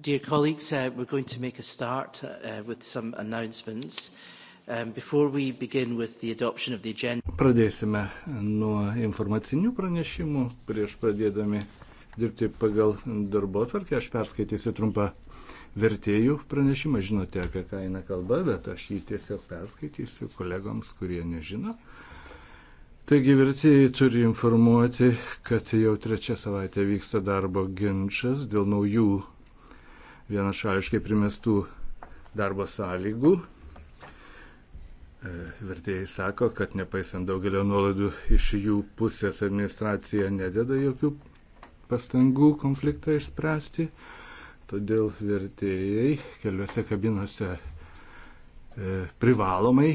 Dear colleagues, uh, we're going to make a start uh, with some announcements. Um, before we begin with the adoption of the agenda. Pradėsime nuo informacinių pranešimų. Prieš pradėdami dirbti pagal darbo tvarkę, aš perskaitysiu trumpą vertėjų pranešimą. Žinote, apie ką eina kalba, bet aš jį tiesiog perskaitysiu kolegoms, kurie nežino. Taigi vertėjai turi informuoti, kad jau trečią savaitę vyksta darbo ginčas dėl naujų vienašališkai primestų darbo sąlygų. E, vertėjai sako, kad nepaisant daugelio nuolaidų iš jų pusės administracija nededa jokių pastangų konfliktą išspręsti, todėl vertėjai keliuose kabinose e, privalomai,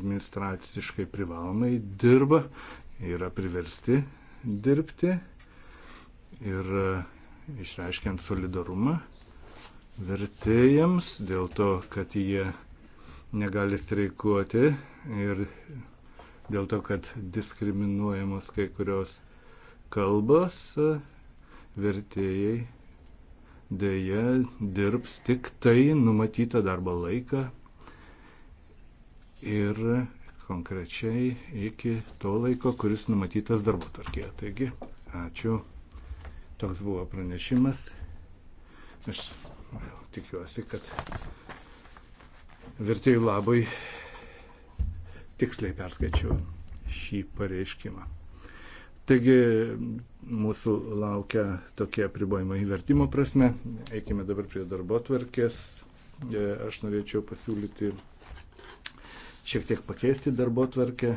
administraciškai privalomai dirba, yra priversti dirbti ir e, išreiškiant solidarumą vertėjams dėl to, kad jie negali streikuoti ir dėl to, kad diskriminuojamos kai kurios kalbos, vertėjai dėja dirbs tik tai numatytą darbo laiką ir konkrečiai iki to laiko, kuris numatytas darbo tarkėje. Taigi, ačiū. Toks buvo pranešimas. Aš Tikiuosi, kad vertėjų labai tiksliai perskaičiau šį pareiškimą. Taigi mūsų laukia tokie apribojimai vertimo prasme. Eikime dabar prie darbo tvarkės. E, aš norėčiau pasiūlyti šiek tiek pakeisti darbo tvarkę.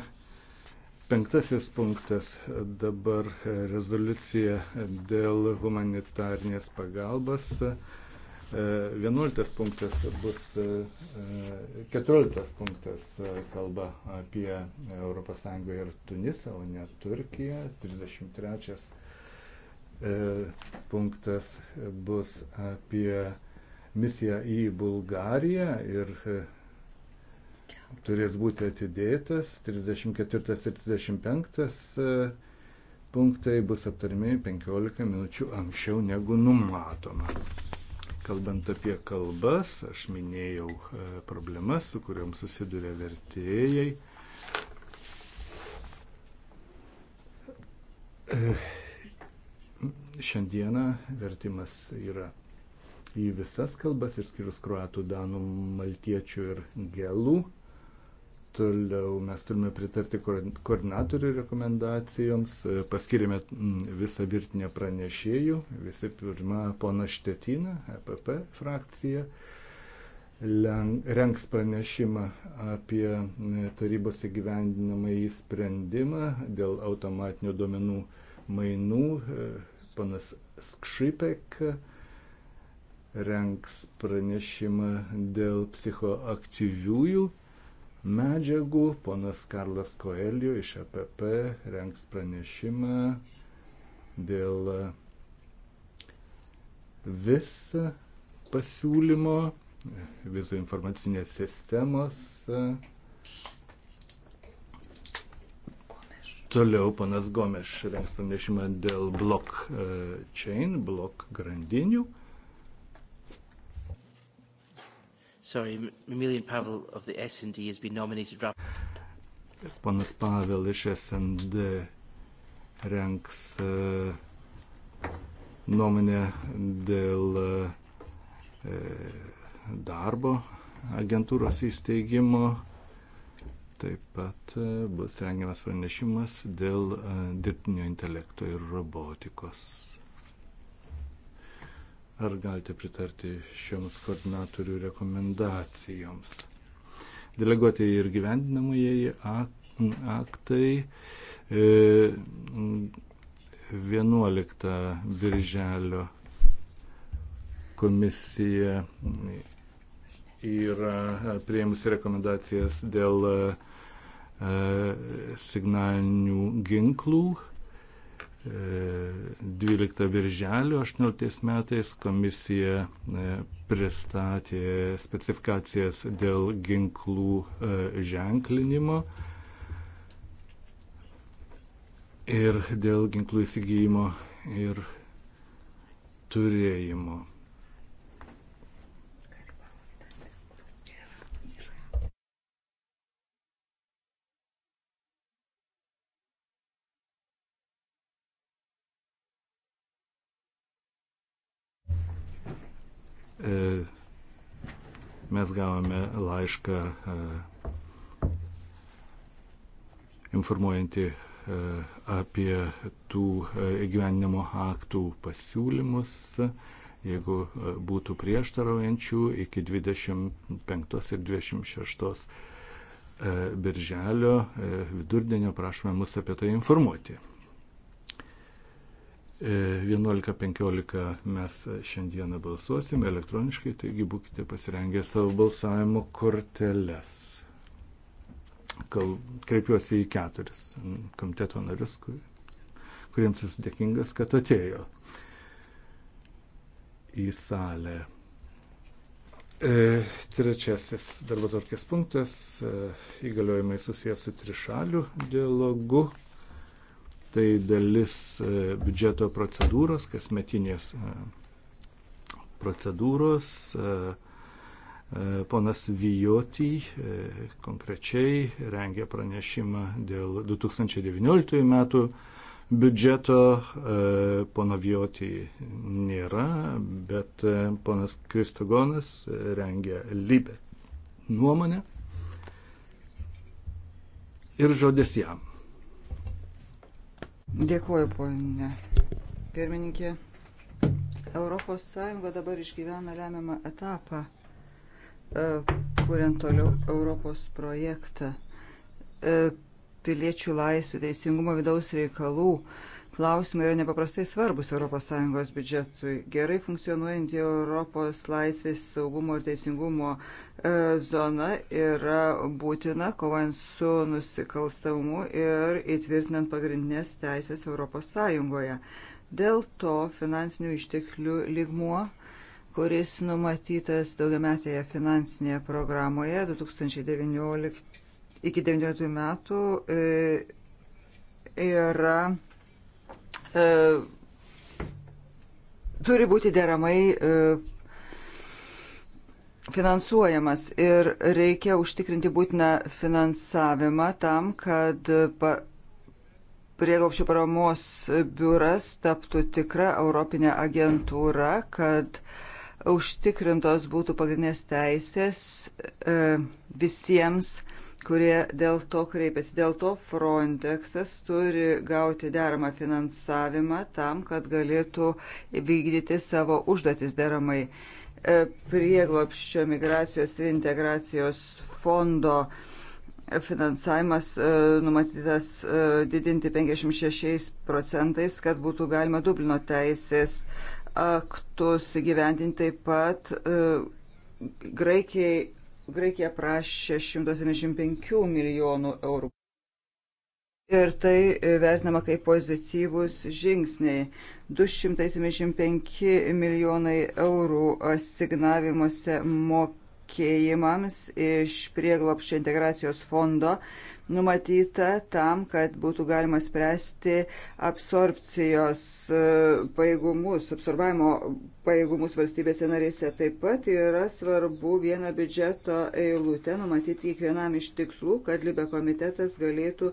Penktasis punktas dabar rezoliucija dėl humanitarnės pagalbas 11 e, punktas bus 14 e, e, punktas kalba apie ES ir Tunisą, o ne Turkiją. 33 punktas bus apie misiją į Bulgariją ir turės būti atidėtas. 34 ir 35 punktai bus aptarimi 15 minučių anksčiau negu numatoma. Kalbant apie kalbas, aš minėjau e, problemas, su kuriuom susiduria vertėjai. E, šiandieną vertimas yra į visas kalbas ir skirus kruatų, danų, maltiečių ir gelų Toliau mes turime pritarti koordinatorių rekomendacijoms, paskirėme visą virtinę pranešėjų, visi pirma, pona Štetina, EPP frakcija, renks pranešimą apie tarybos įgyvendinamą įsprendimą dėl automatinių duomenų mainų, panas Skšipek renks pranešimą dėl psichoaktyviųjų medžiagų. Ponas Karlas Koelio iš APP e renks pranešimą dėl vis pasiūlymo, vizų informacinės sistemos. Toliau panas Gomeš rengs pranešimą dėl blockchain, blok grandinių. Sorry, Emilian Pavel of the S&D has been nominated. Ponas Pavel iš S&D renks e, nuomonę dėl e, e, darbo agentūros įsteigimo. Taip pat bus rengiamas pranešimas dėl dirbtinio intelekto ir robotikos. Ar galite pritarti šioms koordinatorių rekomendacijoms? Deleguoti ir gyvendinamieji aktai. E, 11 birželio komisija yra prieimusi rekomendacijas dėl e, signalinių ginklų 12 birželio 18 metais komisija e, pristatė specifikacijas dėl ginklų e, ženklinimo ir dėl ginklų įsigijimo ir turėjimo. E, mes gavome laišką e, informuojantį e, apie tų įgyvendinimo aktų pasiūlymus. Jeigu būtų prieštaraujančių iki 25 ir 26 birželio vidurdienio prašome mus apie tai informuoti. 11.15 mes šiandieną balsuosim elektroniškai, taigi būkite pasirengę savo balsavimo korteles. Kal, kreipiuosi į keturis komiteto narius, kur, kuriems esu dėkingas, kad atėjo į salę. E, trečiasis darbo tvarkės punktas e, - įgaliojimai susijęs su trišaliu dialogu Tai dalis e, biudžeto procedūros, kasmetinės e, procedūros. E, ponas Vijoti konkrečiai rengė pranešimą dėl 2019 metų biudžeto. Pono Vijoti nėra, bet ponas Kristogonas rengė Libę nuomonę. Ir žodis jam. Dėkuoju, ponė. Pirmininkė, Europos Sąjunga dabar išgyvena lemiamą etapą, e, kuriant toliau Europos projektą e, piliečių laisvių, teisingumo vidaus reikalų klausimai yra nepaprastai svarbus ES biudžetui. Gerai funkcionuojanti Europos laisvės, saugumo ir teisingumo e, zona yra būtina kovant su nusikalstamu ir įtvirtinant pagrindinės teisės ES. Dėl to finansinių išteklių lygmuo kuris numatytas daugiametėje finansinėje programoje 2019 iki 2019 metų e, yra e, turi būti deramai e, finansuojamas ir reikia užtikrinti būtiną finansavimą tam, kad pa, prieglopščių paramos biuras taptų tikra Europinė agentūra, kad užtikrintos būtų pagrindinės teisės e, visiems e, kurie dėl to kreipiasi. Dėl to Frontexas turi gauti deramą finansavimą tam, kad galėtų vykdyti savo užduotis deramai. E, prieglopščio migracijos ir integracijos fondo finansavimas e, numatytas e, didinti 56 procentais, kad būtų galima Dublino teisės aktus įgyvendinti taip pat Graikijai Graikija prašė 175 milijonų eurų. Ir tai vertinama kaip pozityvus žingsniai. 275 milijonai eurų asignavimuose mokėjimams iš prieglopščio integracijos fondo numatyta tam, kad būtų galima spręsti absorpcijos e, pajėgumus, absorbavimo pajėgumus valstybėse narėse. Taip pat yra svarbu vieną biudžeto eilutę numatyti kiekvienam iš tikslų, kad Libe komitetas galėtų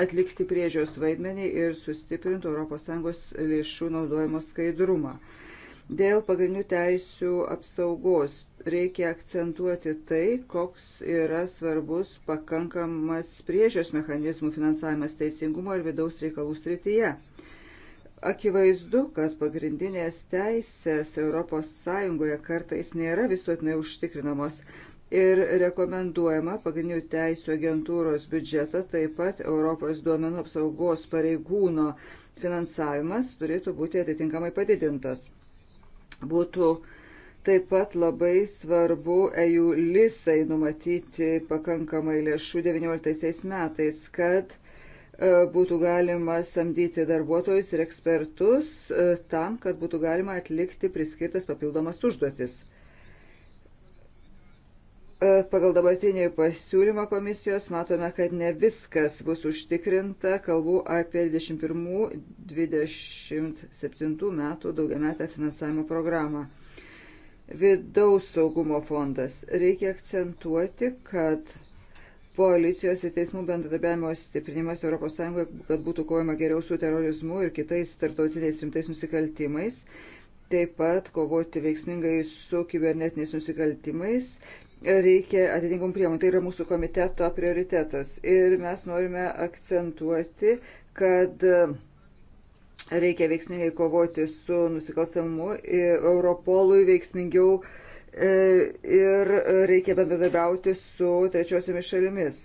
atlikti priežios vaidmenį ir sustiprintų ES lėšų naudojimo skaidrumą. Dėl pagrindinių teisių apsaugos reikia akcentuoti tai, koks yra svarbus pakankamas priežios mechanizmų finansavimas teisingumo ir vidaus reikalų srityje. Akivaizdu, kad pagrindinės teisės ES kartais nėra visuotinai užtikrinamos ir rekomenduojama pagrindinių teisų agentūros biudžetą, taip pat Europos duomenų apsaugos pareigūno finansavimas turėtų būti atitinkamai padidintas. Būtų uh, Taip pat labai svarbu EU lisai numatyti pakankamai lėšų 19 metais, kad e, būtų galima samdyti darbuotojus ir ekspertus e, tam, kad būtų galima atlikti priskirtas papildomas užduotis. E, pagal dabartinį pasiūlymą komisijos matome, kad ne viskas bus užtikrinta, kalbu apie 21-27 metų daugiametę finansavimo programą. Vidaus saugumo fondas. Reikia akcentuoti, kad policijos ir teismų bendradarbiavimo stiprinimas ES, kad būtų kovojama geriau su terorizmu ir kitais tarptautiniais rimtais nusikaltimais, taip pat kovoti veiksmingai su kibernetiniais nusikaltimais, reikia atitinkamų priemonių. Tai yra mūsų komiteto prioritetas. Ir mes norime akcentuoti, kad Reikia veiksmingai kovoti su nusikalstamu Europolui veiksmingiau e, ir reikia bendradarbiauti su trečiosiomis šalimis.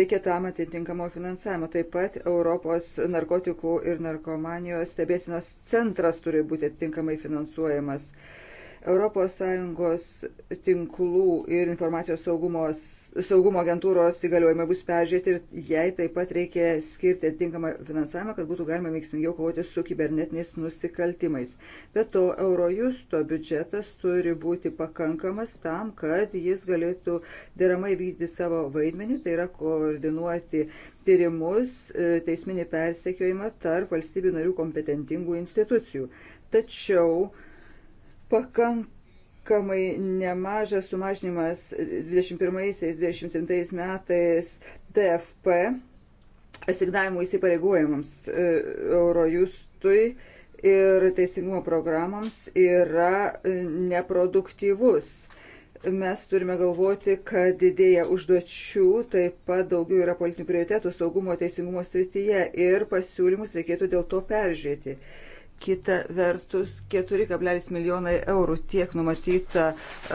Reikia tam atitinkamo finansavimo. Taip pat Europos narkotikų ir narkomanijos stebėsinos centras turi būti atitinkamai finansuojamas. ES tinklų ir informacijos saugumos, saugumo agentūros įgaliojimai bus peržiūrėti ir jai taip pat reikia skirti atitinkamą finansavimą, kad būtų galima veiksmingiau kovoti su kibernetiniais nusikaltimais. Be to, Eurojusto biudžetas turi būti pakankamas tam, kad jis galėtų deramai vykdyti savo vaidmenį, tai yra koordinuoti tyrimus, e, teisminį persekiojimą tarp valstybių narių kompetentingų institucijų. Tačiau, pakankamai nemažas sumažinimas 21-27 metais TFP asignavimų įsipareigojimams e, Eurojustui ir teisingumo programams yra e, neproduktyvus. Mes turime galvoti, kad didėja užduočių, taip pat daugiau yra politinių prioritetų saugumo teisingumo srityje ir pasiūlymus reikėtų dėl to peržiūrėti kita vertus 4,1 milijonai eurų tiek numatyta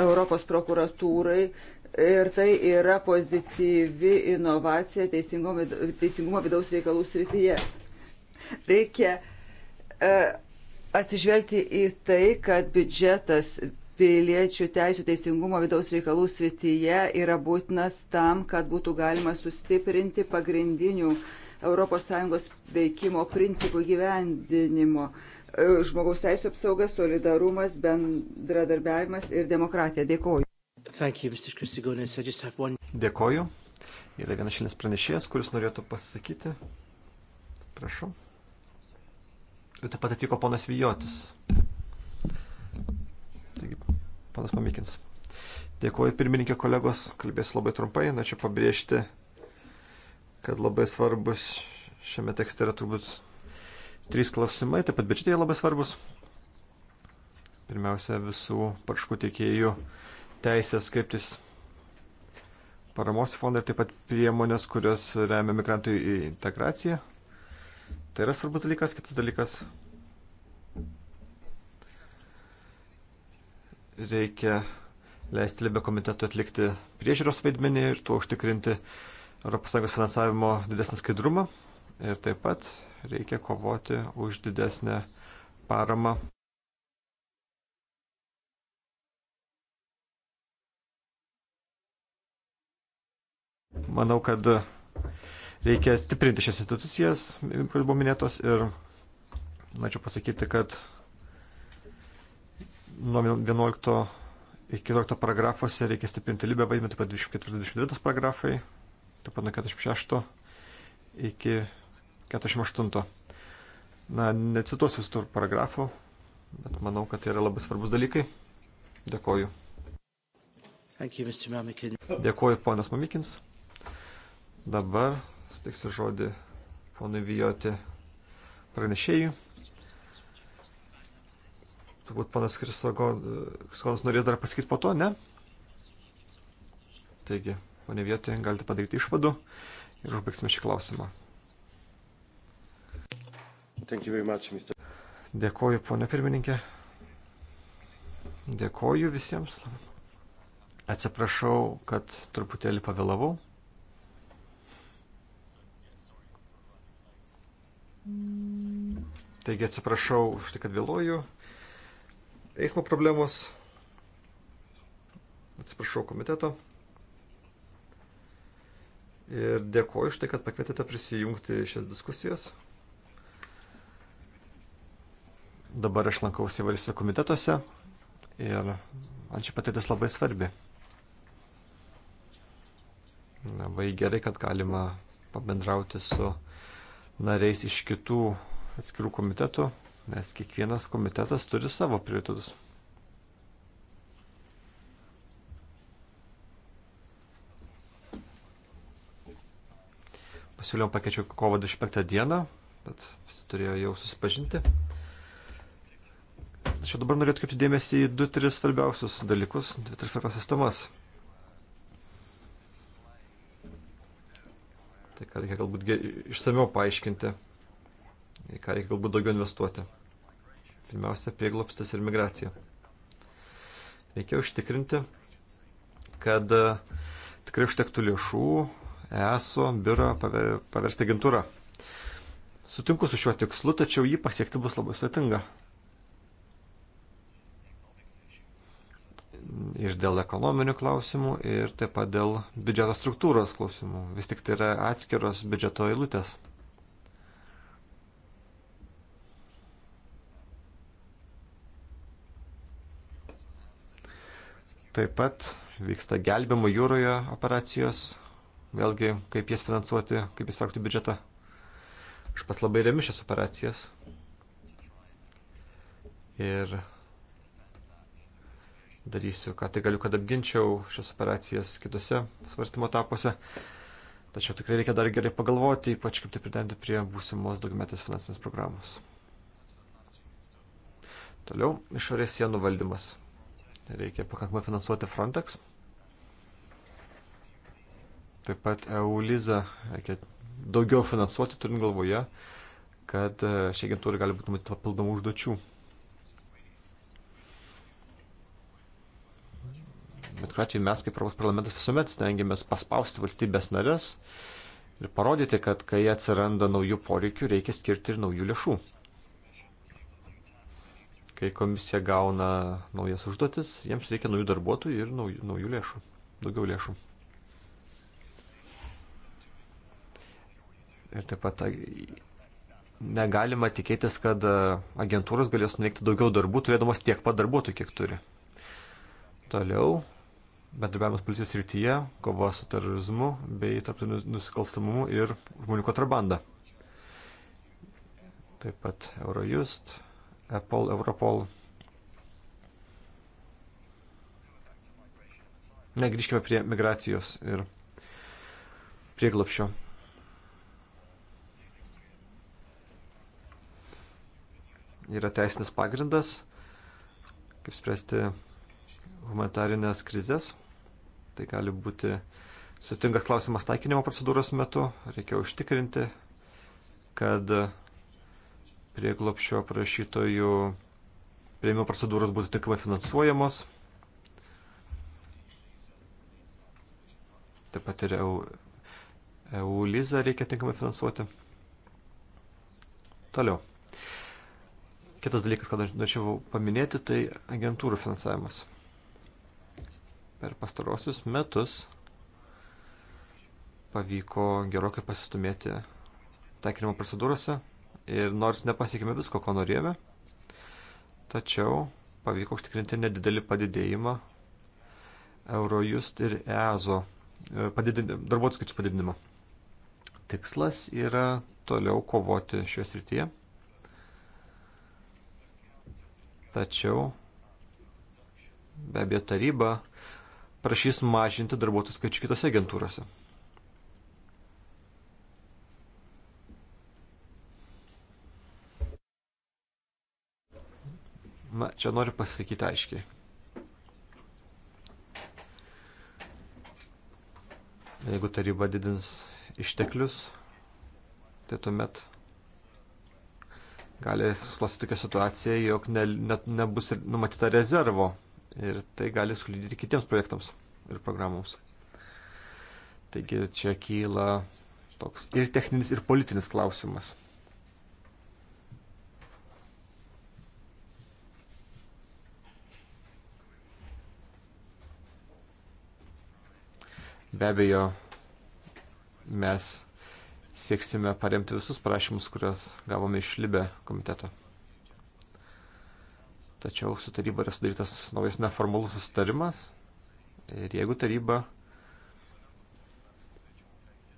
Europos prokuratūrai. Ir tai yra pozityvi inovacija teisingumo, teisingumo vidaus reikalų srityje. Reikia e, atsižvelgti į tai, kad biudžetas piliečių teisų teisingumo vidaus reikalų srityje yra būtinas tam, kad būtų galima sustiprinti pagrindinių ES veikimo principų gyvendinimo. E, žmogaus teisų apsauga, solidarumas, bendradarbiavimas ir demokratija. Dėkoju. You, one... Dėkoju. Yra vienas šiandien pranešėjas, kuris norėtų pasakyti. Prašau. Ir taip pat atvyko ponas Vijotis. Taigi, ponas Pamikins. Dėkuoju pirmininkė kolegos, kalbėsiu labai trumpai, norėčiau pabrėžti, kad labai svarbus šiame tekste yra turbūt Trys klausimai, taip pat biudžetai labai svarbus. Pirmiausia, visų parškų tiekėjų teisės kreiptis paramos fondą ir taip pat priemonės, kurios remia migrantų integraciją. Tai yra svarbus dalykas, kitas dalykas. Reikia leisti Libė komitetui atlikti priežiūros vaidmenį ir tuo užtikrinti ES finansavimo didesnį skaidrumą. Ir taip pat reikia kovoti už didesnę paramą. Manau, kad reikia stiprinti šias institucijas, kurios buvo minėtos ir norėčiau pasakyti, kad nuo 11 iki 14 paragrafuose reikia stiprinti libę vaidmenį, taip pat 24-29 paragrafai, taip pat nuo 46 iki 48. Na, necituosiu visų paragrafų, bet manau, kad tai yra labai svarbus dalykai. Dėkoju. You, Dėkoju, ponas Mamikins. Dabar sutiksiu žodį ponui Vijoti pranešėjui. Turbūt ponas Kristogonas norės dar pasakyti po to, ne? Taigi, ponė Vijoti, galite padaryti išvadų ir užbaigsime šį klausimą. Much, Mr. Dėkoju, ponė pirmininkė. Dėkoju visiems. Atsiprašau, kad truputėlį pavėlavau. Taigi atsiprašau už tai, kad vėluoju. Eismo problemos. Atsiprašau komiteto. Ir dėkoju už tai, kad pakvietėte prisijungti šias diskusijas. Dabar aš lankausi įvairiuose komitetuose ir man ši patirtis labai svarbi. Labai gerai, kad galima pabendrauti su nariais iš kitų atskirų komitetų, nes kiekvienas komitetas turi savo prioritetus. pasiūlymą pakeičiau kovo 25 dieną, bet visi turėjo jau susipažinti. Tačiau dabar norėtų kaip dėmesį į 2-3 svarbiausius dalykus, 2-3 svarbiausias temas. Tai ką reikia galbūt išsamiau paaiškinti, į ką reikia galbūt daugiau investuoti. Pirmiausia, prieglopstis ir migracija. Reikia užtikrinti, kad e, tikrai užtektų lėšų ESO biurą paversti agentūrą. Sutinku su šiuo tikslu, tačiau jį pasiekti bus labai sudėtinga. ir dėl ekonominių klausimų, ir taip pat dėl biudžeto struktūros klausimų. Vis tik tai yra atskiros biudžeto eilutės. Taip pat vyksta gelbimo jūroje operacijos, vėlgi kaip jas finansuoti, kaip įstraukti biudžetą. Aš pas labai remiu šias operacijas. Ir darysiu, ką tai galiu, kad apginčiau šias operacijas kitose svarstymo etapuose. Tačiau tikrai reikia dar gerai pagalvoti, ypač kaip tai pridengti prie būsimos daugiametės finansinės programos. Toliau išorės sienų valdymas. Reikia pakankamai finansuoti Frontex. Taip pat EULIZA reikia daugiau finansuoti, turint galvoje, kad e, šiai agentūrai gali būti numatyta papildomų užduočių. Bet kuriuo atveju mes kaip Europos parlamentas visuomet stengiamės paspausti valstybės narės ir parodyti, kad kai atsiranda naujų poreikių, reikia skirti ir naujų lėšų. Kai komisija gauna naujas užduotis, jiems reikia naujų darbuotojų ir naujų, naujų lėšų, daugiau lėšų. Ir taip pat negalima tikėtis, kad agentūros galės nuveikti daugiau darbų, turėdamas tiek pat darbuotojų, kiek turi. Toliau bendrabiavimas policijos rytyje, kova su terorizmu bei tarptautiniu nusikalstamumu ir žmonių kontrabanda. Taip pat Eurojust, Apple, Europol. Negrįžkime prie migracijos ir prieglapščio. Yra teisinis pagrindas, kaip spręsti humanitarinės krizės. Tai gali būti sutingas klausimas taikinimo procedūros metu. Reikia užtikrinti, kad prieglopščio prašytojų prieimimo procedūros būtų tinkamai finansuojamos. Taip pat ir EU, EU lizą reikia tinkamai finansuoti. Toliau. Kitas dalykas, ką norėčiau paminėti, tai agentūrų finansavimas. Per pastarosius metus pavyko gerokai pasistumėti taikinimo procedūrose ir nors nepasiekime visko, ko norėjome, tačiau pavyko užtikrinti nedidelį padidėjimą Eurojust ir EASO e, darbuotojų skaičių padidinimo. Tikslas yra toliau kovoti šioje srityje. Tačiau be abejo taryba prašys mažinti darbuotojų skaičių kitose agentūrose. Na, čia noriu pasakyti aiškiai. Jeigu taryba didins išteklius, tai tuomet gali susiklostyti tokia situacija, jog ne, net nebus numatyta rezervo ir tai gali skliudyti kitiems projektams ir programoms. Taigi čia kyla toks ir techninis, ir politinis klausimas. Be abejo, mes sieksime paremti visus prašymus, kuriuos gavome iš Libe komiteto. Tačiau su taryba yra sudarytas naujas neformalus sustarimas. Ir jeigu taryba.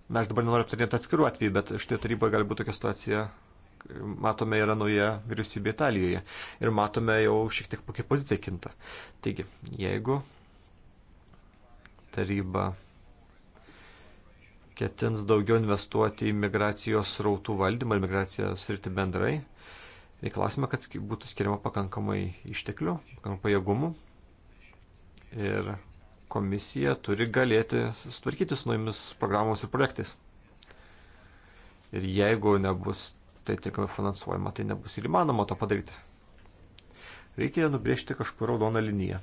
Na, aš dabar nenoriu aptarinėti atskirų atvejų, bet štai taryboje gali būti tokia situacija. Matome, yra nauja vyriausybė Italijoje. Ir matome jau šiek tiek kokia pozicija kinta. Taigi, jeigu taryba ketins daugiau investuoti į migracijos rautų valdymą ir migracijos sritį bendrai, reikalasime, kad būtų skiriama pakankamai išteklių, pakankamai pajėgumų ir komisija turi galėti sutvarkyti su naujomis programomis ir projektais. Ir jeigu nebus tai tinkamai finansuojama, tai nebus ir įmanoma to padaryti. Reikia nubriežti kažkur raudoną liniją.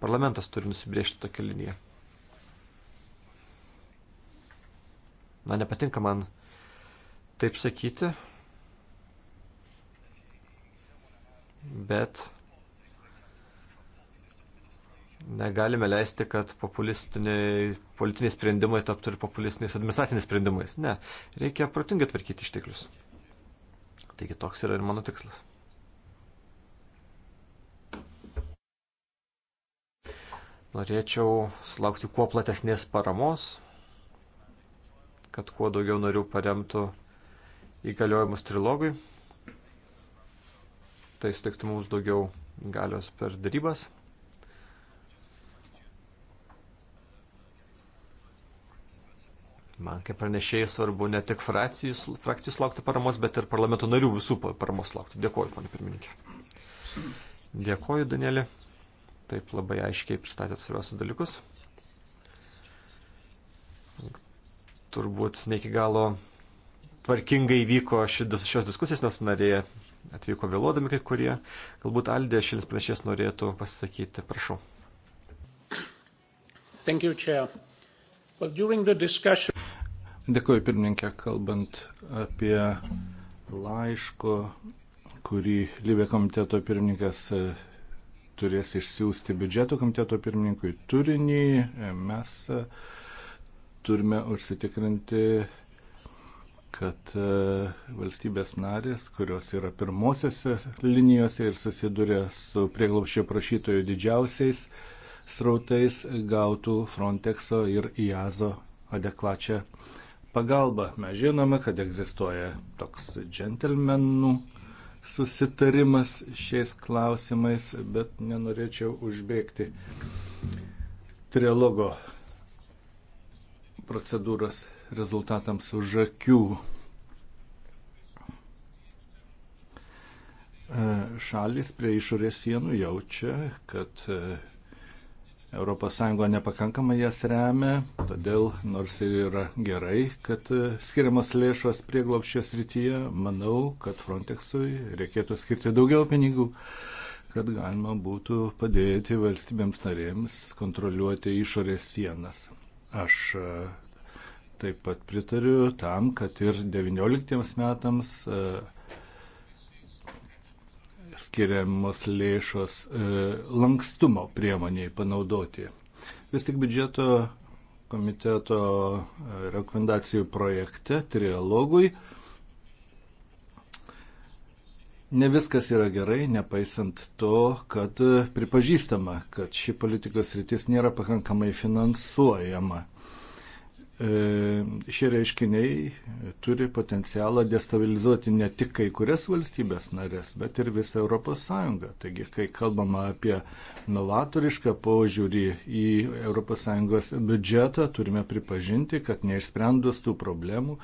Parlamentas turi nusibriežti tokią liniją. Na, nepatinka man taip sakyti, bet negalime leisti, kad populistiniai, politiniai sprendimai taptų ir populistiniais administraciniais sprendimais. Ne, reikia protingai tvarkyti išteklius. Taigi toks yra ir mano tikslas. Norėčiau sulaukti kuo platesnės paramos, kad kuo daugiau narių paremtų įgaliojimus trilogui tai suteiktų mums daugiau galios per darybas. Man kaip pranešėjai svarbu ne tik frakcijus, frakcijus laukti paramos, bet ir parlamento narių visų paramos laukti. Dėkuoju, ponė pirmininkė. Dėkuoju, Danielė. Taip labai aiškiai pristatėt svarbiausius dalykus. Turbūt ne iki galo tvarkingai vyko šios diskusijos, nes narėje atvyko vėluodami kai kurie. Galbūt Aldė šilis pranešės norėtų pasisakyti. Prašau. Thank you, Chair. Well, during the discussion... Dėkuoju pirmininkė, kalbant apie laiško, kurį Libė komiteto pirmininkas e, turės išsiųsti biudžeto komiteto pirmininkui turinį, e, mes e, turime užsitikrinti kad e, valstybės narės, kurios yra pirmosiose linijose ir susiduria su prieglaušio prašytojų didžiausiais srautais, gautų Frontexo ir IAZO adekvačią pagalbą. Mes žinome, kad egzistuoja toks džentelmenų susitarimas šiais klausimais, bet nenorėčiau užbėgti trilogo procedūros rezultatams už akių. E, šalis prie išorės sienų jaučia, kad ES nepakankamai jas remia, todėl nors ir yra gerai, kad e, skiriamas lėšos prieglopščios rytyje, manau, kad Frontexui reikėtų skirti daugiau pinigų, kad galima būtų padėti valstybėms narėms kontroliuoti išorės sienas. Aš e, taip pat pritariu tam, kad ir 19 metams e, skiriamos lėšos e, lankstumo priemoniai panaudoti. Vis tik biudžeto komiteto e, rekomendacijų projekte trialogui ne viskas yra gerai, nepaisant to, kad pripažįstama, kad ši politikos rytis nėra pakankamai finansuojama. E, šie reiškiniai turi potencialą destabilizuoti ne tik kai kurias valstybės narės, bet ir visą ES. Taigi, kai kalbama apie novatorišką požiūrį į ES biudžetą, turime pripažinti, kad neišsprendus tų problemų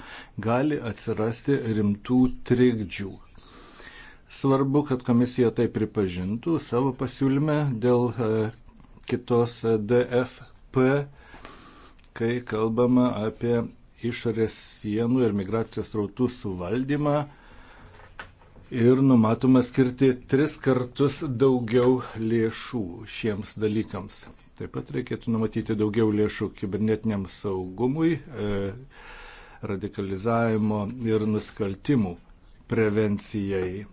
gali atsirasti rimtų trikdžių. Svarbu, kad komisija tai pripažintų savo pasiūlyme dėl e, kitos DFP kai kalbama apie išorės sienų ir migracijos rautų suvaldymą ir numatoma skirti tris kartus daugiau lėšų šiems dalykams. Taip pat reikėtų numatyti daugiau lėšų kibernetiniam saugumui, e, radikalizavimo ir nusikaltimų prevencijai.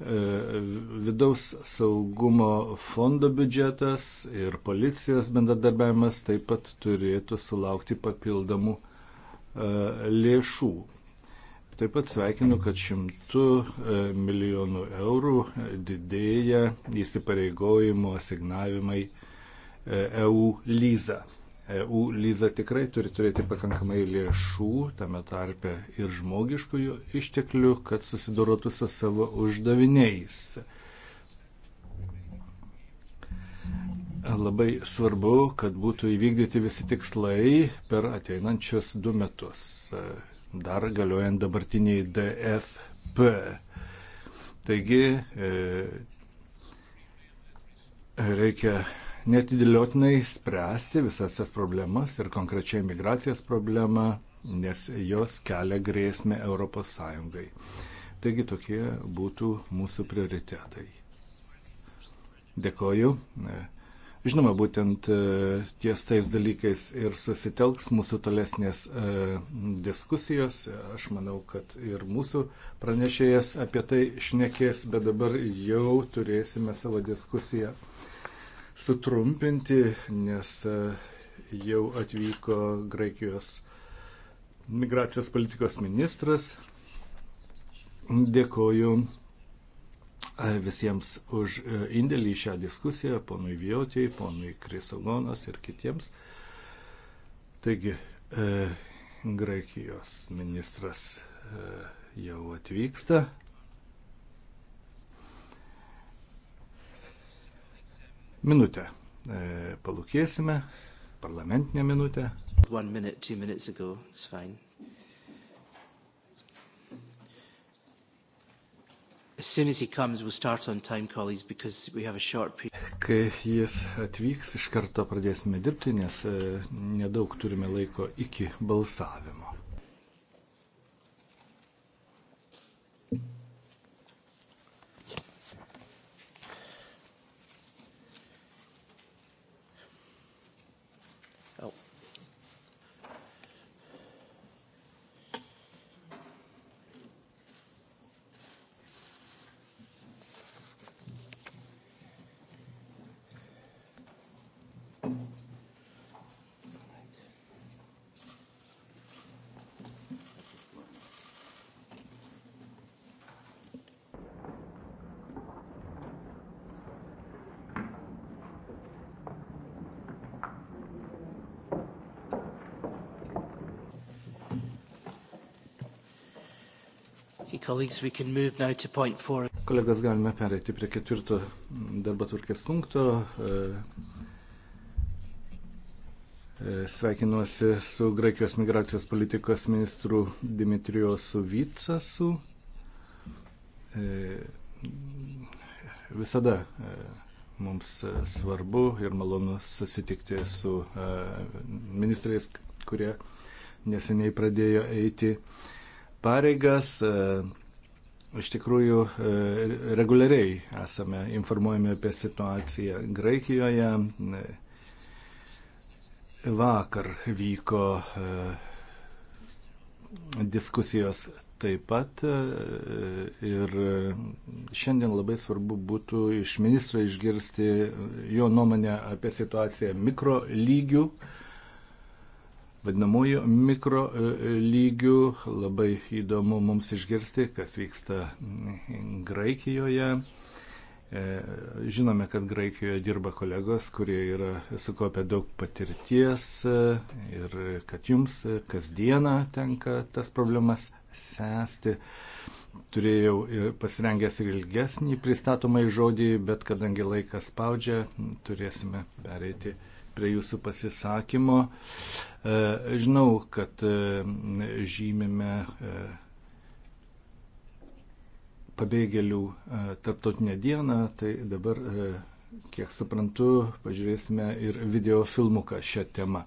E, vidaus saugumo fondo biudžetas ir policijos bendradarbiavimas taip pat turėtų sulaukti papildomų e, lėšų. Taip pat sveikinu, kad šimtų e, milijonų eurų didėja įsipareigojimo asignavimai EU lyza. EU lyza tikrai turi turėti pakankamai lėšų, tame tarpe ir žmogiškųjų išteklių, kad susidorotų su savo uždaviniais. Labai svarbu, kad būtų įvykdyti visi tikslai per ateinančius du metus, e, dar galiojant dabartiniai DFP. Taigi e, reikia netidėliotinai spręsti visas tas problemas ir konkrečiai migracijos problemą, nes jos kelia grėsmę ES. Taigi tokie būtų mūsų prioritetai. Dėkoju. Žinoma, būtent e, ties tais dalykais ir susitelks mūsų tolesnės e, diskusijos. Aš manau, kad ir mūsų pranešėjas apie tai šnekės, bet dabar jau turėsime savo diskusiją sutrumpinti, nes e, jau atvyko Graikijos migracijos politikos ministras. Dėkoju e, visiems už e, indėlį į šią diskusiją, ponui Vijotijai, ponui Krisogonas ir kitiems. Taigi, e, Graikijos ministras e, jau atvyksta. minutę e, palūkėsime, parlamentinę minutę. One minute, two minutes ago, it's fine. As soon as he comes, we'll start on time, colleagues, because we have a short period. Kai jis atvyks, iš karto pradėsime dirbti, nes e, nedaug turime laiko iki balsavimo. Kolegos, galime pereiti prie ketvirto darbo tvarkės punkto. E, e, sveikinuosi su Graikijos migracijos politikos ministru Dimitrijosu Vytsasu. E, visada mums svarbu ir malonu susitikti su ministrais, kurie neseniai pradėjo eiti pareigas. E, iš tikrųjų, e, reguliariai esame informuojami apie situaciją Graikijoje. E, vakar vyko diskusijos taip pat ir šiandien labai svarbu būtų iš ministro išgirsti jo nuomonę apie situaciją mikro lygių vadinamųjų mikro e, e, lygių. Labai įdomu mums išgirsti, kas vyksta Graikijoje. E, žinome, kad Graikijoje dirba kolegos, kurie yra sukopę daug patirties ir kad jums kasdieną tenka tas problemas sęsti. Turėjau pasirengęs ir ilgesnį pristatomą į žodį, bet kadangi laikas spaudžia, turėsime pereiti prie jūsų pasisakymo. Uh, E, žinau, kad e, žymime e, pabėgėlių tarptautinę dieną, tai dabar, kiek suprantu, pažiūrėsime ir video filmuką šią temą.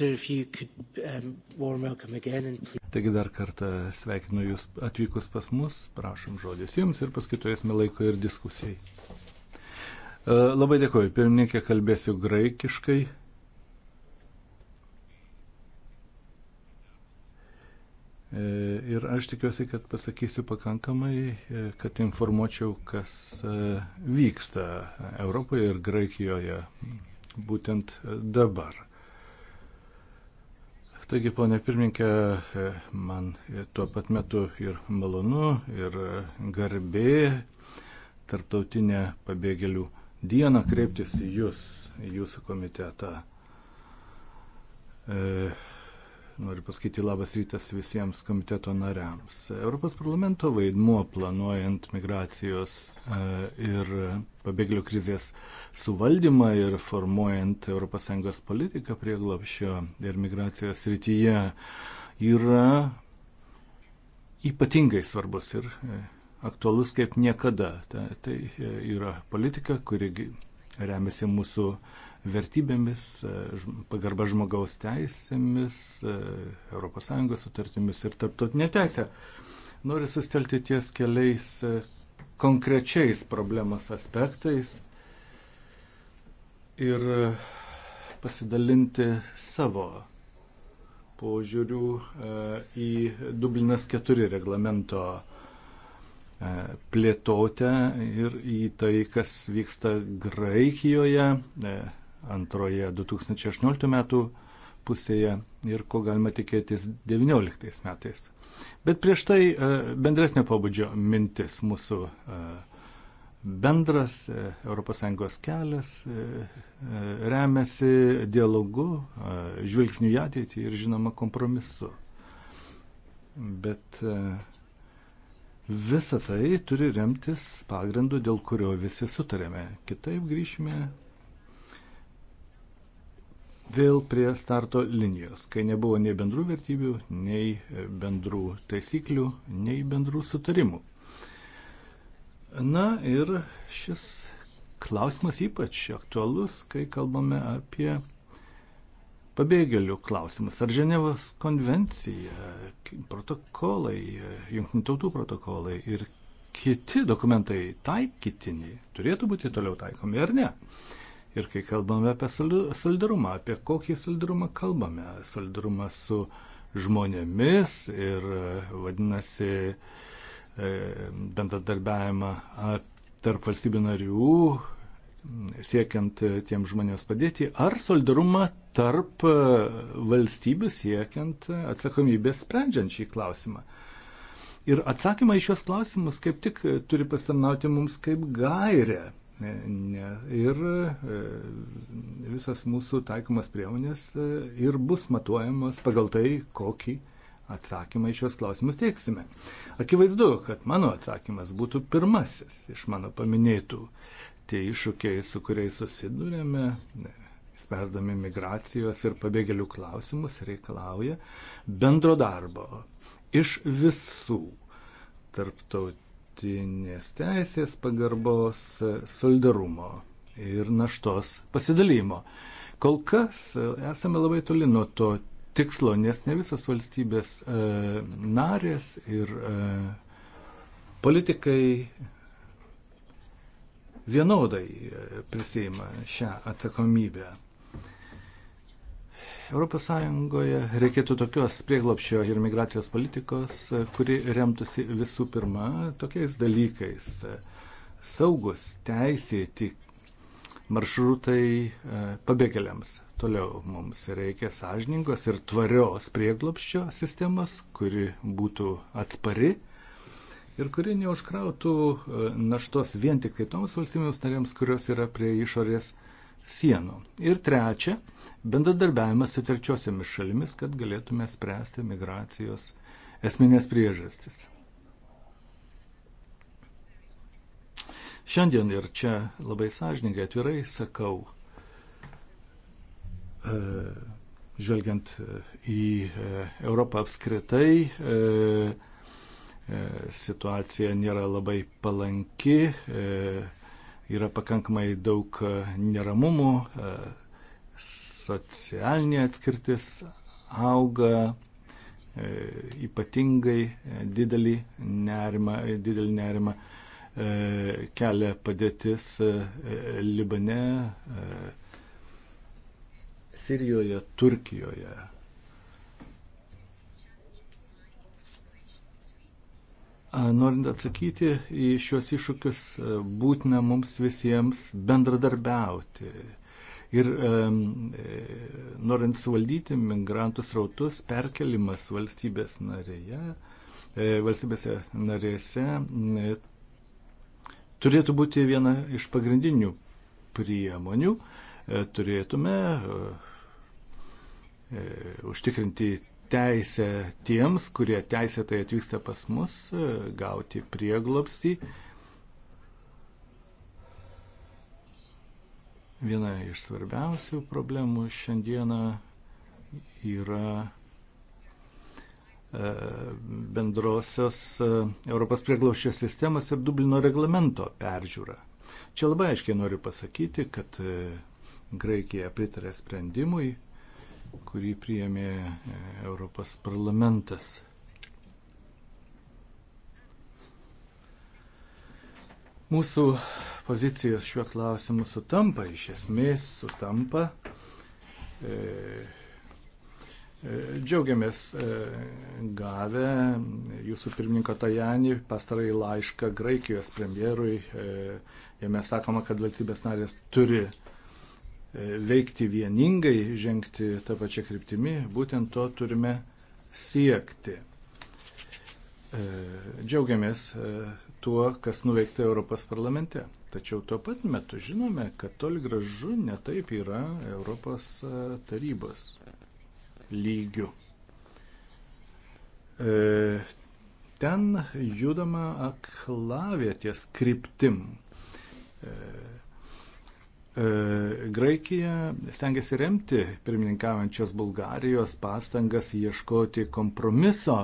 Minister, if you could um, warm welcome again and please. Taigi dar kartą sveikinu Jūs atvykus pas mus, prašom žodis Jums ir paskui turėsime laiko ir diskusijai. E, labai dėkoju, pirmininkė, kalbėsiu graikiškai. E, ir aš tikiuosi, kad pasakysiu pakankamai, e, kad informuočiau, kas vyksta Europoje ir Graikijoje būtent dabar. Taigi, ponė pirmininkė, man tuo pat metu ir malonu, ir garbė tarptautinę pabėgėlių dieną kreiptis į jūs, į jūsų komitetą. E, Noriu pasakyti labas rytas visiems komiteto nariams. Europos parlamento vaidmuo planuojant migracijos e, ir pabėgėlių krizės suvaldymą ir formuojant ES politiką prieglapšio ir migracijos rytyje yra ypatingai svarbus ir e, aktualus kaip niekada. Tai e, yra politika, kuri remiasi mūsų vertybėmis, e, pagarba žmogaus teisėmis, ES sutartimis ir tarptautinė teisė. Noriu sustelti ties keliais e, konkrečiais problemos aspektais ir e, pasidalinti savo požiūrių į Dublinas 4 reglamento plėtotę ir į tai, kas vyksta Graikijoje, antroje 2018 metų pusėje ir ko galima tikėtis 2019 metais. Bet prieš tai e, bendresnio pobūdžio mintis mūsų e, bendras ES kelias e, remiasi dialogu, žvilgsniu į ateitį ir žinoma kompromisu. Bet visa tai turi remtis pagrindu, dėl kurio visi sutarėme. Kitaip grįšime vėl prie starto linijos, kai nebuvo nei bendrų vertybių, nei bendrų taisyklių, nei bendrų sutarimų. Na ir šis klausimas ypač aktualus, kai kalbame apie pabėgėlių klausimus. Ar Ženevos konvencija, protokolai, jungtinių tautų protokolai ir kiti dokumentai taikytini turėtų būti toliau taikomi ar ne? Uh, Ir kai kalbame apie solidarumą, apie kokį solidarumą kalbame? Solidarumą su žmonėmis ir e, vadinasi e, bendradarbiavimą tarp valstybių narių, siekiant e, tiem žmonėms padėti, ar solidarumą tarp valstybių siekiant atsakomybės sprendžiant šį klausimą. Ir atsakymą į šios klausimus kaip tik turi pasitarnauti mums kaip gairė. Ir e, visas mūsų taikomas priemonės e, ir bus matuojamas pagal tai, kokį atsakymą į šios klausimus teiksime. Akivaizdu, kad mano atsakymas būtų pirmasis iš mano paminėtų. Tie iššūkiai, su kuriais susidurėme, spręsdami migracijos ir pabėgėlių klausimus, reikalauja bendro darbo iš visų tarptautinių tarptautinės teisės pagarbos, e, solidarumo ir naštos pasidalymo. Kol kas e, esame labai toli nuo to tikslo, nes ne visas valstybės e, narės ir e, politikai vienodai e, prisėima šią atsakomybę. ES reikėtų tokios prieglopščio ir migracijos politikos, kuri remtųsi visų pirma tokiais dalykais. Saugus, teisėti maršrutai e, pabėgėliams. Toliau mums reikia sąžiningos ir tvarios prieglopščio sistemos, kuri būtų atspari ir kuri neužkrautų e, naštos vien tik tai toms valstybėms narėms, kurios yra prie išorės uh, sienų. Ir trečia, bendradarbiavimas su trečiosiamis šalimis, kad galėtume spręsti migracijos esminės priežastis. Šiandien ir čia labai sąžininkai atvirai sakau, e, žvelgiant e, į e, Europą apskritai, situacija nėra labai palanki, yra pakankamai daug e, neramumų, e, socialinė atskirtis auga, e, ypatingai didelį nerimą, didelį nerimą kelia padėtis Libane, Sirijoje, Turkijoje. Norint atsakyti į šios iššūkius, būtina mums visiems bendradarbiauti. Ir e, norint suvaldyti migrantų srautus, perkelimas valstybės narėje, e, valstybėse narėse e, turėtų būti viena iš pagrindinių priemonių. E, turėtume e, e užtikrinti teisę tiems, kurie teisėtai atvyksta pas mus, e, gauti prieglobstį. Viena iš svarbiausių problemų šiandieną yra e, bendrosios e, Europos prieglauščio sistemos ir Dublino reglamento peržiūra. Čia labai aiškiai noriu pasakyti, kad Graikija pritarė sprendimui kurį priėmė e, Europos parlamentas. Mūsų pozicijos šiuo klausimu sutampa, iš esmės sutampa. E, e Džiaugiamės e, gavę jūsų pirmininko Tajani pastarąjį laišką Graikijos premjerui. Jame sakoma, kad valstybės narės turi E, veikti vieningai, žengti tą pačią kryptimį, būtent to turime siekti. E, džiaugiamės e, tuo, kas nuveikta Europos parlamente. Tačiau tuo pat metu žinome, kad toli gražu netaip yra Europos tarybos lygių. Ten judama aklavietės kryptim. E, Graikija stengiasi remti pirmininkaujančios Bulgarijos pastangas ieškoti kompromiso,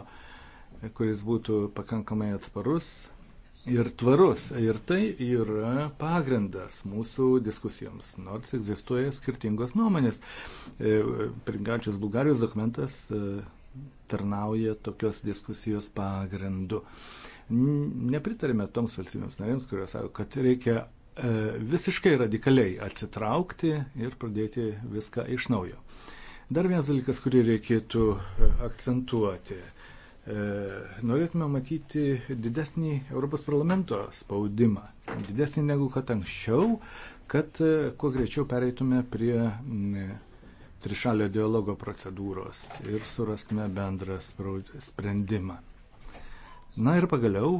kuris būtų pakankamai atsparus ir tvarus. Ir tai yra pagrindas mūsų diskusijoms, nors egzistuoja skirtingos nuomonės. E, pirmininkaujančios Bulgarijos dokumentas e, tarnauja tokios diskusijos pagrindu nepritarėme toms valstybėms narėms, kurios sako, kad reikia E, visiškai radikaliai atsitraukti ir pradėti viską iš naujo. Dar vienas dalykas, kurį reikėtų e, akcentuoti. E, norėtume matyti didesnį Europos parlamento spaudimą, didesnį negu kad anksčiau, kad kuo greičiau pereitume prie trišalio dialogo procedūros ir surastume bendrą sprendimą. Na ir pagaliau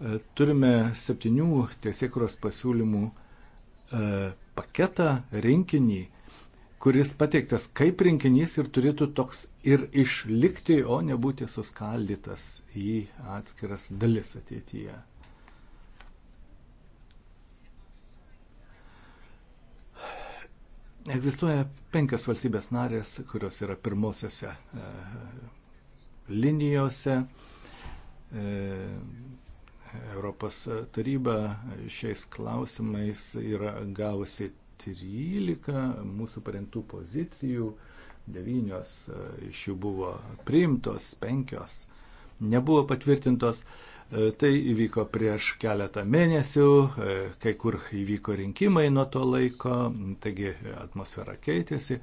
E, turime septynių tiesiekros pasiūlymų e, paketą, rinkinį, kuris pateiktas kaip rinkinys ir turėtų toks ir išlikti, o nebūti suskaldytas į atskiras dalis ateityje. Egzistuoja penkios valstybės narės, kurios yra pirmosiose e, linijose. E, Europos taryba šiais klausimais yra gavusi 13 mūsų parengtų pozicijų, 9 iš jų buvo priimtos, 5 nebuvo patvirtintos. Tai įvyko prieš keletą mėnesių, kai kur įvyko rinkimai nuo to laiko, taigi atmosfera keitėsi.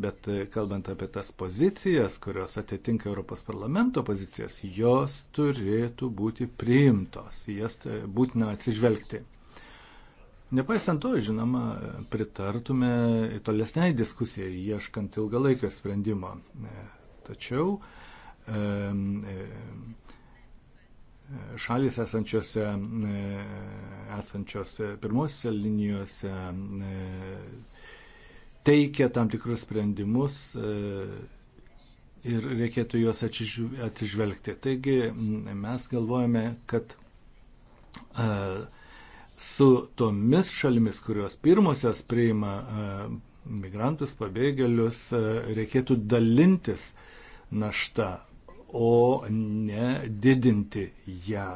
Bet e, kalbant apie tas pozicijas, kurios atitinka Europos parlamento pozicijas, jos turėtų būti priimtos, jas e, būtina atsižvelgti. Nepaisant to, žinoma, pritartume tolesniai diskusijai, ieškant ilgalaikio sprendimo. E, tačiau šalis esančiose, esančiose pirmosiose linijose teikia tam tikrus sprendimus e, ir reikėtų juos atsižvelgti. Taigi mes galvojame, kad e, su tomis šalimis, kurios pirmosios priima e, migrantus, pabėgėlius, reikėtų dalintis naštą, o ne didinti ją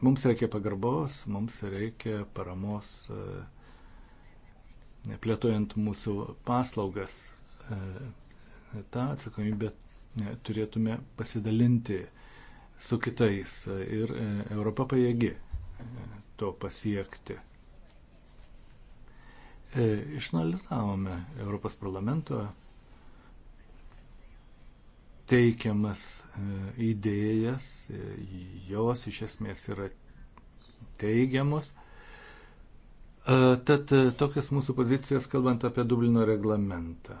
mums reikia pagarbos, mums reikia paramos plėtojant mūsų paslaugas. E, Ta atsakomybė e, turėtume pasidalinti su kitais ir e, Europa pajėgi to pasiekti. Išanalizavome Europos parlamento teikiamas idėjas, jos iš esmės yra teigiamos. Tad e, tokias mūsų pozicijas, kalbant apie Dublino reglamentą.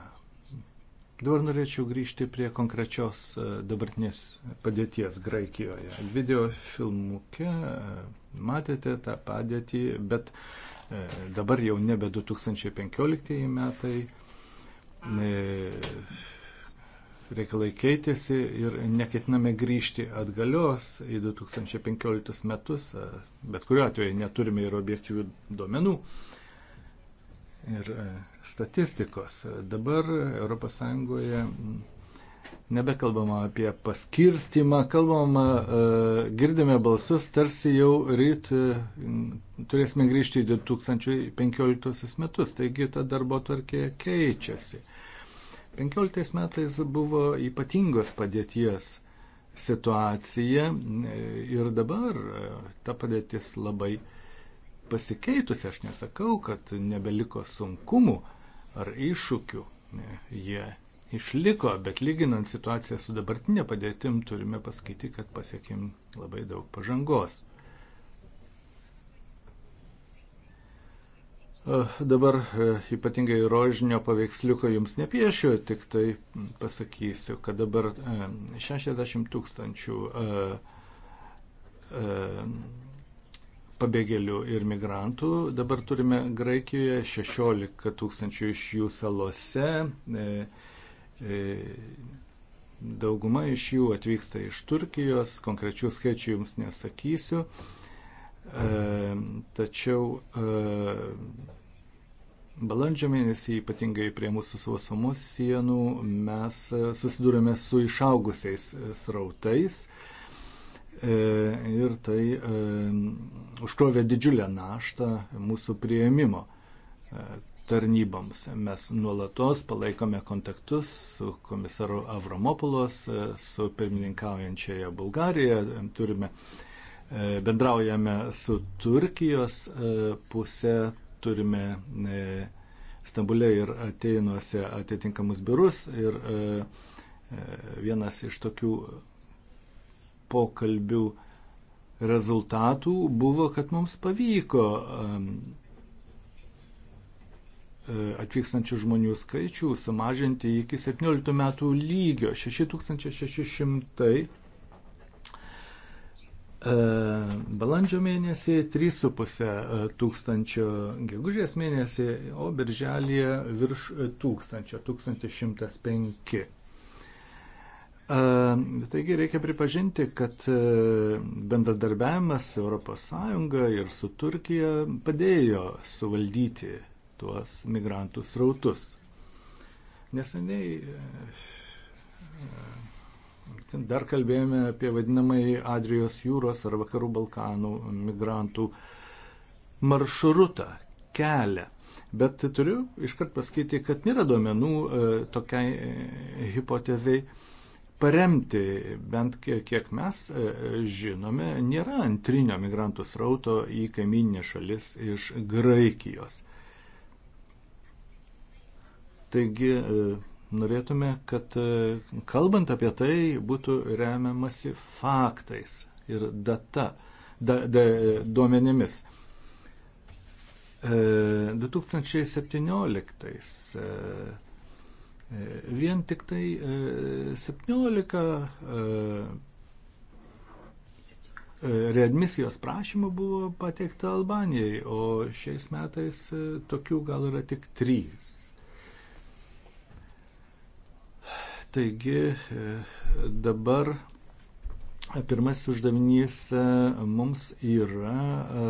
Dabar norėčiau grįžti prie konkrečios e, dabartinės padėties Graikijoje. Video filmuke e, matėte tą padėtį, bet dabar jau nebe 2015 metai reikalai keitėsi ir neketiname grįžti atgalios į 2015 metus, bet kuriuo atveju neturime ir objektyvių duomenų ir statistikos. Dabar ES nebekalbama apie paskirstimą, kalbama, girdime balsus, tarsi jau ryt turėsime grįžti į 2015 metus, taigi ta darbo tvarkė keičiasi. 15 metais buvo ypatingos padėties situacija e, ir dabar e, ta padėtis labai pasikeitusi. Aš nesakau, kad nebeliko sunkumų ar iššūkių. E, jie išliko, bet lyginant situaciją su dabartinė padėtim turime pasakyti, kad pasiekėm labai daug pažangos. Eh, dabar eh, ypatingai rožinio paveiksliuko jums nepiešiu, tik tai pasakysiu, kad dabar 60 eh, tūkstančių pabėgėlių ir migrantų. Dabar turime Graikijoje 16 tūkstančių iš jų salose. Dauguma iš jų atvyksta iš Turkijos, konkrečių skaičių jums nesakysiu. Ehm, tačiau ehm, balandžio mėnesį, ypatingai prie mūsų sausumos sienų, mes e, susidūrėme su išaugusiais e, srautais ehm, ir tai užkrovė didžiulę naštą mūsų prieimimo e, tarnyboms. Mes nuolatos palaikome kontaktus su komisaru Avramopulos, su pirmininkaujančiaja Bulgarija, turime uh, E, bendraujame su Turkijos e, pusė, turime e, Stambulė ir ateinuose atitinkamus biurus ir vienas iš tokių pokalbių rezultatų buvo, kad mums pavyko atvykstančių žmonių skaičių sumažinti iki 17 metų lygio 6600 E, balandžio mėnesį 3,5 e, tūkstančio gegužės mėnesį, o birželį virš e, tūkstančio, 1105. Taigi reikia pripažinti, kad bendradarbiavimas ES ir su Turkija padėjo suvaldyti tuos migrantų srautus. Neseniai Dar kalbėjome apie vadinamąjį Adrijos jūros ar Vakarų Balkanų migrantų maršrutą, kelią. Bet turiu iškart pasakyti, kad nėra duomenų e, tokiai e, hipotezai paremti, bent kiek mes e, žinome, nėra antrinio migrantų srauto į kaiminę šalis iš Graikijos. Taigi norėtume, kad e, kalbant apie tai būtų remiamasi faktais ir data, da, da, duomenimis. 2017 e, e, vien tik tai 17 readmisijos prašymų buvo pateikta Albanijai, o šiais metais tokių gal yra tik 3. Taigi e, dabar pirmasis uždavinys e, mums yra e,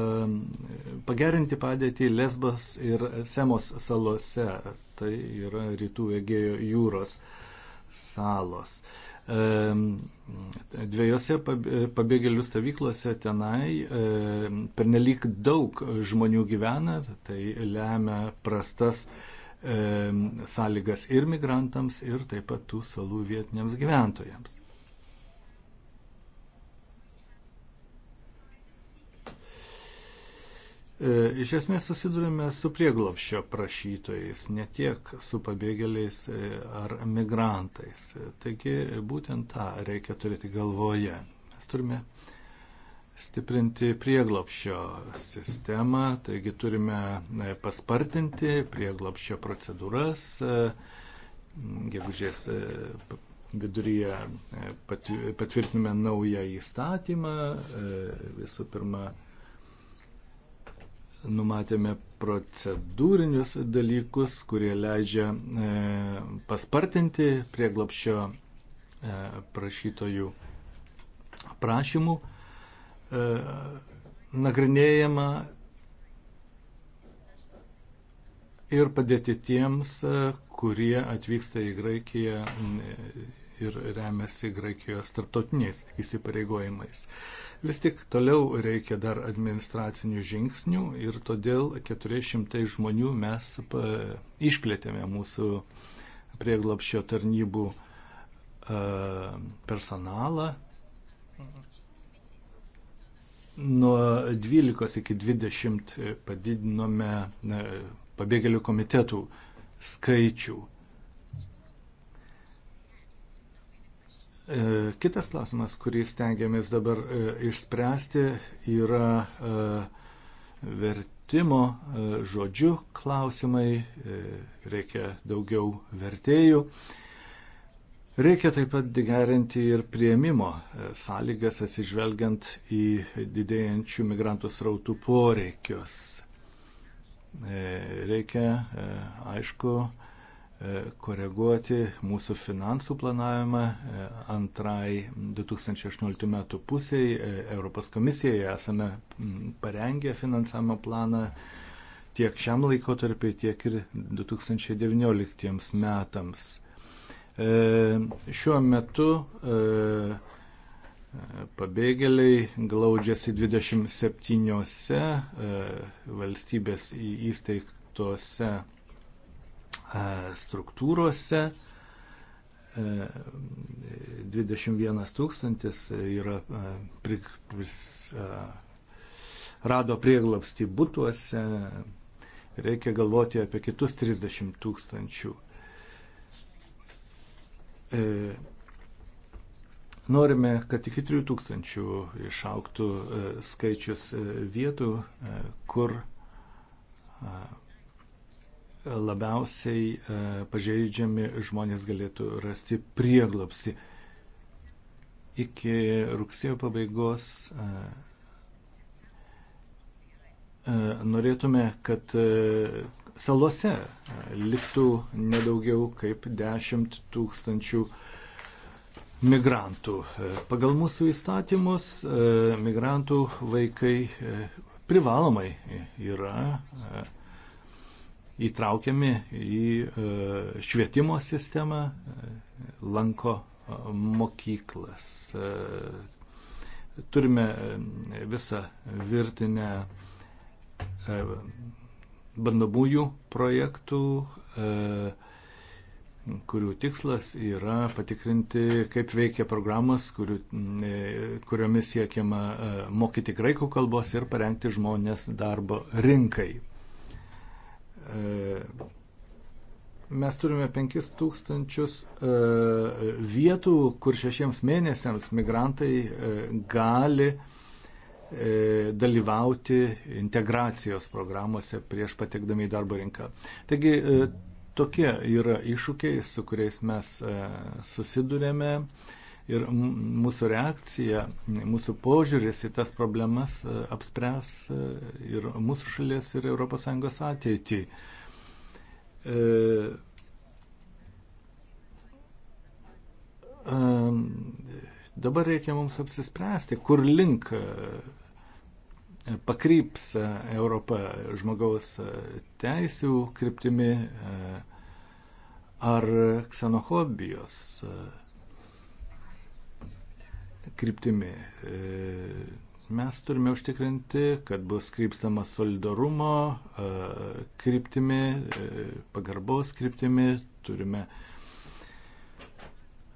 pagerinti padėtį Lesbos ir Semos salose, tai yra rytų Egėjo jūros salos. Dviejose pabėgėlių stovyklose tenai pernelyg daug žmonių gyvena, tai lemia prastas sąlygas ir migrantams, ir taip pat tų salų vietiniams gyventojams. E, iš esmės susidurime su prieglopščio prašytojais, ne tiek su pabėgėliais e, ar migrantais. Taigi būtent tą reikia turėti galvoje. Mes turime stiprinti prieglopščio sistemą, taigi turime e, paspartinti prieglopščio procedūras. E, gegužės e, viduryje patvirtinime naują įstatymą. Visų pirma, numatėme procedūrinius dalykus, kurie leidžia paspartinti prieglopščio prašytojų prašymų E, nagrinėjama ir padėti tiems, e, kurie atvyksta į Graikiją ir remiasi Graikijos tarptautiniais įsipareigojimais. Vis tik toliau reikia dar administracinių žingsnių ir todėl 400 žmonių mes išplėtėme mūsų prieglapščio tarnybų e, personalą nuo 12 iki 20 padidinome pabėgėlių komitetų skaičių. E, kitas klausimas, kurį stengiamės dabar e, išspręsti, yra e, vertimo žodžių klausimai. Reikia daugiau vertėjų. Reikia taip pat gerinti ir prieimimo e, sąlygas atsižvelgiant į didėjančių migrantų srautų poreikius. E, reikia, e, aišku, koreguoti mūsų finansų planavimą antrai 2018 metų pusiai. Europos komisijoje esame parengę finansavimo planą tiek šiam laikotarpiai, tiek ir 2019 metams. E, šiuo metu e, pabėgėliai glaudžiasi 27 e, valstybės įsteigtose struktūrose. 21 tūkstantis yra pris, rado prieglapsti būtuose, reikia galvoti apie kitus 30 tūkstančių. E, norime, kad iki 3000 išauktų e, skaičius e, vietų, kur labiausiai pažeidžiami žmonės galėtų rasti prieglopsi. Iki rugsėjo pabaigos norėtume, kad salose liktų nedaugiau kaip 10 tūkstančių migrantų. Pagal mūsų įstatymus e, migrantų vaikai e, privalomai yra e, įtraukiami į švietimo sistemą, lanko mokyklas. Turime visą virtinę bandomųjų projektų, e, kurių tikslas yra patikrinti, kaip veikia programas, kurių, e, kuriomis siekiama e, mokyti graikų kalbos ir parengti žmonės darbo rinkai. Mes turime 5000 vietų, kur šešiems mėnesiams migrantai gali E, dalyvauti integracijos programuose prieš patekdami į darbo rinką. Taigi e, tokie yra iššūkiai, su kuriais mes e, susidurėme ir mūsų reakcija, mūsų požiūris į tas problemas apspręs ir mūsų šalies ir ES ateitį. Dabar reikia mums apsispręsti, kur link pakryps e, Europą žmogaus e, teisių kryptimi e, ar ksenofobijos kryptimi. Mes turime užtikrinti, kad bus krypstama solidarumo kryptimi, pagarbos kryptimi, turime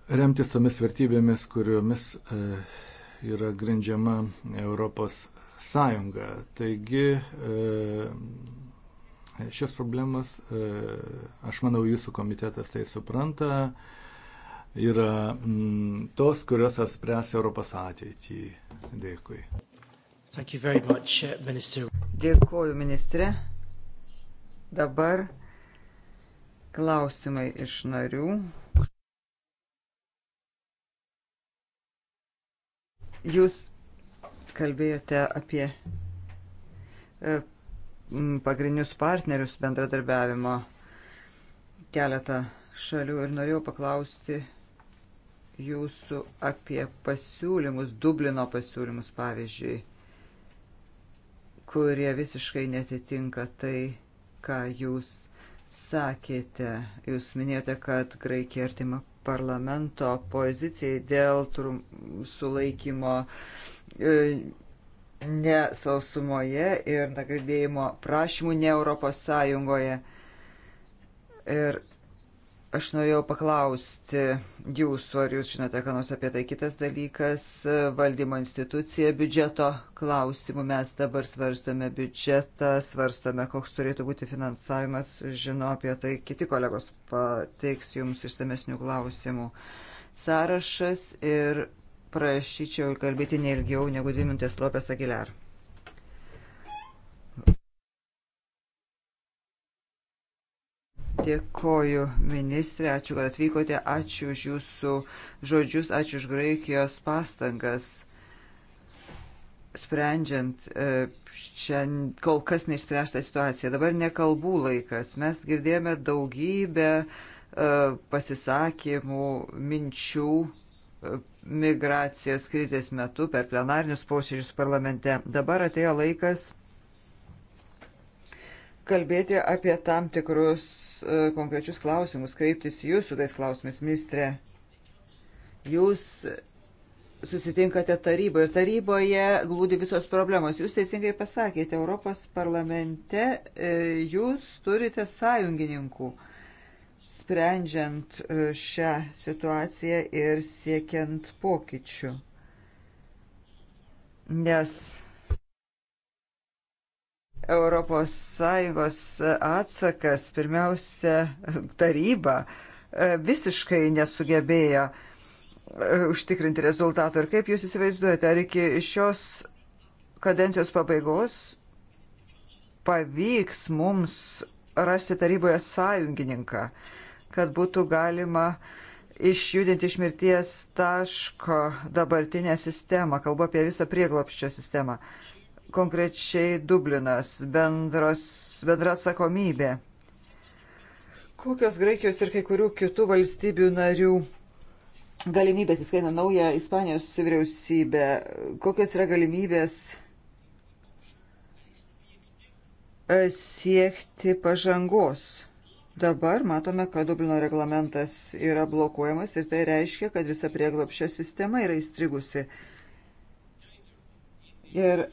remtis tomis vertybėmis, kuriomis yra grindžiama Europos sąjungą. Taigi e, šios problemas, e, aš manau, jūsų komitetas tai supranta, yra mm, tos, kurios apspręs Europos ateitį. Dėkui. Much, uh, minister. Dėkuoju, ministre. Dabar klausimai iš narių. Jūs kalbėjote apie e, pagrindinius partnerius bendradarbiavimo keletą šalių ir norėjau paklausti jūsų apie pasiūlymus, Dublino pasiūlymus pavyzdžiui, kurie visiškai netitinka tai, ką jūs sakėte. Jūs minėjote, kad Graikija artima parlamento pozicijai dėl sulaikymo uh, E, ne sausumoje ir nagrinėjimo prašymų ne Europos Sąjungoje. Ir aš norėjau paklausti jūsų, ar jūs žinote, ką nors apie tai kitas dalykas, e, valdymo institucija, biudžeto klausimų. Mes dabar svarstome biudžetą, svarstome, koks turėtų būti finansavimas. Žino apie tai, kiti kolegos pateiks jums išsamesnių klausimų. Sąrašas ir prašyčiau kalbėti neilgiau negu dvi minutės Lopės Aguilar. Dėkoju, ministrė, ačiū, kad atvykote, ačiū už jūsų žodžius, ačiū už Graikijos pastangas sprendžiant čia e, kol kas neišspręstą situaciją. Dabar nekalbų laikas. Mes girdėjome daugybę e, pasisakymų, minčių e, migracijos krizės metu per plenarinius posėdžius parlamente. Dabar atėjo laikas kalbėti apie tam tikrus e, konkrečius klausimus, kreiptis jūsų tais klausimais, ministrė. Jūs susitinkate taryboje ir taryboje glūdi visos problemos. Jūs teisingai pasakėte, Europos parlamente e, jūs turite sąjungininkų sprendžiant e, šią situaciją ir siekiant pokyčių. Nes ES atsakas, pirmiausia, taryba e, visiškai nesugebėjo e, užtikrinti rezultatų. Ir kaip jūs įsivaizduojate, ar iki šios kadencijos pabaigos pavyks mums rasti taryboje sąjungininką, kad būtų galima išjudinti iš mirties taško dabartinę sistemą, kalbu apie visą prieglopščio sistemą, konkrečiai Dublinas, bendros, bendra sakomybė. Kokios Graikijos ir kai kurių kitų valstybių narių galimybės, įskaitant naują Ispanijos vyriausybę, kokios yra galimybės E, siekti pažangos. Dabar matome, kad Dublino reglamentas yra blokuojamas ir tai reiškia, kad visa prieglopščio sistema yra įstrigusi. Ir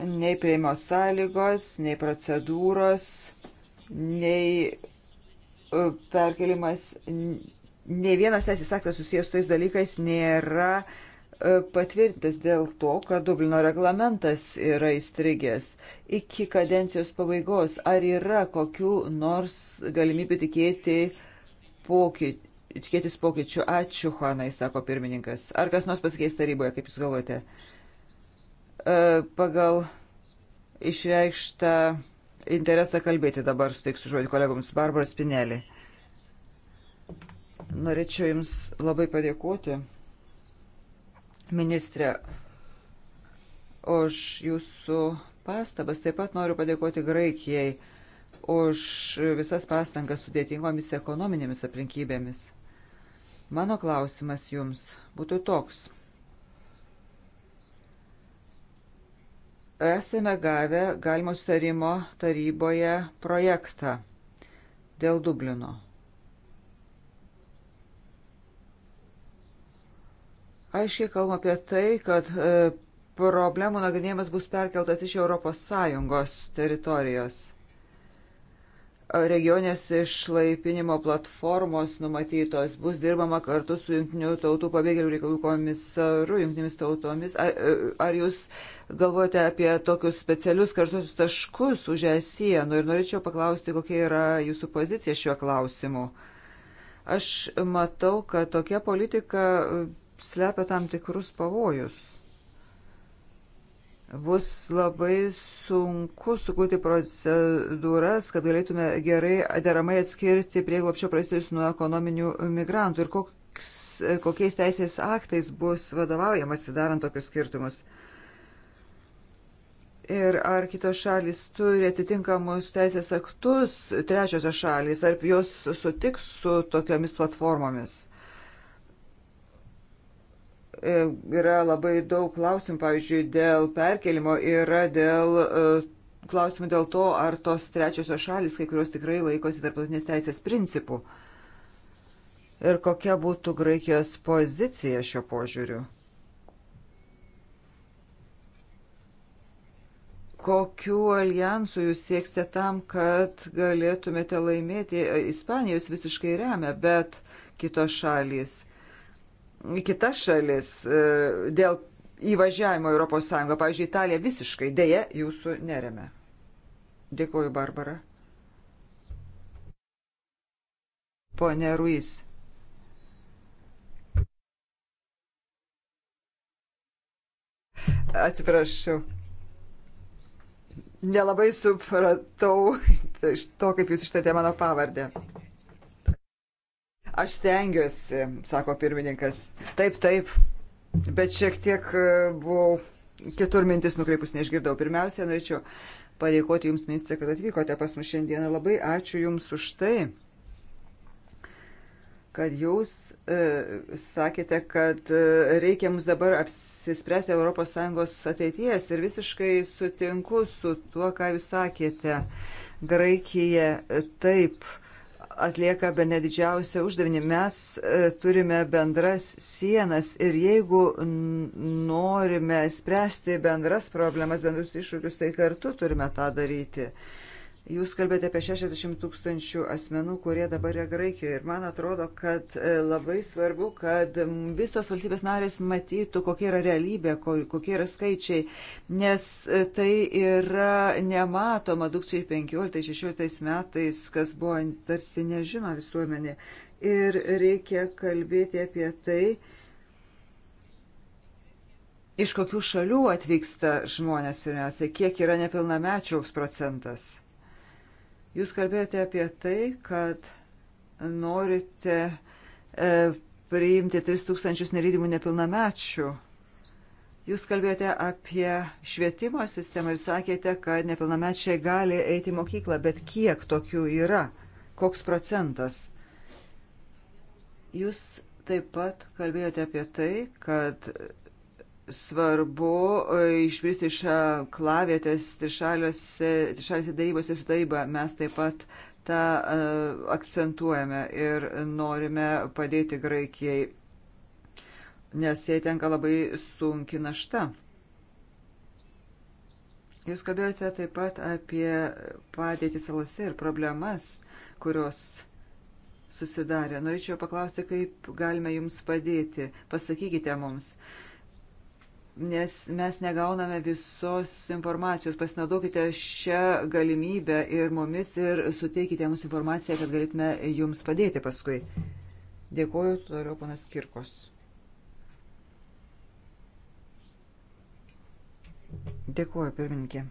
nei prieimo sąlygos, nei procedūros, nei e, perkelimas, nei vienas teisės aktas susijęs su tais dalykais nėra uh, E, patvirtintas dėl to, kad Dublino reglamentas yra įstrigęs iki kadencijos pabaigos. Ar yra kokių nors galimybių tikėti pokyčių? Tikėtis pokyčių. Ačiū, Juanai, sako pirmininkas. Ar kas nors pasikeis taryboje, kaip Jūs galvojate? E, pagal išreikštą interesą kalbėti dabar suteiksiu žodį kolegoms Barbara Spinelį. Norėčiau Jums labai padėkoti ministrė, už jūsų pastabas. Taip pat noriu padėkoti Graikijai už visas pastangas sudėtingomis ekonominėmis aplinkybėmis. Mano klausimas jums būtų toks. Esame gavę galimo sutarimo taryboje projektą dėl Dublino. Aiškiai kalbam apie tai, kad e, problemų nagrinėjimas bus perkeltas iš ES teritorijos. E, regionės išlaipinimo platformos numatytos bus dirbama kartu su Junktinių tautų pabėgėlių reikalų komisaru, Junktinėmis tautomis. Ar, e, ar jūs galvojate apie tokius specialius kartuosius taškus už es sienų ir norėčiau paklausti, kokia yra jūsų pozicija šiuo klausimu? Aš matau, kad tokia politika slepia tam tikrus pavojus. Bus labai sunku sukurti procedūras, kad galėtume gerai, deramai atskirti prieglopščio prasidėjus nuo ekonominių migrantų ir koks, kokiais teisės aktais bus vadovaujamasi darant tokius skirtumus. Ir ar kitos šalis turi atitinkamus teisės aktus, trečiosios šalis, ar jos sutiks su tokiomis platformomis. E, yra labai daug klausimų, pavyzdžiui, dėl perkelimo, yra dėl e, klausimų dėl to, ar tos trečiosios šalis, kai kurios tikrai laikosi tarptautinės teisės principų. Ir kokia būtų Graikijos pozicija šio požiūriu? Kokių alijansų jūs sieksite tam, kad galėtumėte laimėti? Ispanija jūs visiškai remia, bet kitos šalys į kitas šalis e, dėl įvažiavimo Europos Sąjungą. Pavyzdžiui, Italija visiškai dėja jūsų neremia. Dėkuoju, Barbara. Pone Ruiz. Atsiprašau. Nelabai supratau iš to, kaip jūs ištatė mano pavardę. Aš stengiuosi, sako pirmininkas. Taip, taip. Bet šiek tiek e, buvau kitur mintis nukreipus, neišgirdau. Pirmiausia, norėčiau padėkoti Jums, ministrė, kad atvykote pas mus šiandieną. Labai ačiū Jums už tai, kad Jūs e, sakėte, kad e, reikia mums dabar apsispręsti ES ateities ir visiškai sutinku su tuo, ką Jūs sakėte. Graikija e, taip atlieka be nedidžiausią uždavinį. Mes e, turime bendras sienas ir jeigu norime spręsti bendras problemas, bendrus iššūkius, tai kartu turime tą daryti. Jūs kalbėte apie 60 tūkstančių asmenų, kurie dabar yra Graikijoje. Ir man atrodo, kad e, labai svarbu, kad visos valstybės narės matytų, kokia yra realybė, kokie yra skaičiai. Nes e, tai yra nematoma 2015-2016 metais, kas buvo tarsi nežino visuomenė. Ir reikia kalbėti apie tai, iš kokių šalių atvyksta žmonės pirmiausia, kiek yra nepilnamečiaus procentas. Jūs kalbėjote apie tai, kad norite e, priimti 3000 nelydimų nepilnamečių. Jūs kalbėjote apie švietimo sistemą ir sakėte, kad nepilnamečiai gali eiti į mokyklą, bet kiek tokių yra? Koks procentas? Jūs taip pat kalbėjote apie tai, kad svarbu e, išbristi iš klavietės trišalėse darybose su taryba. Mes taip pat tą uh, akcentuojame ir norime padėti Graikijai, nes jai tenka labai sunki našta. Jūs kalbėjote taip pat apie padėtį salose ir problemas, kurios susidarė. Norėčiau paklausti, kaip galime jums padėti. Pasakykite mums. Uh, nes mes negauname visos informacijos. Pasinaudokite šią galimybę ir mumis ir suteikite mums informaciją, kad galėtume jums padėti paskui. Dėkuoju, toliau panas Kirkos. Dėkuoju, pirmininkė.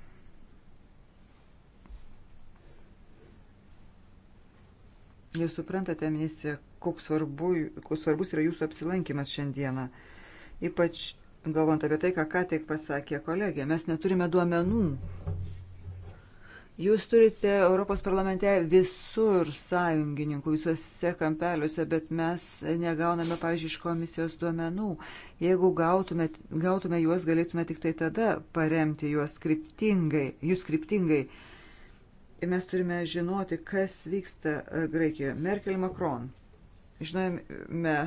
Jūs suprantate, ministrė, koks, svarbu, koks svarbus yra jūsų apsilankimas šiandieną. Ypač galvant apie tai, ką ką tik pasakė kolegė, mes neturime duomenų. Jūs turite Europos parlamente visur sąjungininkų, visuose kampeliuose, bet mes negauname, pavyzdžiui, iš komisijos duomenų. Jeigu gautume, gautume juos, galėtume tik tai tada paremti juos kryptingai, jūs kryptingai. Ir mes turime žinoti, kas vyksta e, Graikijoje. Merkel Macron. Žinojame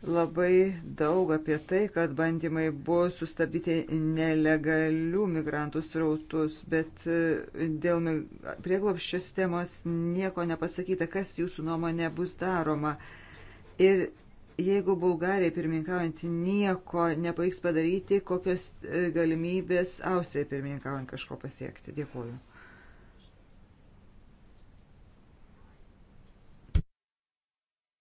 labai daug apie tai, kad bandymai buvo sustabdyti nelegalių migrantų srautus, bet e, dėl prieglopščios sistemos nieko nepasakyta, kas jūsų nuomonė bus daroma. Ir jeigu Bulgarijai pirmininkaujant nieko nepavyks padaryti, kokios e, galimybės Austrijai pirmininkaujant kažko pasiekti. Dėkuoju.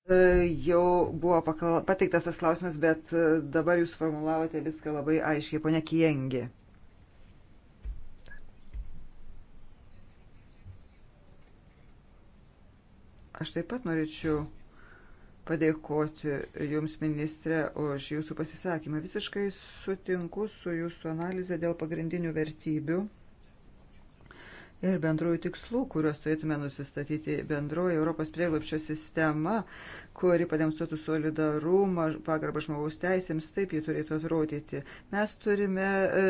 Jau buvo pateiktas tas klausimas, bet e, dabar jūs formulavote viską labai aiškiai, ponia Kiengi. Aš taip pat norėčiau padėkoti Jums, ministrė, už Jūsų pasisakymą. Visiškai sutinku su Jūsų analize dėl pagrindinių vertybių ir bendrųjų tikslų, kuriuos turėtume nusistatyti bendroji Europos prieglapščio sistema, kuri pademonstruotų solidarumą, pagarbą žmogaus teisėms, taip jį turėtų atrodyti. Mes turime e,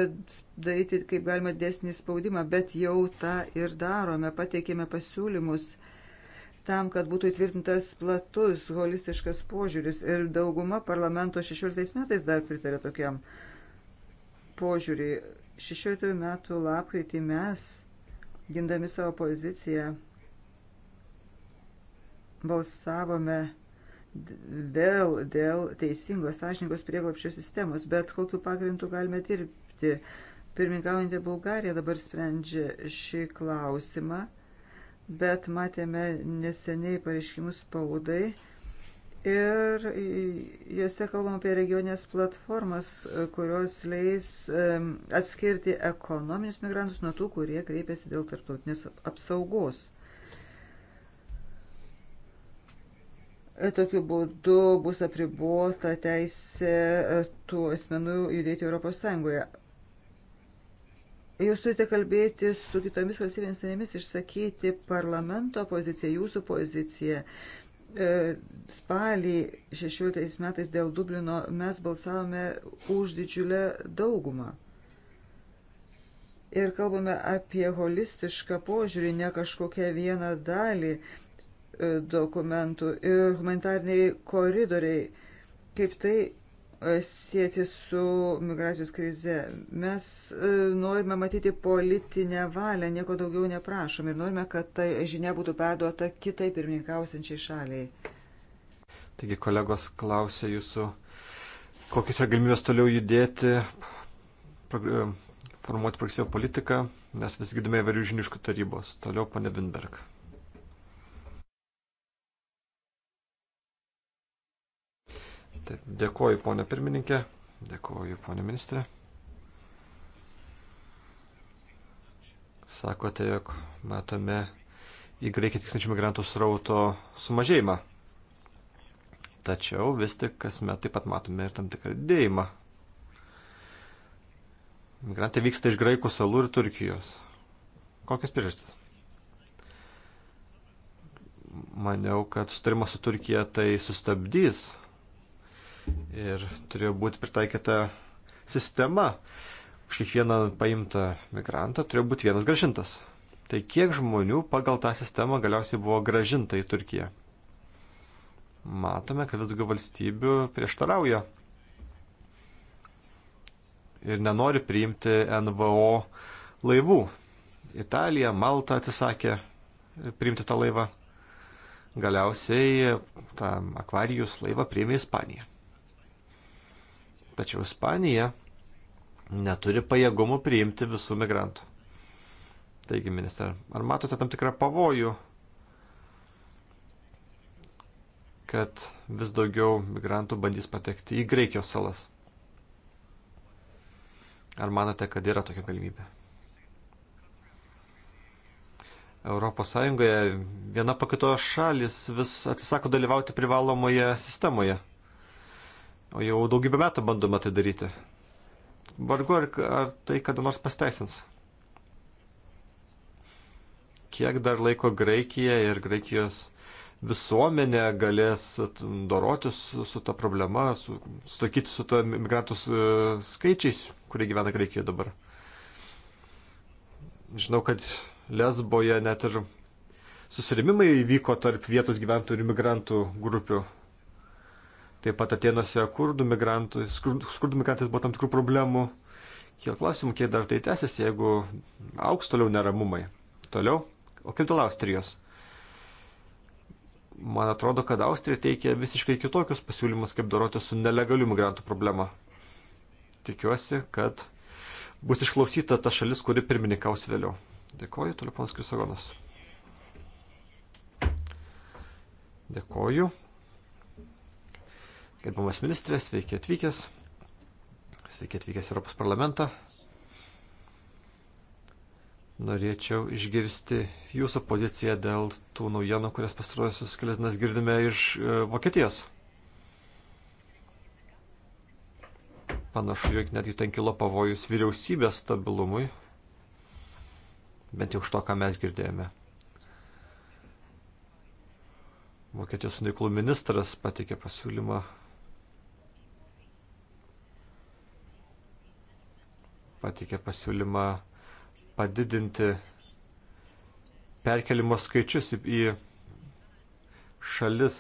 daryti kaip galima desnį spaudimą, bet jau tą ir darome, pateikėme pasiūlymus tam, kad būtų įtvirtintas platus, holistiškas požiūris ir dauguma parlamento 16 metais dar pritarė tokiam požiūriui. 16 metų lapkritį mes gindami savo poziciją, balsavome vėl dėl teisingos, sąžininkos prieglapščio sistemos, bet kokiu pagrindu galime dirbti. Pirmininkaujantė Bulgarija dabar sprendžia šį klausimą, bet matėme neseniai pareiškimus spaudai Ir juose kalbam apie regionės platformas, kurios leis atskirti ekonominius migrantus nuo tų, kurie kreipiasi dėl tarptautinės apsaugos. E, tokiu būdu bus apribuota teisė e, tų asmenų judėti ES. Jūs turite kalbėti su kitomis valstybėmis narėmis, išsakyti parlamento poziciją, jūsų poziciją E, spalį 16 metais dėl Dublino mes balsavome už didžiulę daugumą. Ir kalbame apie holistišką požiūrį, ne kažkokią vieną dalį e, dokumentų ir humanitariniai koridoriai, kaip tai sieti su migracijos krize. Mes e, norime matyti politinę valią, nieko daugiau neprašom ir norime, kad ta žinia būtų perduota kitai pirmininkausiančiai šaliai. Taigi kolegos klausė jūsų, kokios yra galimybės toliau judėti, e, formuoti progresyvę politiką, nes vis girdime įvairių žinių iš tarybos. Toliau pane Vinberg. Taip, dėkoju ponė pirmininkė, dėkoju ponė ministrė. Sakote, jog matome į Graikiją tiksinčių migrantų srauto sumažėjimą. Tačiau vis tik kasmet taip pat matome ir tam tikrą didėjimą. Migrantai vyksta iš Graikų salų ir Turkijos. Kokias priežastis? Maniau, kad sutarimas su Turkija tai sustabdys ir turėjo būti pritaikyta sistema. Už kiekvieną paimtą migrantą turėjo būti vienas gražintas. Tai kiek žmonių pagal tą sistemą galiausiai buvo gražinta į Turkiją? Matome, kad vis daugiau valstybių prieštarauja ir nenori priimti NVO laivų. Italija, Malta atsisakė priimti tą laivą. Galiausiai tą akvarijus laivą priėmė Ispanija. Tačiau Ispanija neturi pajėgumų priimti visų migrantų. Taigi, ministra, ar matote tam tikrą pavojų, kad vis daugiau migrantų bandys patekti į Graikijos salas? Ar manote, kad yra tokia galimybė? Europos Sąjungoje viena po kitos šalis vis atsisako dalyvauti privalomoje sistemoje. O jau daugybę metų bandoma tai daryti. Vargu ar, ar tai kada nors pasteisins. Kiek dar laiko Graikija ir Graikijos visuomenė galės dorotis su, su ta problema, sutakyti su, su to migrantų skaičiais, kurie gyvena Graikijoje dabar. Žinau, kad Lesboje net ir susirimimai vyko tarp vietos gyventojų ir migrantų grupių. Taip pat atėnuose kurdų migrantais, skurdų migrantais buvo tam tikrų problemų. Kiel klausimų, kiek dar tai tęsis, jeigu auks toliau neramumai. Toliau, o kaip dėl Austrijos? Man atrodo, kad Austrija teikia visiškai kitokius pasiūlymus, kaip doroti su nelegaliu migrantų problema. Tikiuosi, kad bus išklausyta ta šalis, kuri pirmininkaus vėliau. Dėkoju, toliau ponas Krisogonas. Dėkoju. Gerbiamas ministrės, sveiki atvykęs. Sveiki atvykęs Europos parlamentą. Norėčiau išgirsti jūsų poziciją dėl tų naujienų, kurias pastarosius kelias dienas girdime iš e, Vokietijos. Panašu, jog netgi ten kilo pavojus vyriausybės stabilumui, bent jau už to, ką mes girdėjome. Vokietijos uniklų ministras pateikė pasiūlymą pateikė pasiūlymą padidinti perkelimo skaičius į šalis,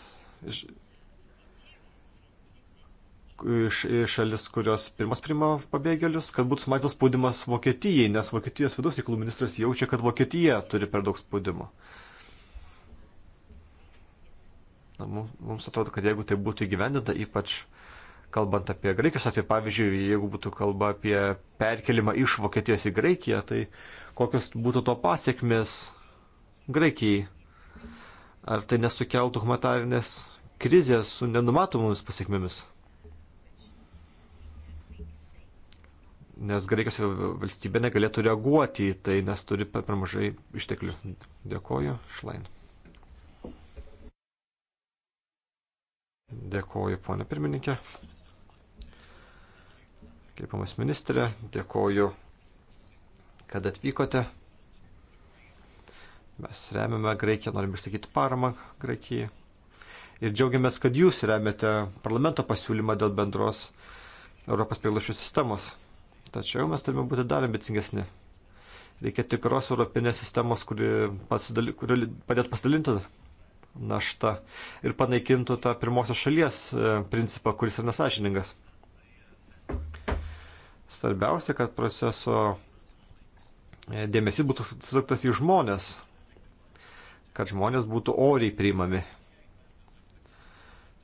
šalis, kurios pirmas priima pabėgėlius, kad būtų sumažintas spaudimas Vokietijai, nes Vokietijos vidaus reikalų ministras jaučia, kad Vokietija turi per daug spaudimo. Na, mums atrodo, kad jeigu tai būtų įgyvendinta, ypač kalbant apie Graikijos atveju, pavyzdžiui, jeigu būtų kalba apie perkelimą iš Vokietijos į Graikiją, tai kokios būtų to pasiekmes Graikijai? Ar tai nesukeltų humanitarinės krizės su nenumatomomis pasiekmėmis? Nes Graikijos valstybė negalėtų reaguoti į tai, nes turi per mažai išteklių. Dėkoju, Šlain. Dėkoju, ponė pirmininkė. Kreipiamas ministrė, dėkoju, kad atvykote. Mes remiame Graikiją, norim išsakyti paramą Graikijai. Ir džiaugiamės, kad jūs remiate parlamento pasiūlymą dėl bendros Europos prieglaušių sistemos. Tačiau mes turime būti dar ambicingesni. Reikia tikros europinės sistemos, kuri, pasidali, kuri padėtų pasidalinti naštą ir panaikintų tą pirmosios šalies e, principą, kuris yra nesažiningas. Svarbiausia, kad proceso e, dėmesys būtų sutelktas į žmonės, kad žmonės būtų oriai priimami.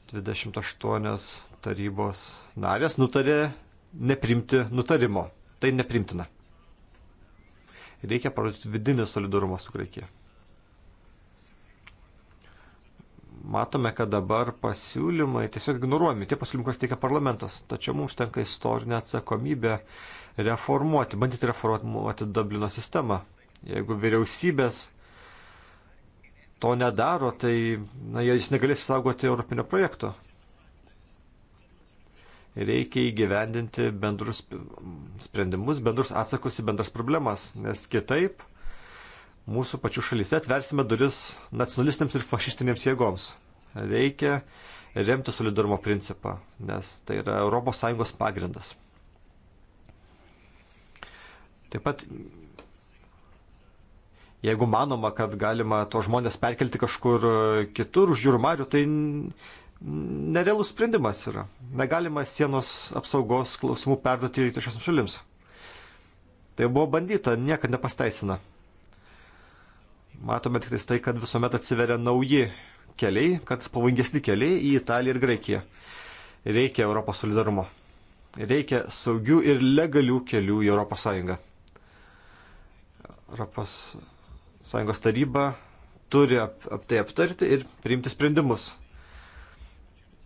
28 tarybos narės nutarė neprimti nutarimo. Tai neprimtina. Reikia parodyti vidinį solidarumą su Graikija. matome, kad dabar pasiūlymai tiesiog ignoruojami, tie pasiūlymai, kuriuos teikia parlamentas. Tačiau mums tenka istorinė atsakomybė reformuoti, bandyti reformuoti Dublino sistemą. Jeigu vyriausybės to nedaro, tai na, jis negalės saugoti Europinio projekto. Reikia įgyvendinti bendrus sprendimus, bendrus atsakus į bendras problemas, nes kitaip mūsų pačių šalyse atversime duris nacionalistiniams ir fašistinėms jėgoms. Reikia remti solidarumo principą, nes tai yra ES pagrindas. Taip pat, jeigu manoma, kad galima to žmonės perkelti kažkur kitur už jūrų marių, tai nerealus sprendimas yra. Negalima sienos apsaugos klausimų perduoti trečiosiams šalims. Tai buvo bandyta, niekada nepasteisina matome tik tai, kad visuomet atsiveria nauji keliai, kad pavojingesni keliai į Italiją ir Graikiją. Reikia Europos solidarumo. Reikia saugių ir legalių kelių į Europos Sąjungą. Europos Sąjungos taryba turi ap, ap tai aptarti ir priimti sprendimus.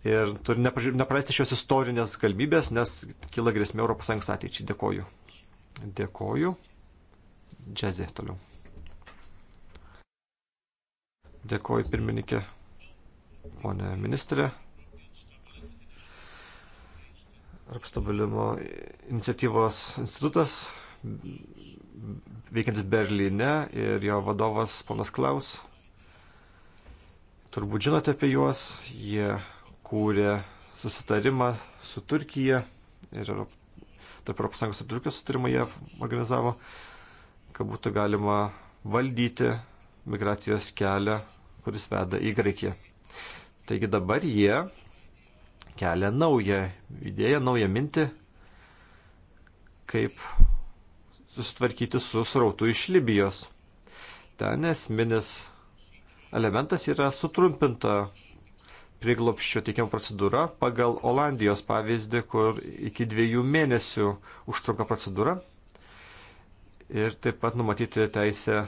Ir turi nepraleisti šios istorinės galimybės, nes kyla grėsmė Europos Sąjungos ateičiai. Dėkoju. Dėkoju. Džezė toliau. Dėkoju pirmininkė, ponė ministrė. Rapstabilimo iniciatyvos institutas veikiantis Berlyne ir jo vadovas ponas Klaus. Turbūt žinote apie juos, jie kūrė susitarimą su Turkija ir tarp Europos Sąjungos ir Turkijos sutarimą jie organizavo, kad būtų galima valdyti migracijos kelią, kuris veda į Graikiją. Taigi dabar jie kelia naują idėją, naują mintį, kaip susitvarkyti su srautu iš Libijos. Ten esminis elementas yra sutrumpinta priglopščio teikimo procedūra pagal Olandijos pavyzdį, kur iki dviejų mėnesių užtrunka procedūra. Ir taip pat numatyti teisę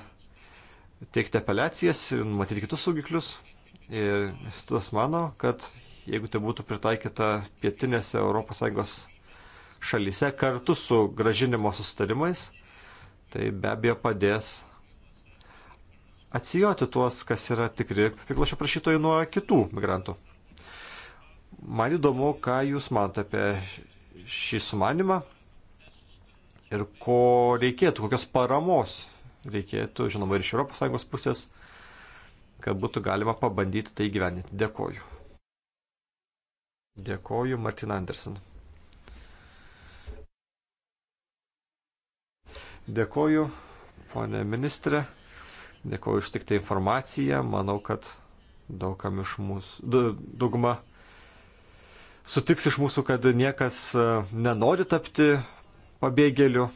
teikti apeliacijas ir matyti kitus saugiklius. Ir institutas mano, kad jeigu tai būtų pritaikyta pietinėse ES šalyse kartu su gražinimo sustarimais, tai be abejo padės atsijoti tuos, kas yra tikri priglašio prašytojai nuo kitų migrantų. Man įdomu, ką Jūs manote apie šį sumanimą ir ko reikėtų, kokios paramos reikėtų, žinoma, ir iš ES pusės, kad būtų galima pabandyti tai gyveninti. Dėkoju. Dėkoju, Martin Andersen. Dėkoju, ponė ministrė. Dėkoju už tik tai informaciją. Manau, kad daugam iš mūsų, dauguma sutiks iš mūsų, kad niekas e, nenori tapti pabėgėliu,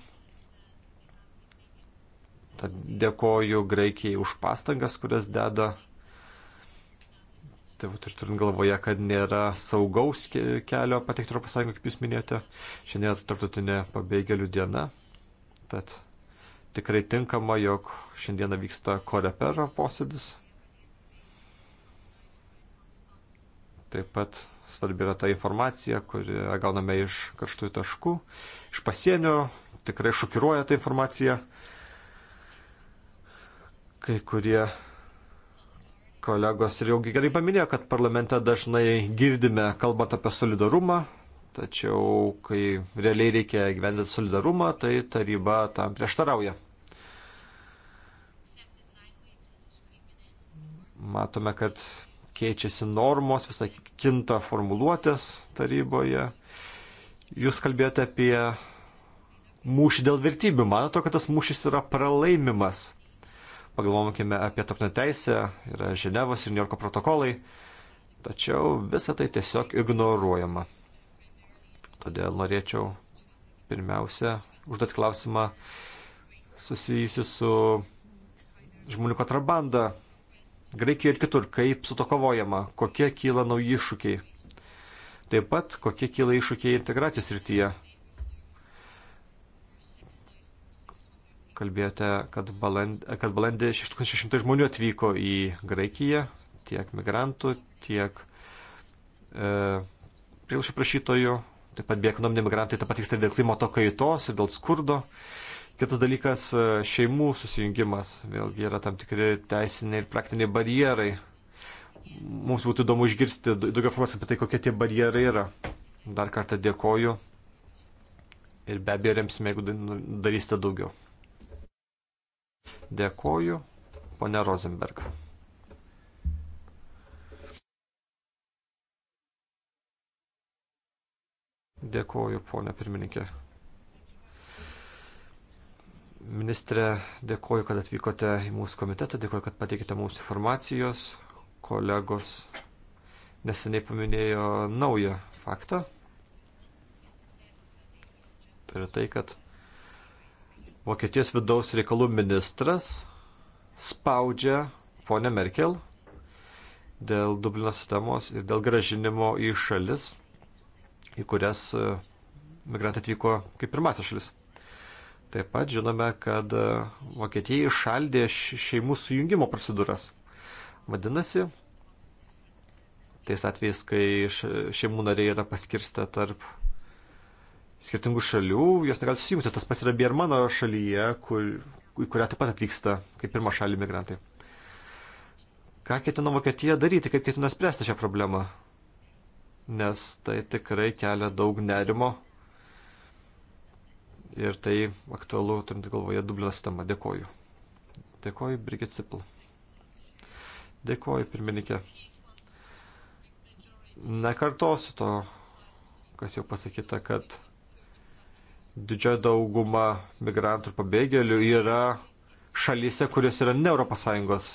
Tad dėkoju Graikijai už pastangas, kurias deda. Tai vat, ir turint galvoje, kad nėra saugaus kelio patekti Europos Sąjungą, kaip jūs minėjote. Šiandien yra tarptautinė pabėgėlių diena. Tad tikrai tinkama, jog šiandieną vyksta korepero posėdis. Taip pat svarbi yra ta informacija, kurią gauname iš karštųjų taškų, iš pasienio. Tikrai šokiruoja ta informacija. Kai kurie kolegos ir jau gerai paminėjo, kad parlamente dažnai girdime kalbant apie solidarumą, tačiau kai realiai reikia gyvendinti solidarumą, tai taryba tam prieštarauja. Matome, kad keičiasi normos, visai kinta formuluotės taryboje. Jūs kalbėjote apie mūšį dėl vertybių. Man atrodo, kad tas mūšis yra pralaimimas pagalvokime apie tarptautinę teisę, yra Ženevos ir New Yorko protokolai, tačiau visa tai tiesiog ignoruojama. Todėl norėčiau pirmiausia užduoti klausimą susijusi su žmonių kontrabanda Graikijoje ir kitur, kaip su to kovojama, kokie kyla nauji iššūkiai. Taip pat kokie kyla iššūkiai integracijos rytyje. kalbėjote, kad balandį, kad balandį 6600 žmonių atvyko į Graikiją, tiek migrantų, tiek e, prielšių prašytojų, taip pat bei ekonominiai migrantai taip pat vyksta dėl klimato kaitos ir dėl skurdo. Kitas dalykas e, - šeimų susijungimas. Vėlgi yra tam tikri teisiniai ir praktiniai barjerai. Mums būtų įdomu išgirsti daugiau informacijos apie tai, kokie tie barjerai yra. Dar kartą dėkoju ir be abejo remsime, jeigu darysite daugiau. Dėkoju, ponė Rosenberg. Dėkoju, ponė pirmininkė. Ministrė, dėkoju, kad atvykote į mūsų komitetą, dėkoju, kad pateikite mums informacijos. Kolegos neseniai paminėjo naują faktą. Tai yra tai, kad Vokietijos vidaus reikalų ministras spaudžia ponę Merkel dėl Dublino sistemos ir dėl gražinimo į šalis, į kurias e, migrantai atvyko kaip pirmasis šalis. Taip pat žinome, kad e, Vokietija išaldė šeimų sujungimo procedūras. Vadinasi, tais atvejais, kai šeimų nariai yra paskirstę tarp skirtingų šalių, jos negali susijungti. Tas pats yra beje ir mano šalyje, kur, į kurią taip pat atvyksta kaip pirmą šalį migrantai. Ką ketina Vokietija daryti, kaip ketina spręsti šią problemą? Nes tai tikrai kelia daug nerimo. Ir tai aktualu, turint galvoje, Dublino sistemą. Dėkoju. Dėkoju, Brigit Cipl. Dėkoju, pirmininkė. Nekartosiu to, kas jau pasakyta, kad didžioji dauguma migrantų ir pabėgėlių yra šalyse, kurios yra ne ES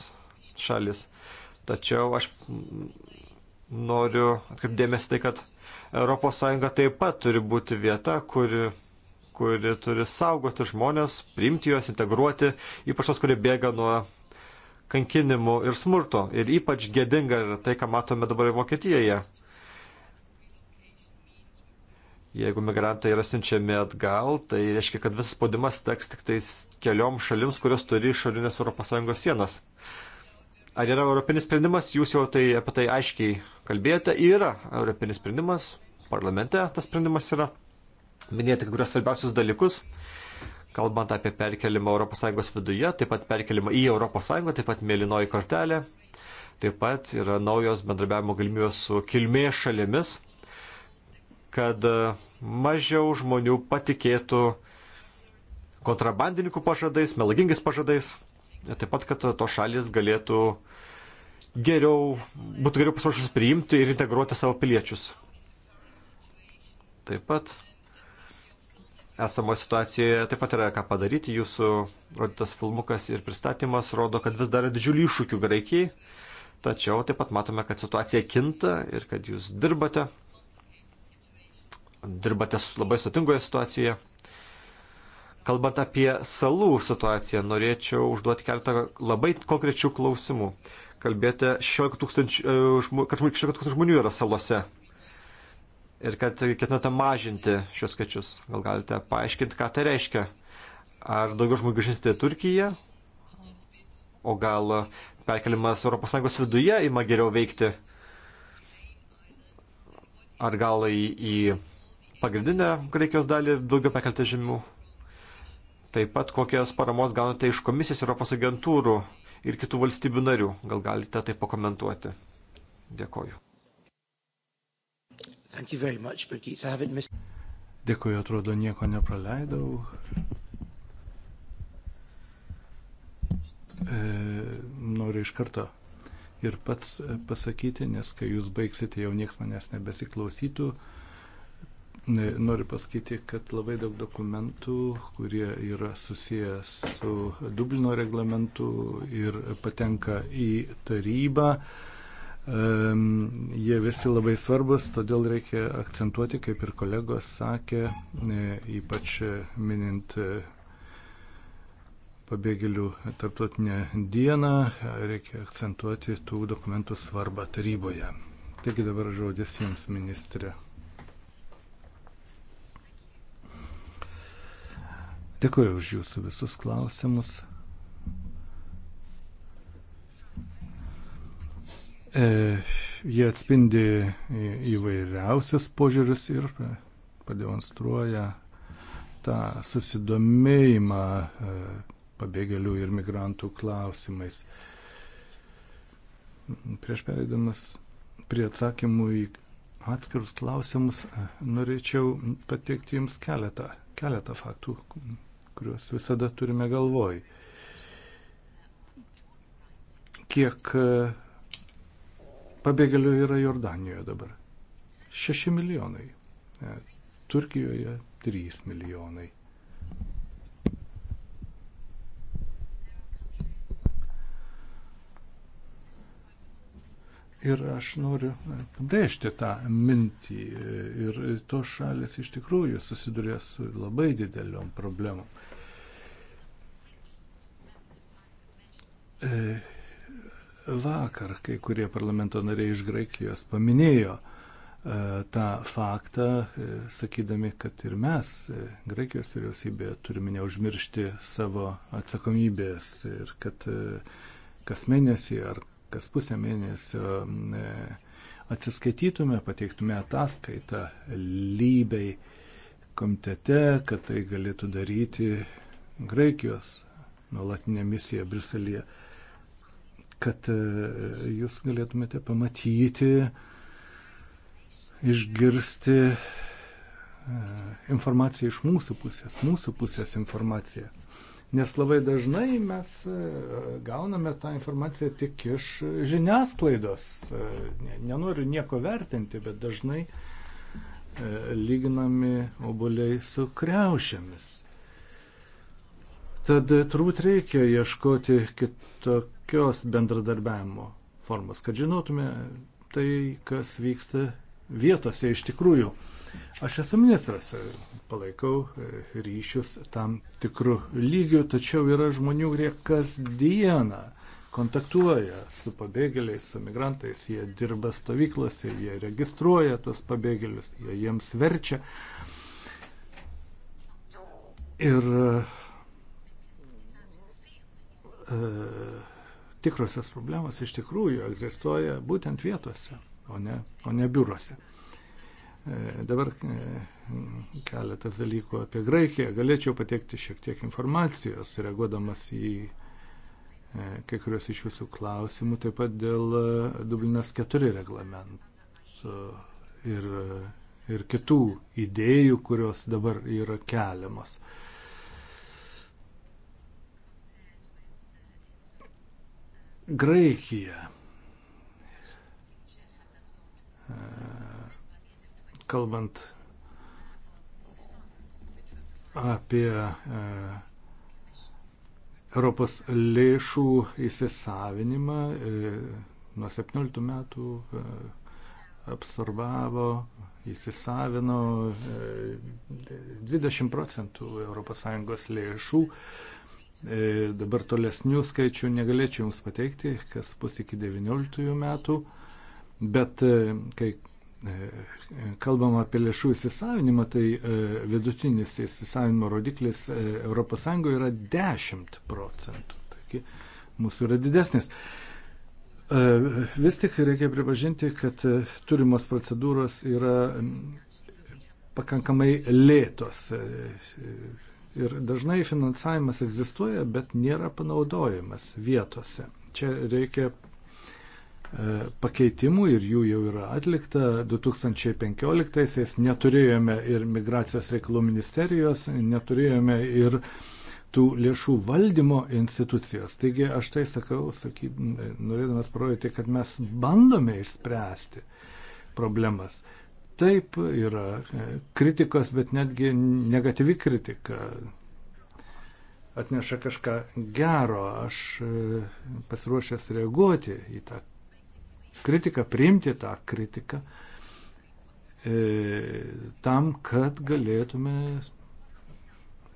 šalis. Tačiau aš noriu atkreipdėmėsi tai, kad ES taip pat turi būti vieta, kuri, kuri turi saugoti žmonės, priimti juos, integruoti, ypač tos, kurie bėga nuo kankinimų ir smurto. Ir ypač gėdinga yra tai, ką matome dabar Vokietijoje. Jeigu migrantai yra siunčiami atgal, tai reiškia, kad visas spaudimas teks tik tais keliom šalims, kurios turi išorinės ES sienas. Ar yra europinis sprendimas? Jūs jau tai, apie tai aiškiai kalbėjote. Yra europinis sprendimas, parlamente tas sprendimas yra. Minėjote kai kurios svarbiausius dalykus, kalbant apie perkelimą ES viduje, taip pat perkelimą į ES, taip pat mėlynoji kortelė, taip pat yra naujos bendrabiavimo galimybės su kilmės šalimis kad e, mažiau žmonių patikėtų kontrabandininkų pažadais, melagingais pažadais, taip pat, kad e, to šalis galėtų geriau, būtų geriau pasiruošęs priimti ir integruoti savo piliečius. Taip pat esamoje situacijoje taip pat yra ką padaryti. Jūsų rodytas filmukas ir pristatymas rodo, kad vis dar yra didžiulių iššūkių Graikijai, tačiau taip pat matome, kad situacija kinta ir kad jūs dirbate dirbate labai sutingoje situacijoje. Kalbant apie salų situaciją, norėčiau užduoti keletą labai konkrečių klausimų. Kalbėjote, 16 tūkstančių, e, kad 16 tūkstančių žmonių yra salose ir kad ketinate mažinti šios skaičius. Gal galite paaiškinti, ką tai reiškia? Ar daugiau žmonių grįžinti į Turkiją? O gal perkelimas ES viduje ima geriau veikti? Ar gal į, į pagrindinę Graikijos dalį, daugiau perkelti žymių. Taip pat kokias paramos gaunate iš komisijos Europos agentūrų ir kitų valstybių narių. Gal galite tai pakomentuoti? Dėkoju. Much, missed... Dėkoju, atrodo, nieko nepraleidau. E, noriu iš karto ir pats e, pasakyti, nes kai jūs baigsite, jau niekas manęs nebesiklausytų. E, Noriu pasakyti, kad labai daug dokumentų, kurie yra susijęs su Dublino reglamentu ir patenka į tarybą, jie visi labai svarbus, todėl reikia akcentuoti, kaip ir kolegos sakė, e, ypač minint e, pabėgėlių tarptautinę dieną, reikia akcentuoti tų dokumentų svarbą taryboje. Taigi dabar žodis Jums, ministrė. Dėkuoju už jūsų visus klausimus. E, jie atspindi įvairiausias požiūris ir e, pademonstruoja tą susidomėjimą e, pabėgėlių ir migrantų klausimais. Prieš pereidamas prie atsakymų į atskirus klausimus, e, norėčiau pateikti Jums keletą, keletą faktų, kuriuos visada turime galvoj. Kiek e, pabėgėlių yra Jordanijoje dabar? 6 milijonai. E, Turkijoje 3 milijonai. Ir aš noriu e, pabrėžti tą mintį. Ir tos šalis iš tikrųjų susiduria su labai dideliom problemom. E, vakar kai kurie parlamento nariai iš Graikijos paminėjo e, tą faktą, e, sakydami, kad ir mes, Graikijos vyriausybė, turime neužmiršti savo atsakomybės ir kad kas mėnesį ar kas pusę mėnesio atsiskaitytume, pateiktume ataskaitą lybei komitete, kad tai galėtų daryti Graikijos nuolatinė misija Briuselėje kad e, jūs galėtumėte pamatyti, išgirsti e, informaciją iš mūsų pusės, mūsų pusės informaciją. Nes labai dažnai mes e, gauname tą informaciją tik iš žiniasklaidos. Nenoriu nieko vertinti, bet dažnai lyginami obuliai su kreušiamis. Tad turbūt reikia ieškoti kitokio aiškios bendradarbiavimo formos, kad žinotume tai, kas vyksta vietose iš tikrųjų. Aš esu ministras, palaikau e, ryšius tam tikrų lygių, tačiau yra žmonių, kurie kasdieną kontaktuoja su pabėgėliais, su migrantais, jie dirba stovyklose, jie registruoja tuos pabėgėlius, jie jiems verčia. Ir e, tikrosios problemos iš tikrųjų egzistuoja būtent vietose, o ne, o ne biuruose. E, dabar e, keletas dalykų apie Graikiją. Galėčiau pateikti šiek tiek informacijos, reaguodamas į e, kai kurios iš jūsų klausimų, taip pat dėl Dublinas 4 reglamentų ir, ir kitų idėjų, kurios dabar yra keliamos. Uh, Graikija. Kalbant apie e, Europos lėšų įsisavinimą, e, nuo 17 metų e, absorbavo, įsisavino 20 procentų ES lėšų E, dabar tolesnių skaičių negalėčiau Jums pateikti, kas bus iki 19 metų, bet e, kai e, kalbam apie lėšų įsisavinimą, tai vidutinis įsisavinimo rodiklis ES yra 10 procentų. Taigi mūsų yra didesnis. Vis tik reikia pripažinti, kad turimos procedūros yra pakankamai lėtos. Ir dažnai finansavimas egzistuoja, bet nėra panaudojimas vietose. Čia reikia e, pakeitimų ir jų jau yra atlikta. 2015-aisiais neturėjome ir migracijos reikalų ministerijos, neturėjome ir tų lėšų valdymo institucijos. Taigi aš tai sakau, sakyt, norėdamas parodyti, kad mes bandome išspręsti problemas. Uh, Taip yra kritikos, bet netgi negatyvi kritika atneša kažką gero. Aš e, pasiruošęs reaguoti į tą kritiką, priimti tą kritiką e, tam, kad galėtume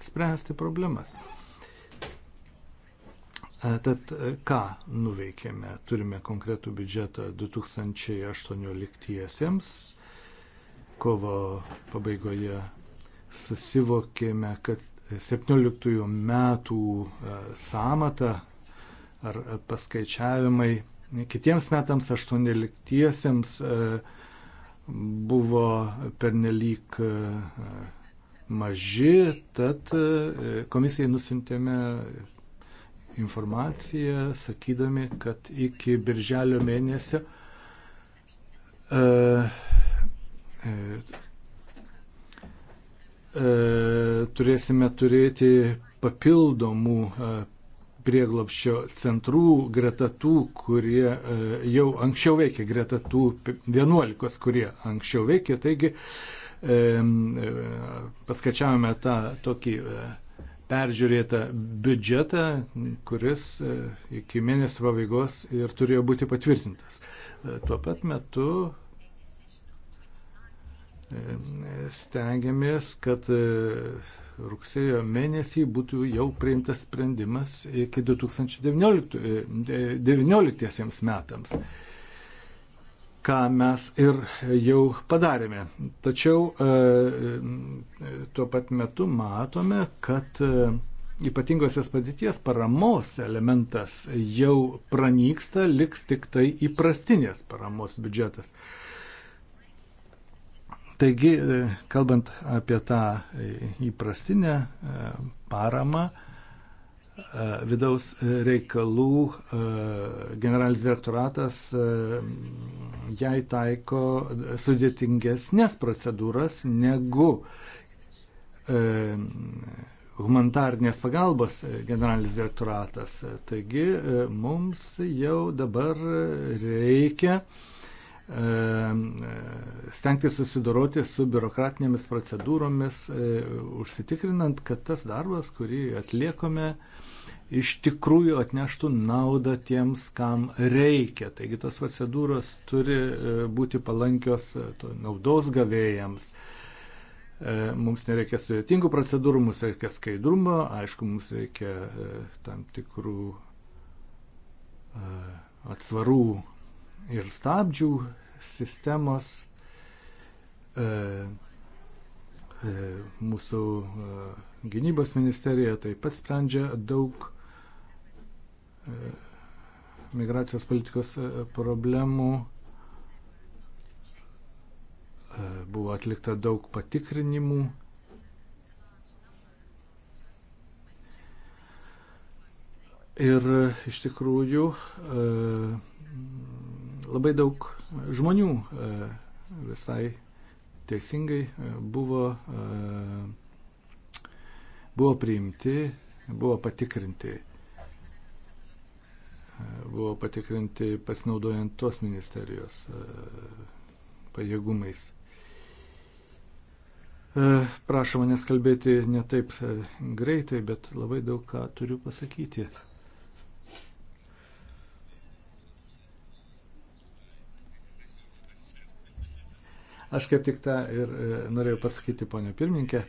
spręsti problemas. E, tad ką nuveikėme? Turime konkretų biudžetą 2018-iesiems kovo pabaigoje susivokėme, kad 17 metų e, samata ar e, paskaičiavimai kitiems metams 18-iesiems e, buvo pernelyg maži, tad komisijai nusintėme informaciją, sakydami, kad iki birželio mėnesio E, turėsime turėti papildomų e, prieglopščio centrų greta tų, kurie e, jau anksčiau veikė, greta tų 11, kurie anksčiau veikė. Taigi paskačiavome tą tokį peržiūrėtą biudžetą, kuris iki mėnesio pabaigos ir turėjo būti patvirtintas. Tuo pat metu stengiamės, kad e, rugsėjo mėnesį būtų jau priimtas sprendimas iki 2019 e, metams, ką mes ir e, jau padarėme. Tačiau tuo pat metu matome, kad ypatingosios padėties paramos elementas jau pranyksta, liks tik tai įprastinės paramos biudžetas. Taigi, e, kalbant apie tą e, įprastinę e, paramą, vidaus reikalų generalinis direktoratas jai taiko sudėtingesnės procedūras negu humanitarnės pagalbos generalinis direktoratas. Taigi mums jau dabar reikia uh, E, stengtis susidoroti su biurokratinėmis procedūromis, e, užsitikrinant, kad tas darbas, kurį atliekame, iš tikrųjų atneštų naudą tiems, kam reikia. Taigi tos procedūros turi e, būti palankios naudos gavėjams. Mums nereikia sudėtingų procedūrų, mums reikia skaidrumo, aišku, mums reikia tam tikrų atsvarų ir stabdžių sistemos. E, e, mūsų e, gynybos ministerija taip pat sprendžia daug e, migracijos politikos e, problemų. E, buvo atlikta daug patikrinimų. Ir e, iš tikrųjų e, Labai daug e, žmonių e, visai teisingai e, buvo, buvo priimti, buvo patikrinti buvo patikrinti pasinaudojant tos ministerijos pajėgumais. Prašoma neskalbėti ne taip greitai, bet labai daug ką turiu pasakyti. Aš kaip tik tą ir e, norėjau pasakyti, ponė pirmininkė.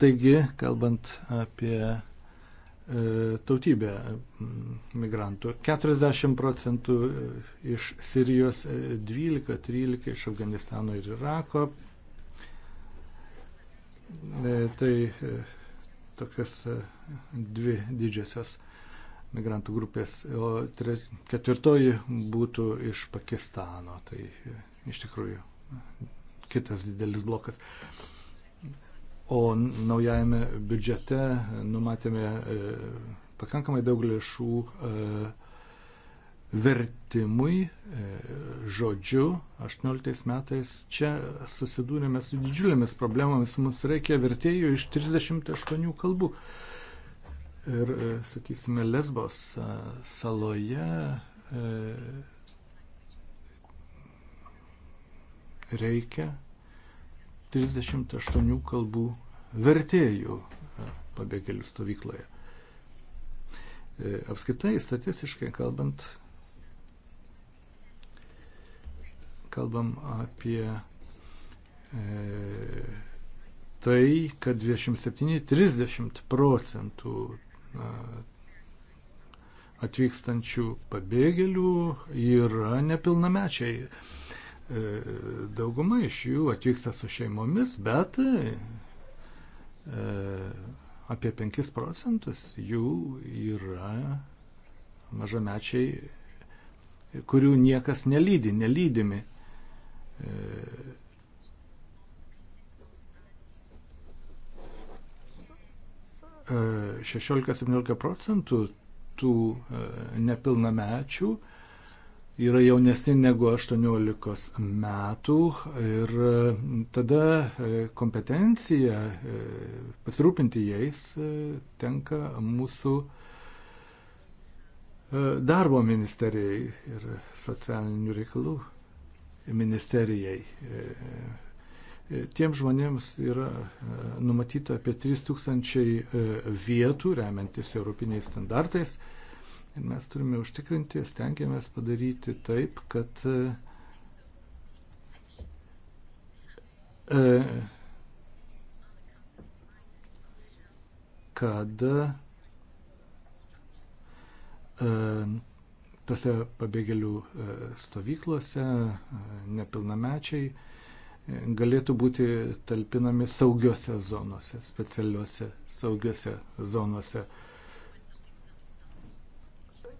Taigi, kalbant apie e, tautybę migrantų. 40 procentų e, iš Sirijos, 12-13 iš Afganistano ir Irako. Tai tokios dvi didžiosios migrantų grupės, o tre, ketvirtoji būtų iš Pakistano. Tai e, iš tikrųjų kitas didelis blokas. O naujajame biudžete numatėme e, pakankamai daug lėšų e, vertimui žodžiu 18 metais. Čia susidūrėme su didžiulėmis problemomis, mums reikia vertėjų iš 38 kalbų. Ir, e, sakysime, Lesbos e, saloje e, reikia 38 kalbų vertėjų pabėgėlių stovykloje. Apskaitai, statistiškai kalbant, kalbam apie e, tai, kad 27-30 procentų atvykstančių pabėgėlių yra nepilnamečiai. E, dauguma iš jų atvyksta su šeimomis, bet e, apie 5 procentus jų yra mažamečiai, kurių niekas nelydi, nelydimi. E, 16-17 procentų tų e, nepilnamečių yra jaunesni negu 18 metų ir e, tada e, kompetencija pasirūpinti jais tenka mūsų darbo ministerijai ir socialinių reikalų ministerijai. E, tiem žmonėms yra e, numatyta apie 3000 e, vietų, remiantis europiniais standartais. Ir mes turime užtikrinti, stengiamės padaryti taip, kad kad tose pabėgėlių stovyklose nepilnamečiai galėtų būti talpinami saugiose zonose, specialiuose saugiose zonose.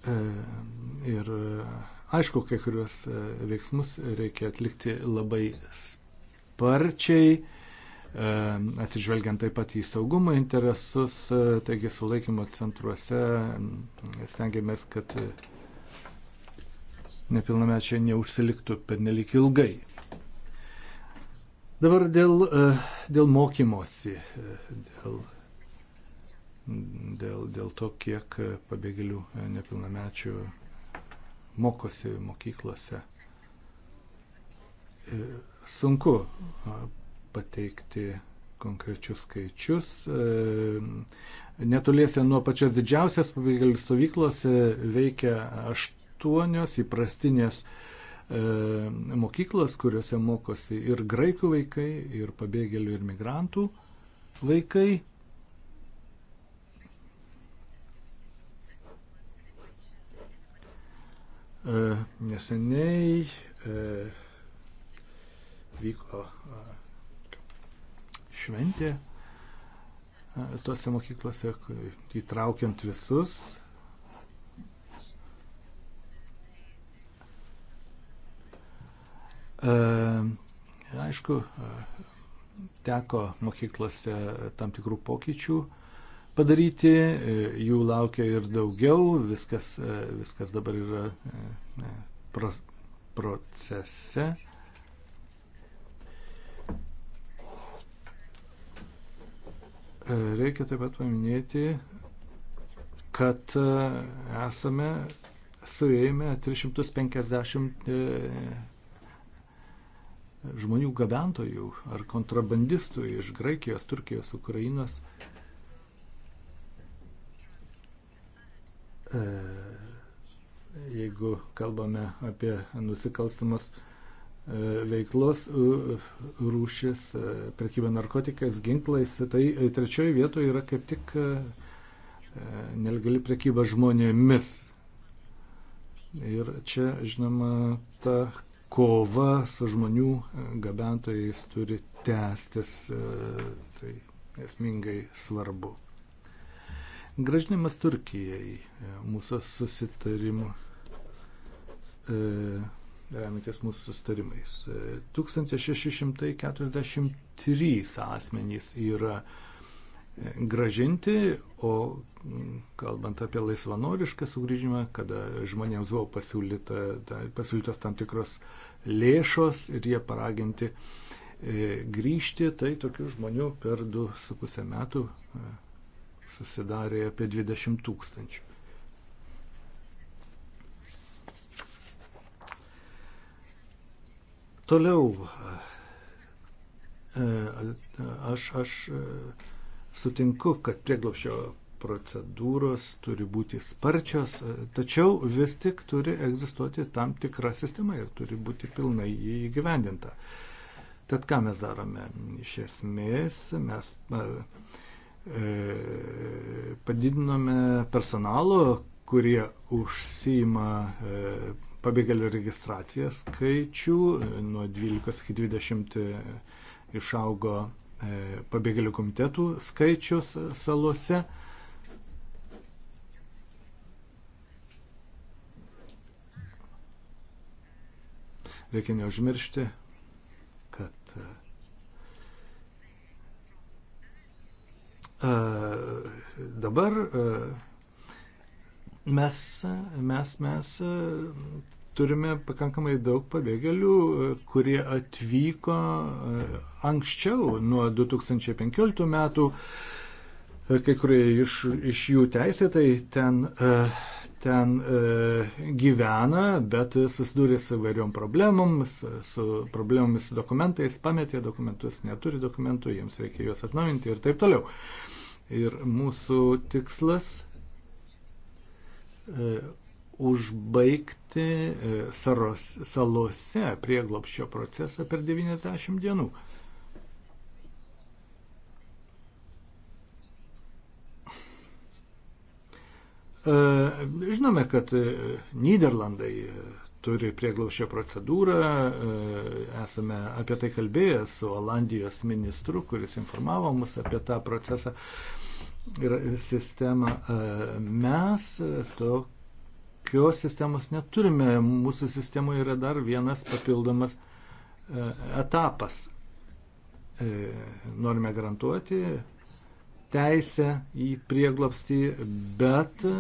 E, ir aišku, kai kuriuos e, veiksmus reikia atlikti labai sparčiai, e, atsižvelgiant taip pat į saugumo interesus, taigi sulaikymo centruose stengiamės, kad nepilnamečiai neužsiliktų per nelik ilgai. Dabar dėl, e, dėl mokymosi, e, dėl, dėl, dėl to, kiek e, pabėgėlių nepilnamečių mokosi mokyklose. Sunku pateikti konkrečius skaičius. Netoliese nuo pačios didžiausios pabėgėlių stovyklos veikia aštuonios įprastinės uh, E, mokyklas, kuriuose mokosi ir graikų vaikai, ir pabėgėlių, ir migrantų vaikai. E, neseniai e, vyko šventė tose mokyklose, įtraukiant visus E, aišku, e, teko mokyklose tam tikrų pokyčių padaryti, e, jų laukia ir daugiau, viskas, viskas dabar yra pro, procese. Reikia taip pat paminėti, kad esame suėmę 350 žmonių gabentojų ar kontrabandistų iš Graikijos, Turkijos, Ukrainos. E, jeigu kalbame apie nusikalstamas e, veiklos e, rūšis, prekybą narkotikais, ginklais, tai trečioji vietoje yra kaip tik nelegali prekyba žmonėmis. Ir čia, žinoma, ta kova su žmonių e, gabentojais turi tęstis. E, tai esmingai svarbu. Gražinimas Turkijai e, mūsų susitarimu remiantis mūsų sustarimais. 1643 asmenys yra gražinti, o mm, kalbant apie laisvanorišką sugrįžimą, kada žmonėms buvo pasiūlyta, ta, pasiūlytos tam tikros lėšos ir jie paraginti e, grįžti, tai tokių žmonių per 2,5 metų e, susidarė apie 20 tūkstančių. Toliau e, aš, aš Sutinku, kad prieglopšio procedūros turi būti sparčios, tačiau vis tik turi egzistuoti tam tikra sistema ir turi būti pilnai įgyvendinta. Tad ką mes darome? Iš esmės mes e, e, padidinome personalo, kurie užsima e, pabėgėlių registraciją skaičių nuo 12 iki 20 išaugo E, pabėgėlių komitetų skaičius salose. Reikia neužmiršti, kad e, dabar e, mes, mes, mes turime pakankamai daug pabėgėlių, e, kurie atvyko e, anksčiau nuo 2015 metų. E, kai kurie iš, iš jų teisėtai ten, ten gyvena, bet susidūrė su vairiom problemomis, su problemomis su dokumentais, pametė dokumentus, neturi dokumentų, jiems reikia juos atnaujinti ir taip toliau. Ir mūsų tikslas užbaigti e, saros, salose prieglopščio procesą per 90 dienų. E, žinome, kad e, Niderlandai turi prieglaušio procedūrą, esame apie tai kalbėję su Olandijos ministru, kuris informavo mus apie tą procesą ir sistemą. Mes to tokios sistemos neturime. Mūsų sistemoje yra dar vienas papildomas e, etapas. E, norime garantuoti teisę į prieglopstį, bet e,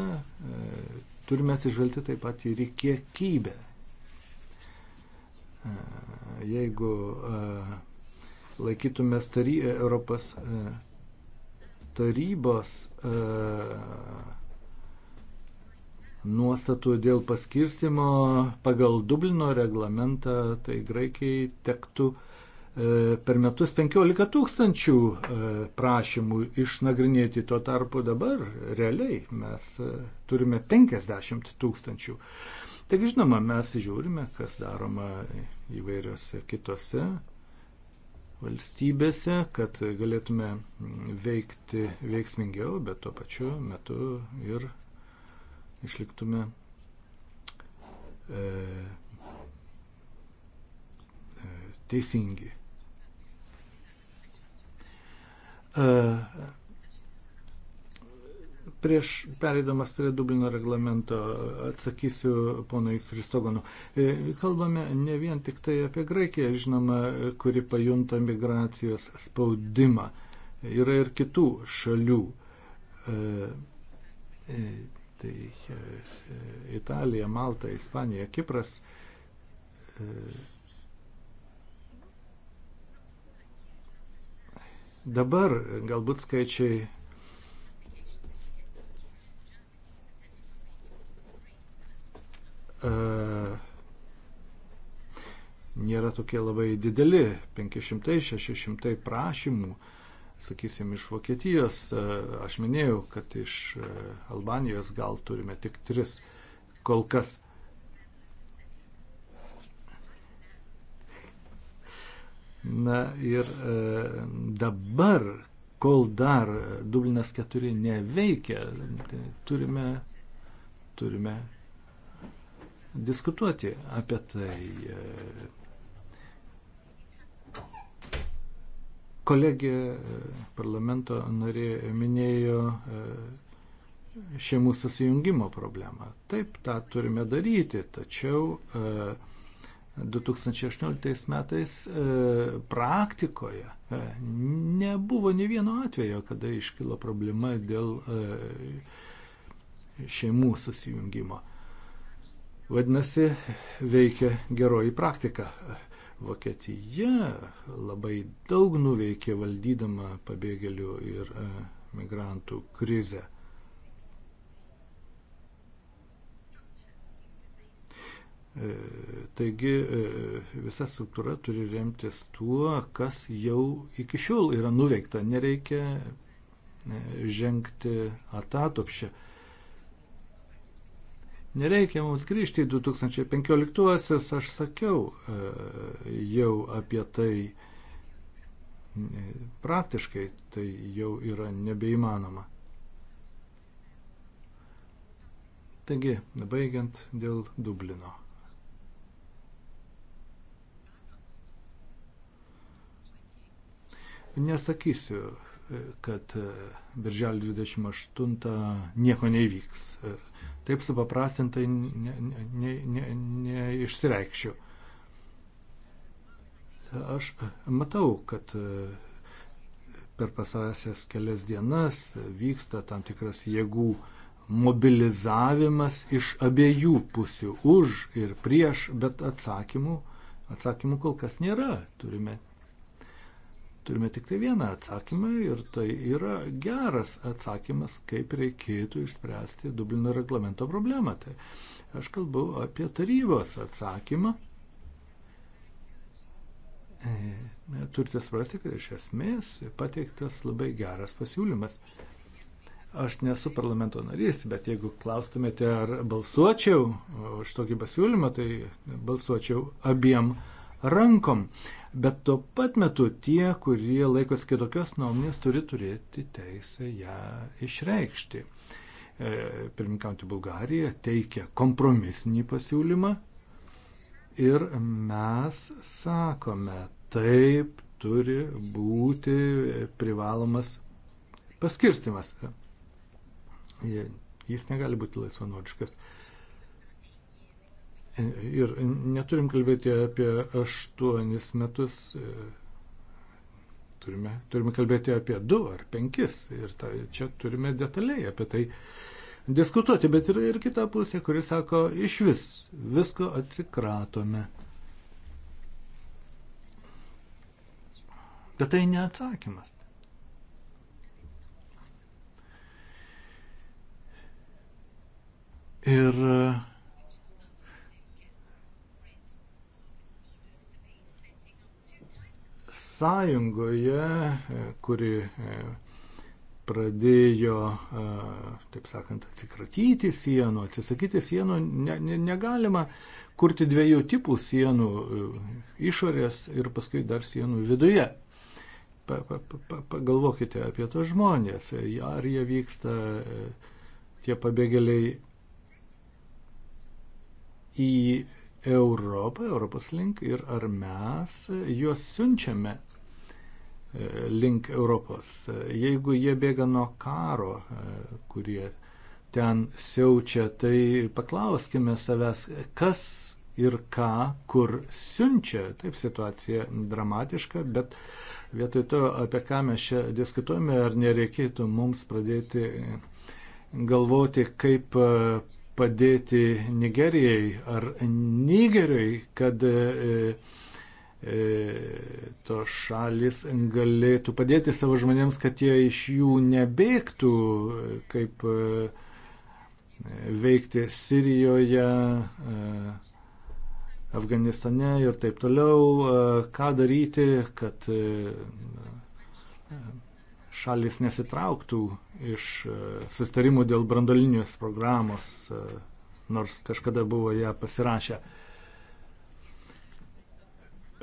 turime atsižvelgti taip pat ir į kiekybę. Jeigu laikytumės tary, Europos tarybos uh, nuostatų dėl paskirstimo pagal Dublino reglamentą, tai Graikijai tektų e, per metus 15 tūkstančių e, prašymų išnagrinėti. Tuo tarpu dabar realiai mes e, turime 50 tūkstančių. Taigi, žinoma, mes žiūrime, kas daroma įvairiose kitose valstybėse, kad galėtume veikti veiksmingiau, bet tuo pačiu metu ir išliktume e, e, teisingi. E, prieš pereidamas prie Dublino reglamento atsakysiu ponui Kristogonu. E, kalbame ne vien tik tai apie Graikiją, žinoma, kuri pajunta migracijos spaudimą. Yra ir kitų šalių. E, Tai e, e, Italija, Malta, Ispanija, Kipras e, Dabar galbūt skaičiai e, nėra tokie labai dideli - 500-600 prašymų. E, sakysim, iš Vokietijos, e, aš minėjau, kad iš e, Albanijos gal turime tik tris kol kas. Na ir e, dabar, kol dar Dublinas 4 neveikia, tai turime, turime diskutuoti apie tai Kolegė e, parlamento narė minėjo e, šeimų susijungimo problemą. Taip, tą turime daryti, tačiau 2018 e, metais praktikoje nebuvo ne vieno atvejo, kada iškilo problema dėl šeimų susijungimo. Vadinasi, veikia geroji praktika. Vokietija labai daug nuveikė valdydama pabėgėlių ir e, migrantų krizę. E, taigi e, visa struktūra turi remtis tuo, kas jau iki šiol yra nuveikta. Nereikia žengti atatopšę. Nereikia mums grįžti į 2015-uosius, aš sakiau e, jau apie tai. E, praktiškai tai jau yra nebeįmanoma. Taigi, baigiant dėl Dublino. Nesakysiu, e, kad birželio 28 nieko nevyks. Taip supaprastintai neišsireikščiau. Ne, ne, ne, ne Aš matau, kad e, per pasarasias kelias dienas vyksta tam tikras jėgų mobilizavimas iš abiejų pusių, už ir prieš, bet atsakymų, atsakymų kol kas nėra. Turime Turime tik tai vieną atsakymą ir tai yra geras atsakymas, kaip reikėtų išspręsti Dublino reglamento problemą. Tai aš kalbu apie tarybos atsakymą. E, turite suprasti, kad iš esmės pateiktas labai geras pasiūlymas. Aš nesu parlamento narys, bet jeigu klaustumėte, ar balsuočiau už tokį pasiūlymą, tai balsuočiau abiem rankom bet tuo pat metu tie, kurie laikosi kitokios nuomonės, turi turėti teisę ją išreikšti. E, Pirminkauti Bulgarija teikia kompromisinį pasiūlymą ir mes sakome, taip turi būti privalomas paskirstimas. Jis negali būti laisvanoriškas. E, Ir neturim kalbėti apie aštuonis metus, turime, turime kalbėti apie du ar penkis. Ir ta, čia turime detaliai apie tai diskutuoti, bet yra ir kita pusė, kuri sako, iš vis, visko atsikratome. Bet tai neatsakymas. Ir uh, Sąjungoje, e, kuri e, pradėjo, e, taip sakant, atsikratyti sienų, atsisakyti sienų, ne, ne, negalima kurti dviejų tipų sienų išorės ir paskui dar sienų viduje. Pa, pa, pa, pagalvokite apie tos žmonės, ar jie vyksta, tie pabėgėliai į Europą, Europos link ir ar mes juos siunčiame e, link Europos. Jeigu jie bėga nuo karo, e, kurie ten siaučia, tai paklauskime savęs, kas ir ką, kur siunčia. Taip situacija dramatiška, bet vietoj to, apie ką mes čia diskutuojame, ar nereikėtų mums pradėti galvoti, kaip e, padėti Nigerijai ar Nigeriui, kad e, e, to šalis galėtų padėti savo žmonėms, kad jie iš jų nebėgtų, kaip e, veikti Sirijoje, Afganistane ir taip toliau, ką daryti, kad šalis nesitrauktų iš e, sustarimų dėl brandolinės programos, e, nors kažkada buvo ją pasirašę.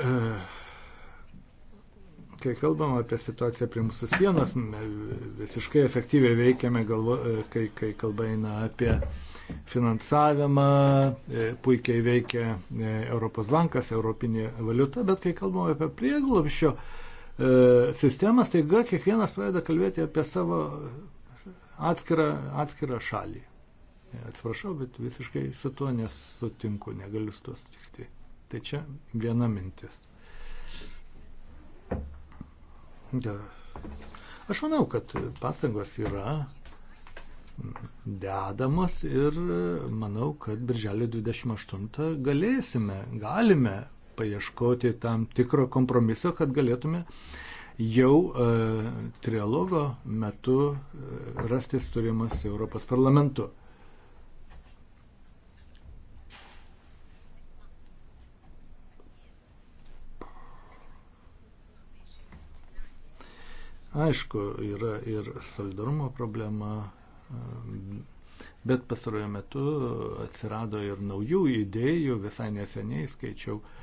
E, kai kalbam apie situaciją prie mūsų sienos, visiškai efektyviai veikiame, galvo, kai, kai kalba eina apie finansavimą, puikiai veikia Europos bankas, Europinė valiuta, bet kai kalbam apie prieglobščio, E, sistemą, staiga kiekvienas pradeda kalbėti apie savo atskirą, atskirą šalį. E, atsiprašau, bet visiškai su tuo nesutinku, negaliu su tuo sutikti. Tai čia viena mintis. Da. Aš manau, kad pastangos yra dedamas ir manau, kad birželio 28 galėsime, galime paieškoti tam tikro kompromiso, kad galėtume jau e, trialogo metu e, rastis turimas Europos parlamentu. Aišku, yra ir solidarumo problema, e, bet pastarojo metu atsirado ir naujų idėjų, visai neseniai skaičiau uh,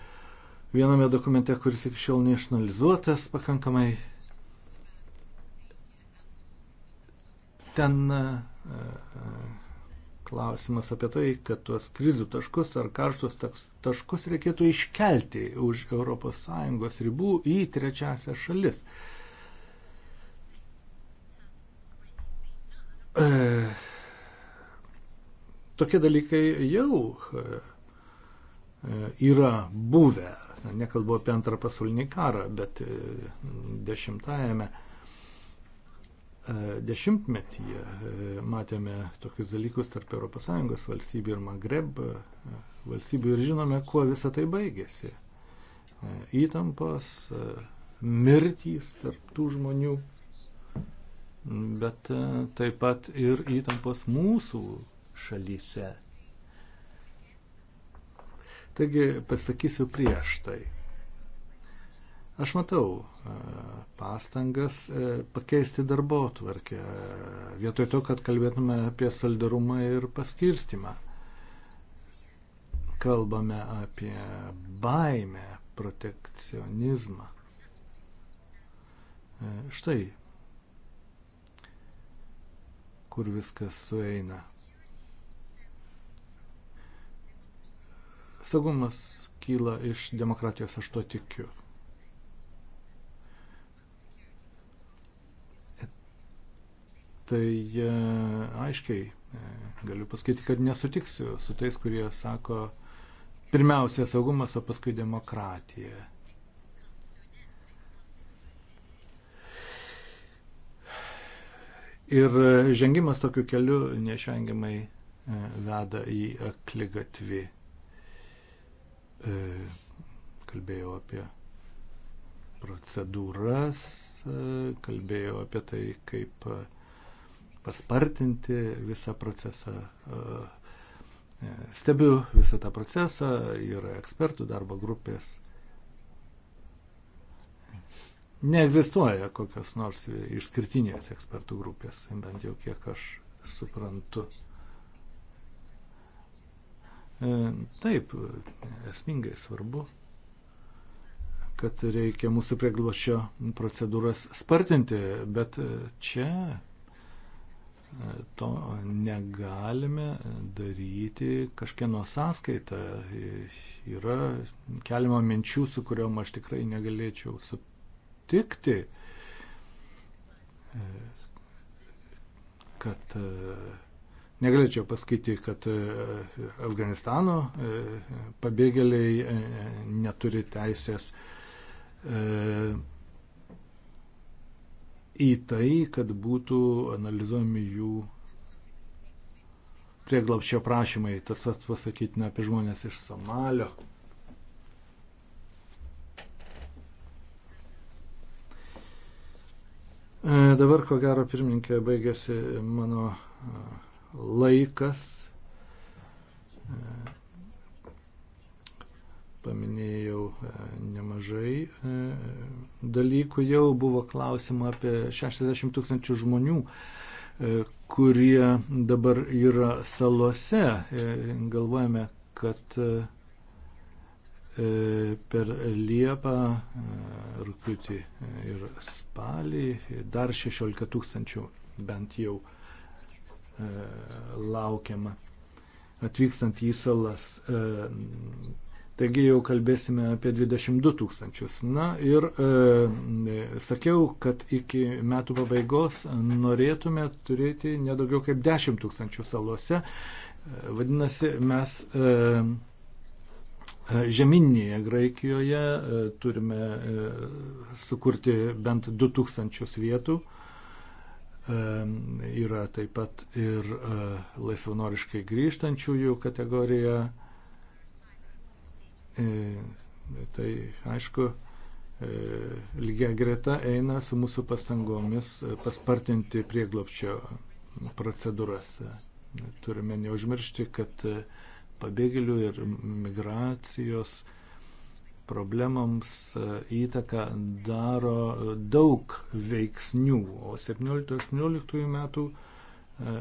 viename dokumente, kuris iki šiol neišanalizuotas pakankamai. Ten e, e, klausimas apie tai, kad tuos krizių taškus ar karštus taškus reikėtų iškelti už ES ribų į trečiasią šalis. E, tokie dalykai jau yra buvę nekalbu apie antrą pasaulinį karą, bet e, dešimtajame e, dešimtmetyje e, matėme tokius dalykus tarp ES valstybių ir Magreb valstybių ir žinome, kuo visa tai baigėsi. Įtampos, mirtys tarptų žmonių, bet taip pat ir įtampos mūsų šalyse Taigi pasakysiu prieš tai. Aš matau e, pastangas e, pakeisti darbo tvarkę, e, vietoj to, kad kalbėtume apie saldarumą ir paskirstimą. Kalbame apie baimę, protekcionizmą. Štai, kur viskas sueina. Saugumas kyla iš demokratijos, aš to tikiu. tai e, aiškiai e, galiu pasakyti, kad nesutiksiu su tais, kurie sako, pirmiausia saugumas, o paskui demokratija. Ir e, žengimas tokiu keliu neišvengiamai veda į akligatvį. E, kalbėjau apie procedūras, e, kalbėjau apie tai, kaip paspartinti visą procesą. E, stebiu visą tą procesą, yra ekspertų darbo grupės. Neegzistuoja kokios nors išskirtinės ekspertų grupės, bent jau kiek aš suprantu. E, taip, esmingai svarbu, kad reikia mūsų prieglošio procedūras spartinti, bet čia e, to negalime daryti kažkieno sąskaitą. Yra keliama minčių, su kuriuom aš tikrai negalėčiau sutikti, e, kad uh, Negalėčiau pasakyti, kad e, Afganistano e, pabėgėliai e, neturi teisės į tai, kad būtų analizuojami jų prieglapščio prašymai. Tas pasakytina apie žmonės iš Somalio. Dabar, ko gero, pirmininkė baigėsi mano laikas. Paminėjau e, nemažai e, dalykų, jau buvo klausima apie 60 tūkstančių žmonių, e, kurie dabar yra salose. Galvojame, kad per Liepą, rūpiutį ir spalį dar 16 tūkstančių bent jau laukiama atvykstant į salas. E, taigi jau kalbėsime apie 22 tūkstančius. Na ir e, sakiau, kad iki metų pabaigos norėtume turėti nedaugiau kaip 10 tūkstančių salose. E, vadinasi, mes e, žeminėje Graikijoje e, turime e, sukurti bent 2 tūkstančius vietų. E, yra taip pat ir e, laisvanoriškai grįžtančiųjų kategorija. E, tai aišku, e, lygia greta eina su mūsų pastangomis paspartinti prieglopščio procedūras. Turime neužmiršti, kad pabėgėlių ir migracijos uh, problemams e, įtaką daro daug veiksnių, o 17-18 metų e,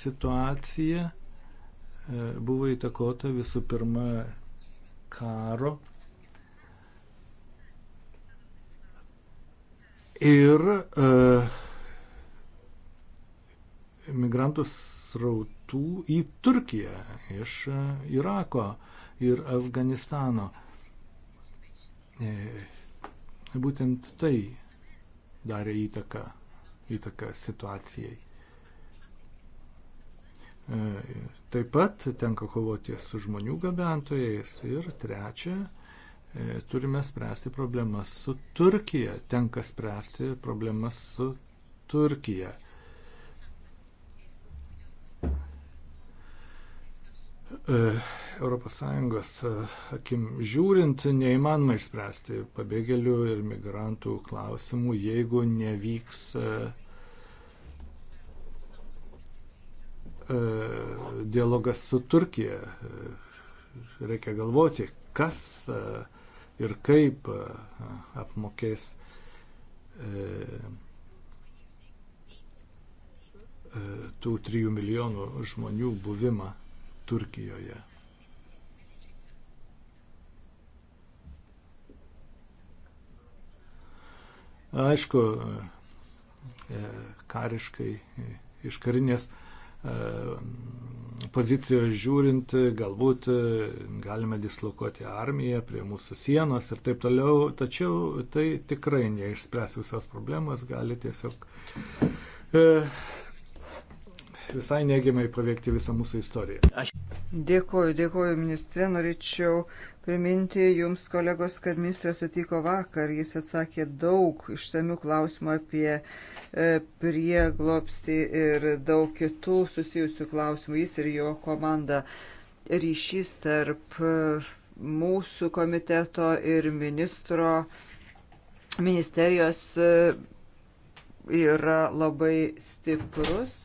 situacija e, buvo įtakota visų pirma karo ir migrantų srautų į Turkiją iš Irako ir Afganistano. E, būtent tai darė įtaką, įtaką situacijai. E, taip pat tenka kovoti su žmonių gabentojais. Ir trečia, e, turime spręsti problemas su Turkija. Tenka spręsti problemas su Turkija. Uh ES e, akim žiūrint, neįmanoma išspręsti pabėgėlių ir migrantų klausimų, jeigu nevyks e, e, dialogas su Turkija. Reikia galvoti, kas ir kaip apmokės tų trijų milijonų žmonių buvimą Turkijoje. Aišku, e, kariškai e, iš karinės e, pozicijos žiūrint, galbūt galime dislokuoti armiją prie mūsų sienos ir taip toliau, tačiau tai tikrai neišspręs visas problemas, gali tiesiog visai neigiamai paveikti visą mūsų istoriją. Dėkuoju, dėkuoju, ministrė. Norėčiau priminti jums, kolegos, kad ministras atvyko vakar. Jis atsakė daug išsamių klausimų apie e, prieglopstį ir daug kitų susijusių klausimų. Jis ir jo komanda ryšys tarp e, mūsų komiteto ir ministro ministerijos e, yra labai stiprus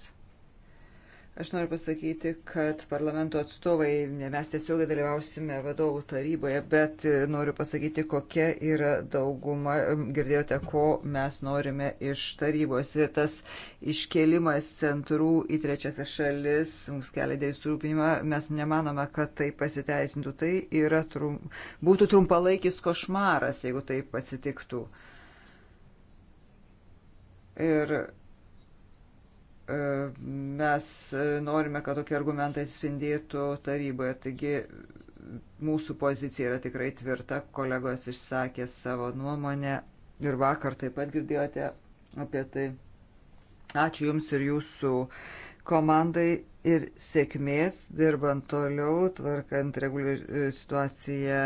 Aš noriu pasakyti, kad parlamento atstovai, ne mes tiesiogiai dalyvausime vadovų taryboje, bet noriu pasakyti, kokia yra dauguma, girdėjote, ko mes norime iš tarybos. Ir tas iškelimas centrų į trečiasią šalis mums kelia dėl surūpinimą, mes nemanome, kad tai pasiteisintų. Tai yra trum, būtų trumpalaikis košmaras, jeigu taip atsitiktų. Ir E, mes e, norime, kad tokie argumentai atspindėtų taryboje. Taigi mūsų pozicija yra tikrai tvirta, kolegos išsakė savo nuomonę ir vakar taip pat girdėjote apie tai. Ačiū Jums ir Jūsų komandai ir sėkmės dirbant toliau, tvarkant situaciją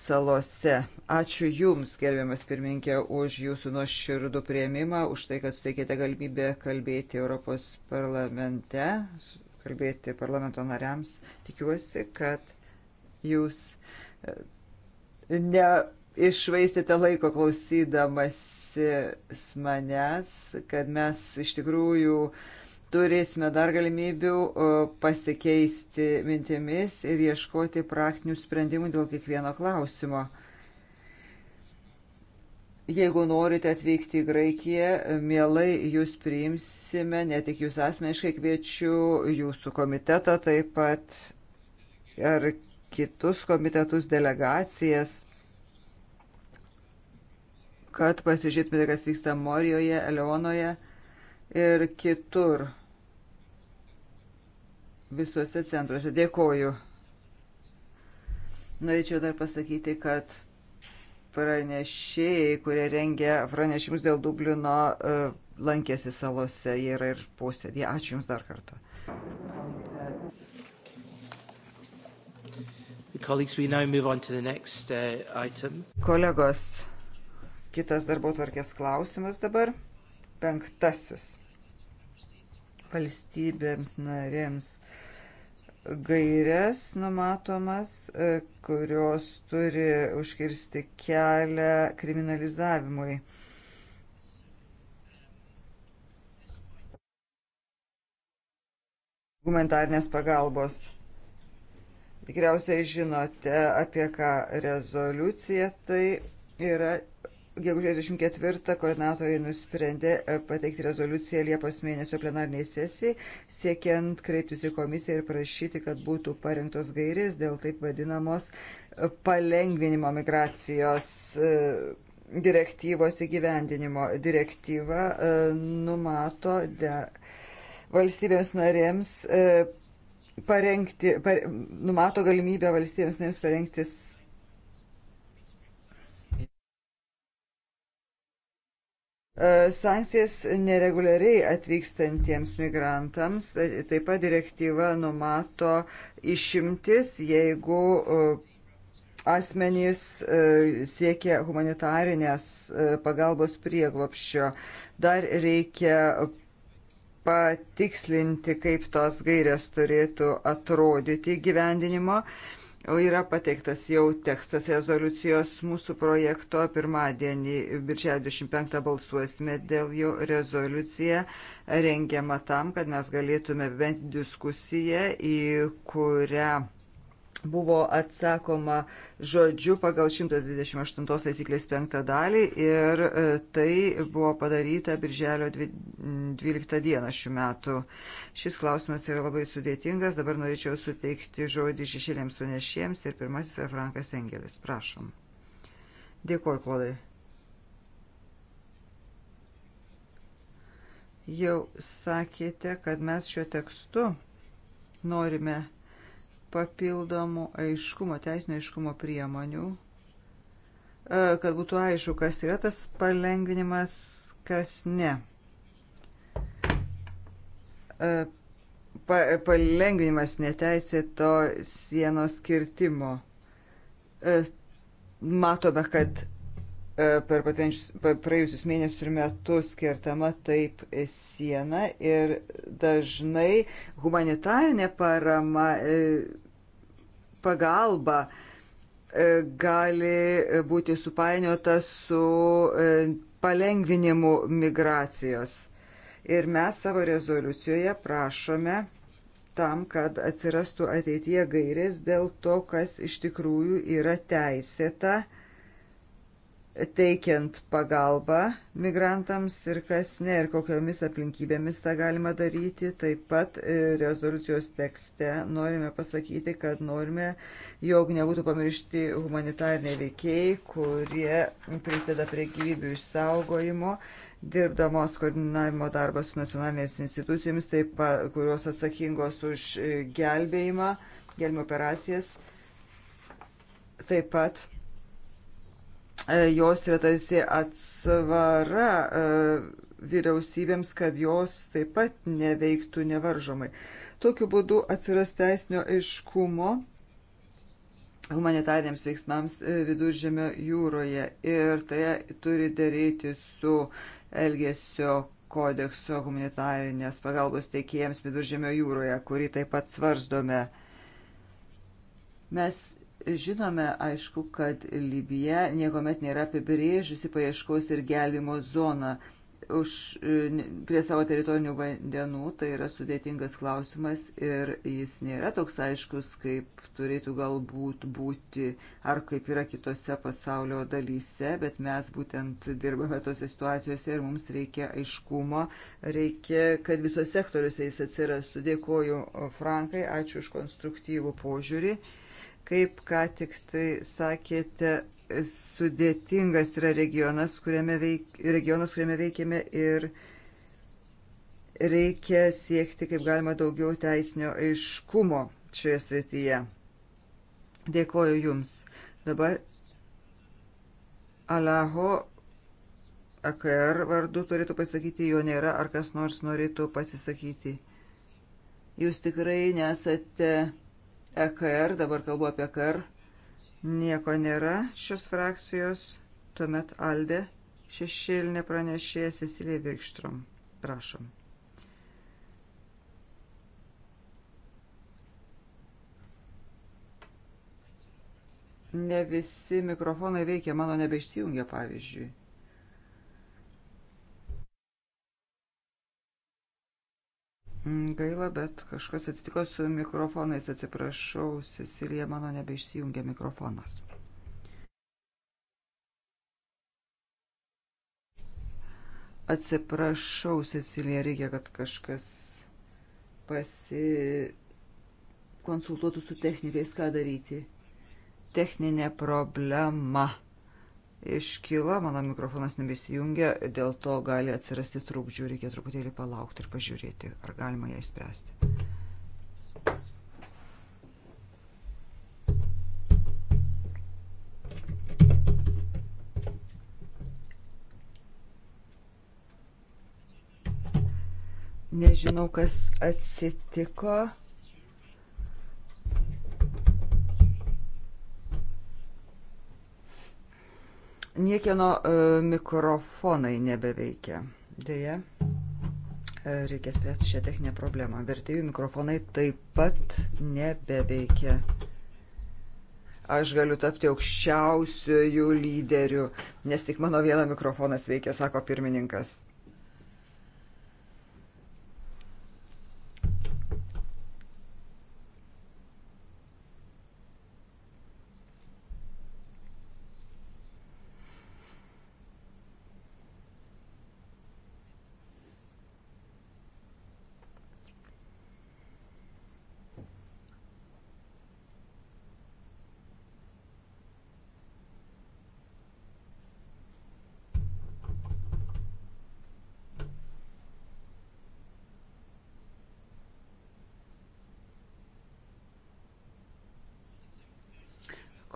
salose. Ačiū Jums, gerbiamas pirmininkė, už Jūsų nuoširdų prieimimą, už tai, kad suteikėte galimybę kalbėti Europos parlamente, kalbėti parlamento nariams. Tikiuosi, kad Jūs e, neišvaistėte laiko klausydamas manęs, kad mes iš tikrųjų uh, turėsime dar galimybių pasikeisti mintimis ir ieškoti praktinių sprendimų dėl kiekvieno klausimo. Jeigu norite atvykti į Graikiją, mielai jūs priimsime, ne tik jūs asmeniškai kviečiu, jūsų komitetą taip pat ar kitus komitetus, delegacijas, kad pasižiūrėtumėte, kas vyksta Morijoje, Eleonoje ir kitur visuose centruose. Dėkoju. Norėčiau dar pasakyti, kad pranešėjai, kurie rengia pranešimus dėl Dublino, e, lankėsi salose, jie yra ir posėdė. Ačiū Jums dar kartą. Uh, Kolegos, kitas darbo tvarkės klausimas dabar, penktasis valstybėms narėms gairias numatomas, e, kurios turi užkirsti kelią kriminalizavimui. humanitarnės pagalbos. Tikriausiai žinote, apie ką rezoliucija tai yra Gegužės 24 koordinatoriai nusprendė e, pateikti rezoliuciją Liepos mėnesio plenarniai sesijai, siekiant kreiptis į komisiją ir prašyti, kad būtų parengtos gairės dėl taip vadinamos e, palengvinimo migracijos e, direktyvos įgyvendinimo. Direktyva numato de, valstybėms narėms parengti, par, numato galimybę valstybėms narėms parengtis E, sankcijas nereguliariai atvykstantiems migrantams. E, taip pat direktyva numato išimtis, jeigu e, asmenys siekia humanitarinės pagalbos prieglopščio. Dar reikia patikslinti, kaip tos gairės turėtų atrodyti gyvendinimo. Yra pateiktas jau tekstas rezoliucijos mūsų projekto pirmadienį, birželio 25 balsuosime dėl jo rezoliuciją rengiama tam, kad mes galėtume bent diskusiją, į kurią buvo atsakoma žodžiu pagal 128 taisyklės penktą dalį ir e, tai buvo padaryta birželio 12 dieną šių metų. Šis klausimas yra labai sudėtingas, dabar norėčiau suteikti žodį šešėlėms pranešėjams ir pirmasis yra Frankas Engelis. Prašom. Dėkuoju, Klodai. Jau sakėte, kad mes šiuo tekstu norime papildomų aiškumo, teisinio aiškumo priemonių, e, kad būtų aišku, kas yra tas palengvinimas, kas ne. E, pa, palengvinimas neteisėto sienos kirtimo. E, matome, kad E, per praėjusius mėnesius ir metus kertama taip siena ir dažnai humanitarinė parama, e, pagalba e, gali būti supainiota su palengvinimu migracijos. Ir mes savo rezoliucijoje prašome tam, kad atsirastų ateityje gairės dėl to, kas iš tikrųjų yra teisėta teikiant pagalbą migrantams ir kas ne ir kokiomis aplinkybėmis tą galima daryti. Taip pat e, rezoliucijos tekste norime pasakyti, kad norime, jog nebūtų pamiršti humanitariniai veikiai, kurie prisideda prie gyvybių išsaugojimo dirbdamos koordinavimo darbą su nacionalinės institucijomis, taip pat kurios atsakingos už e, gelbėjimą, gelbėjimo operacijas. Taip pat E, jos yra tarsi atsvara e, vyriausybėms, kad jos taip pat neveiktų nevaržomai. Tokiu būdu atsiras teisinio aiškumo humanitariniams veiksmams e, viduržėmio jūroje ir tai turi daryti su Elgesio kodekso humanitarinės pagalbos teikėjams viduržėmio jūroje, kurį taip pat svarstome. Mes Žinome, aišku, kad Libija niekuomet nėra apibrėžusi paieškos ir gelbimo zoną už, e, prie savo teritorinių vandenų. Tai yra sudėtingas klausimas ir jis nėra toks aiškus, kaip turėtų galbūt būti ar kaip yra kitose pasaulio dalyse, bet mes būtent dirbame tose situacijose ir mums reikia aiškumo, reikia, kad visose sektoriuose jis atsirastų. Dėkoju Frankai, ačiū už konstruktyvų požiūrį. Kaip ką tik tai sakėte, sudėtingas yra regionas, kuriame, veik, regionas, kuriame veikiame ir reikia siekti kaip galima daugiau teisinio aiškumo šioje srityje. Dėkoju Jums. Dabar Alaho AKR vardu turėtų pasakyti, jo nėra, ar kas nors norėtų pasisakyti. Jūs tikrai nesate EKR, dabar kalbu apie EKR, nieko nėra šios frakcijos, tuomet Alde šešilinė pranešėja Cecilija Virkštrom. Prašom. Ne visi mikrofonai veikia, mano nebeišsijungia, pavyzdžiui. Mm, gaila, bet kažkas atsitiko su mikrofonais. Atsiprašau, Cecilija, mano nebeišsijungia mikrofonas. Atsiprašau, Cecilija, reikia, kad kažkas pasikonsultuotų su technikais, ką daryti. Techninė problema iškyla, mano mikrofonas nebesijungia, dėl to gali atsirasti trūkdžių, reikia truputėlį palaukti ir pažiūrėti, ar galima ją išspręsti. Nežinau, kas atsitiko. Niekieno e, mikrofonai nebeveikia. Deja, e, reikia spręsti šią techninę problemą. Vertėjų mikrofonai taip pat nebeveikia. Aš galiu tapti aukščiausiųjų lyderių, nes tik mano vieną mikrofonas veikia, sako pirmininkas.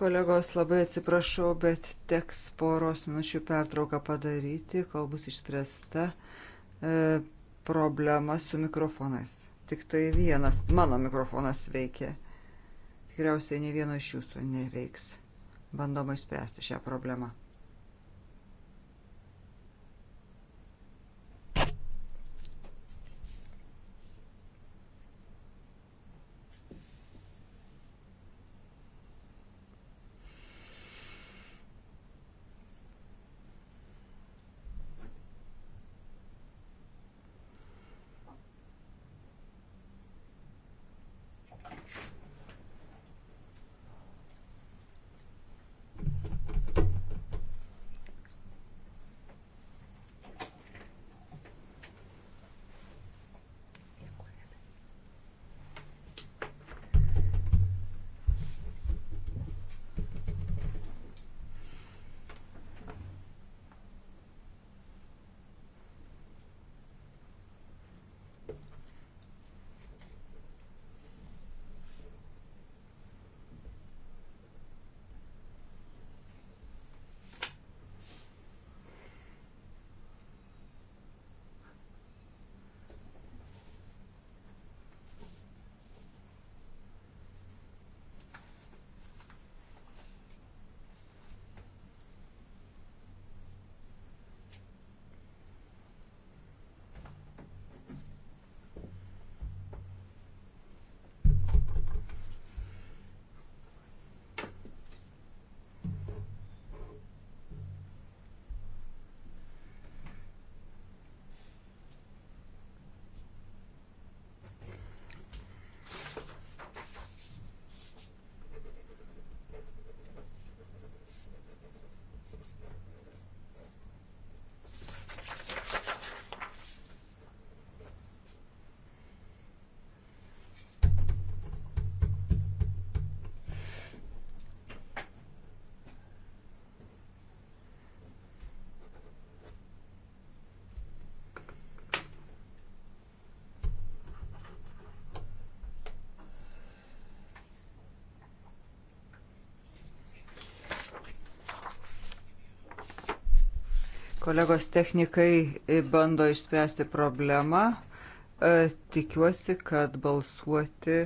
Kolegos, labai atsiprašau, bet teks poros minučių pertrauką padaryti, kol bus išspręsta e, problema su mikrofonais. Tik tai vienas, mano mikrofonas veikia. Tikriausiai ne vieno iš jūsų neveiks. Bandoma išspręsti šią problemą. Kolegos technikai bando išspręsti problemą. E, tikiuosi, kad balsuoti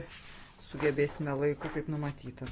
sugebėsime laiku, kaip numatyta.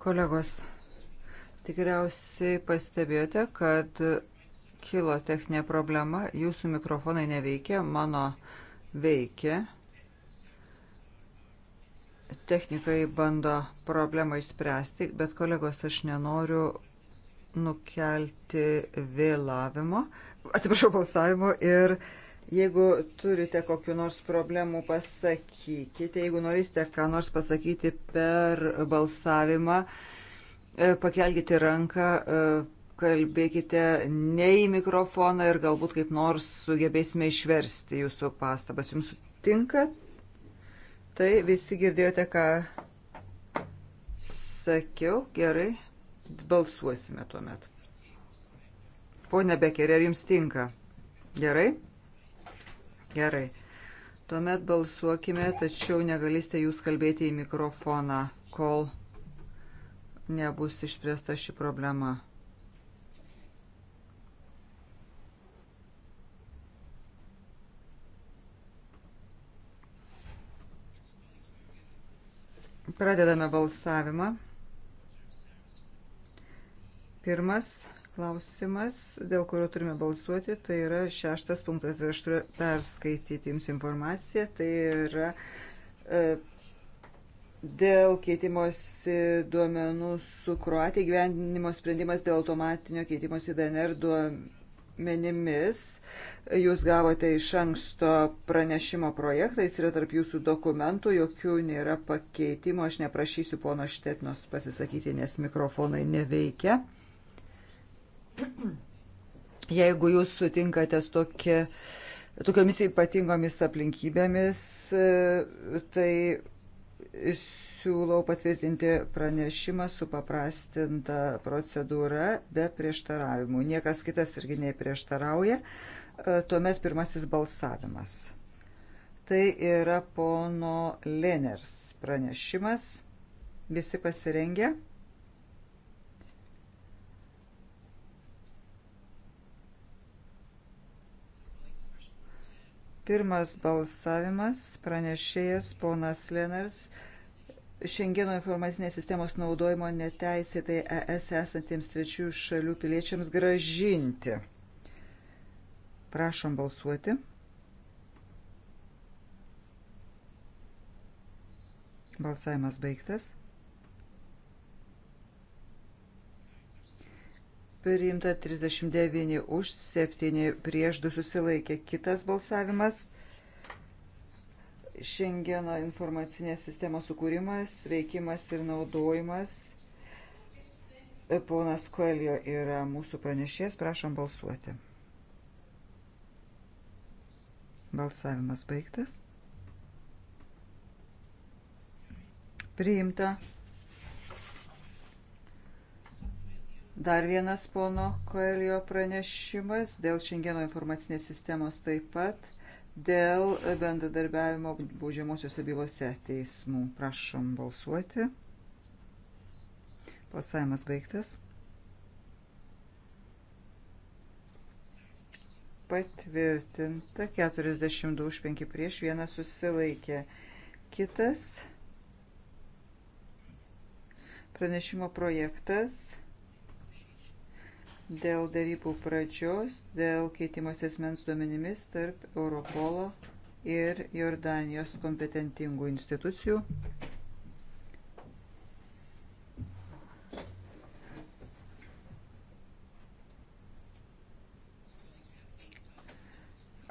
Kolegos, tikriausiai pastebėjote, kad kilo techninė problema, jūsų mikrofonai neveikia, mano veikia. Technikai bando problemą išspręsti, bet kolegos, aš nenoriu nukelti vėlavimo, atsiprašau, balsavimo ir uh, Jeigu turite kokiu nors problemų, pasakykite. Jeigu norite ką nors pasakyti per balsavimą, e, pakelkite ranką, e, kalbėkite ne į mikrofoną ir galbūt kaip nors sugebėsime išversti jūsų pastabas. Jums sutinka? Tai visi girdėjote, ką sakiau. Gerai, balsuosime tuomet. Pone Bekerė, ar jums tinka? Gerai. Gerai. Tuomet balsuokime, tačiau negalite jūs kalbėti į mikrofoną, kol nebus išspręsta ši problema. Pradedame balsavimą. Pirmas klausimas, dėl kurio turime balsuoti, tai yra šeštas punktas ir aš turiu perskaityti jums informaciją. Tai yra e, dėl keitimosi duomenų su Kroatija gyvendinimo sprendimas dėl automatinio keitimosi DNR duomenimis. Jūs gavote iš anksto pranešimo projektą, jis yra tarp jūsų dokumentų, jokių nėra pakeitimo. Aš neprašysiu pono Štetnos pasisakyti, nes mikrofonai neveikia. Jeigu jūs sutinkate su tokia, tokiomis ypatingomis aplinkybėmis, tai siūlau patvirtinti pranešimą su paprastinta procedūra be prieštaravimų. Niekas kitas irgi neprieštarauja. Tuomet pirmasis balsavimas. Tai yra pono Leners pranešimas. Visi pasirengę? Pirmas balsavimas, pranešėjas ponas Lenars, Šengeno informacinės sistemos naudojimo neteisėtai ES esantiems trečiųjų šalių piliečiams gražinti. Prašom balsuoti. Balsavimas baigtas. priimta 39 už, 7 prieš 2 susilaikė. Kitas balsavimas - Šengeno informacinės sistemos sukūrimas, veikimas ir naudojimas. Ponas Koelio yra mūsų pranešės, prašom balsuoti. Balsavimas baigtas. Priimta Dar vienas pono Koelio pranešimas dėl Šengeno informacinės sistemos taip pat dėl bendradarbiavimo baudžiamosiuose bylose teismų. Prašom balsuoti. Balsavimas baigtas. Patvirtinta 42 už 5 prieš, vienas susilaikė. Kitas pranešimo projektas dėl darybų pradžios, dėl keitimos esmens duomenimis tarp Europolo ir Jordanijos kompetentingų institucijų.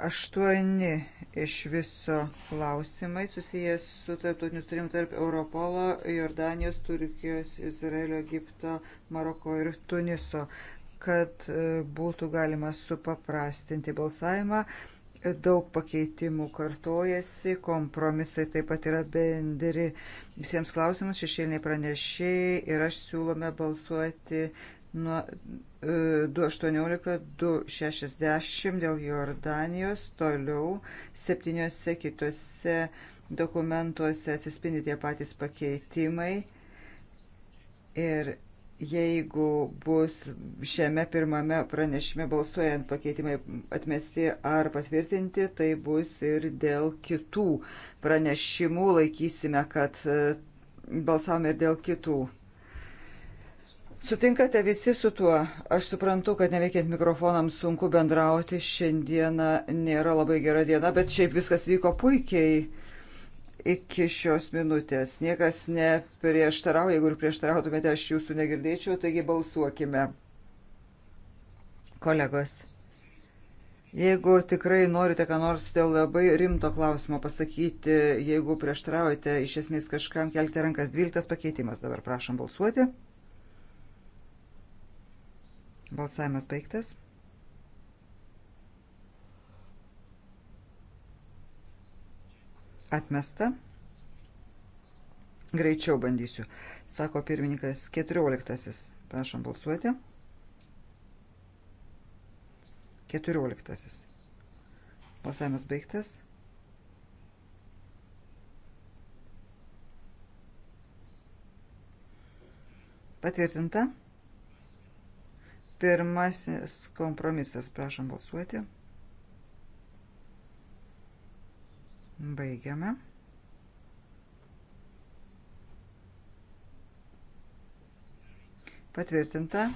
aštuoni iš viso klausimai susijęs su tarptautiniu sutarimu tarp Europolo, Jordanijos, Turkijos, Izraelio, Egipto, Maroko ir Tuniso kad e, būtų galima supaprastinti balsavimą. Daug pakeitimų kartojasi, kompromisai taip pat yra bendri. Visiems klausimus šešėliniai pranešėjai ir aš siūlome balsuoti nuo 2.18.2.60 e, dėl Jordanijos, toliau septyniose kitose dokumentuose atsispindi tie patys pakeitimai. Ir jeigu bus šiame pirmame pranešime balsuojant pakeitimai atmesti ar patvirtinti, tai bus ir dėl kitų pranešimų laikysime, kad e, balsavome ir dėl kitų. Sutinkate visi su tuo. Aš suprantu, kad neveikiant mikrofonams sunku bendrauti. Šiandiena nėra labai gera diena, bet šiaip viskas vyko puikiai iki šios minutės. Niekas neprieštarauja, jeigu ir prieštarautumėte, aš jūsų negirdėčiau, taigi balsuokime. Kolegos, jeigu tikrai norite ką nors dėl labai rimto klausimo pasakyti, jeigu prieštaraujate iš esmės kažkam, kelkite rankas 12 pakeitimas. Dabar prašom balsuoti. Balsavimas baigtas. Atmesta. Greičiau bandysiu, sako pirmininkas 14. Prašom balsuoti. 14. Balsavimas baigtas. Patvirtinta. Pirmasis kompromisas. Prašom balsuoti. 15. Baigiame. Patvirtinta.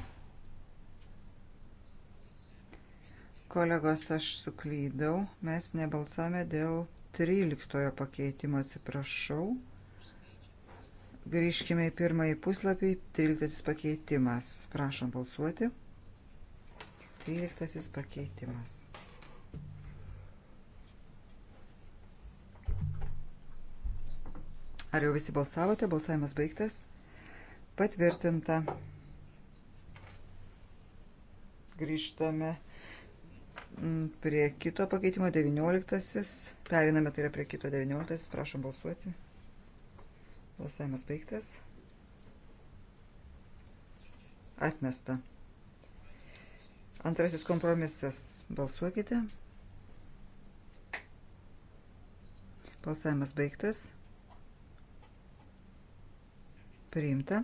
Kolegos, aš suklydau. Mes nebalsame dėl 13 pakeitimo, atsiprašau. Grįžkime į pirmąjį puslapį. 13 pakeitimas. Prašom balsuoti. 13 pakeitimas. Ar jau visi balsavote? Balsavimas baigtas. Patvirtinta. Grįžtame mm, prie kito pakeitimo 19. Periname tai yra prie kito 19. Prašom balsuoti. Balsavimas baigtas. Atmesta. Antrasis kompromisas. Balsuokite. Balsavimas baigtas. Priimta.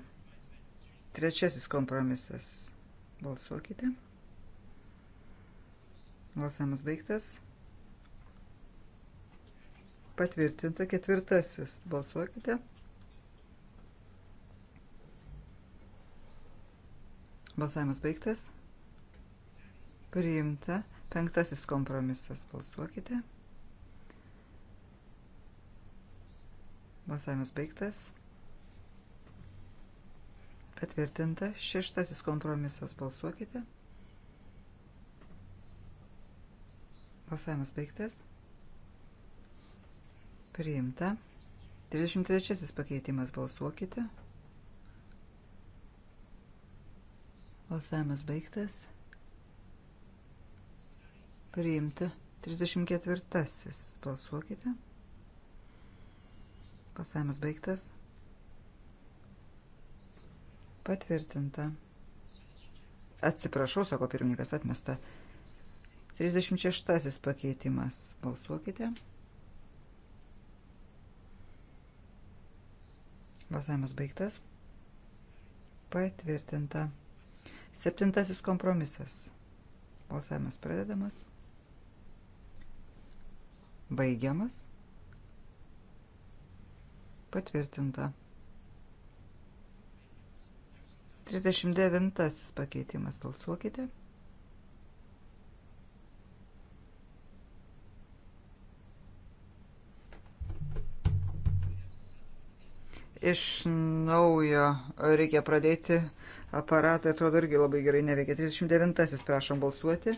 Trečiasis kompromisas. Balsuokite. Balsamas baigtas. Patvirtinta. Ketvirtasis. Balsuokite. Balsavimas baigtas. Priimta. Penktasis kompromisas. Balsuokite. Balsavimas baigtas. Patvirtinta. Šeštasis kompromisas. Balsuokite. Balsavimas baigtas. Priimta. 33 pakeitimas. Balsuokite. Balsavimas baigtas. Priimta. 34. Balsuokite. Balsavimas baigtas. Patvirtinta. Atsiprašau, sako pirmininkas, atmesta. 36 pakeitimas. Balsuokite. Balsavimas baigtas. Patvirtinta. Septintasis kompromisas. Balsavimas pradedamas. Baigiamas. Patvirtinta. 39 pakeitimas. Balsuokite. Iš naujo reikia pradėti. Aparatai atrodo irgi labai gerai neveikia. 39 prašom balsuoti.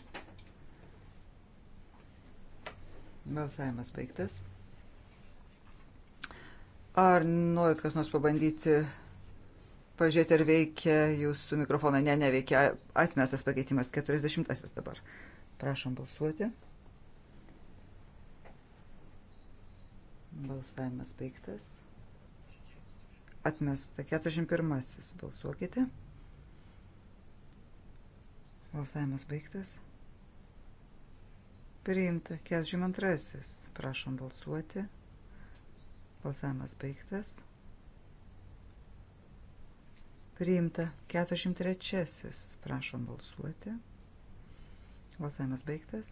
Balsavimas baigtas. Ar norit kas nors pabandyti pažiūrėti, ar veikia jūsų mikrofoną. Ne, neveikia. Atmestas pakeitimas 40 dabar. Prašom balsuoti. Balsavimas baigtas. Atmesta 41. Balsuokite. Balsavimas baigtas. Priimta 42. Prašom balsuoti. Balsavimas baigtas. Priimta 403. Prašom balsuoti. Balsavimas baigtas.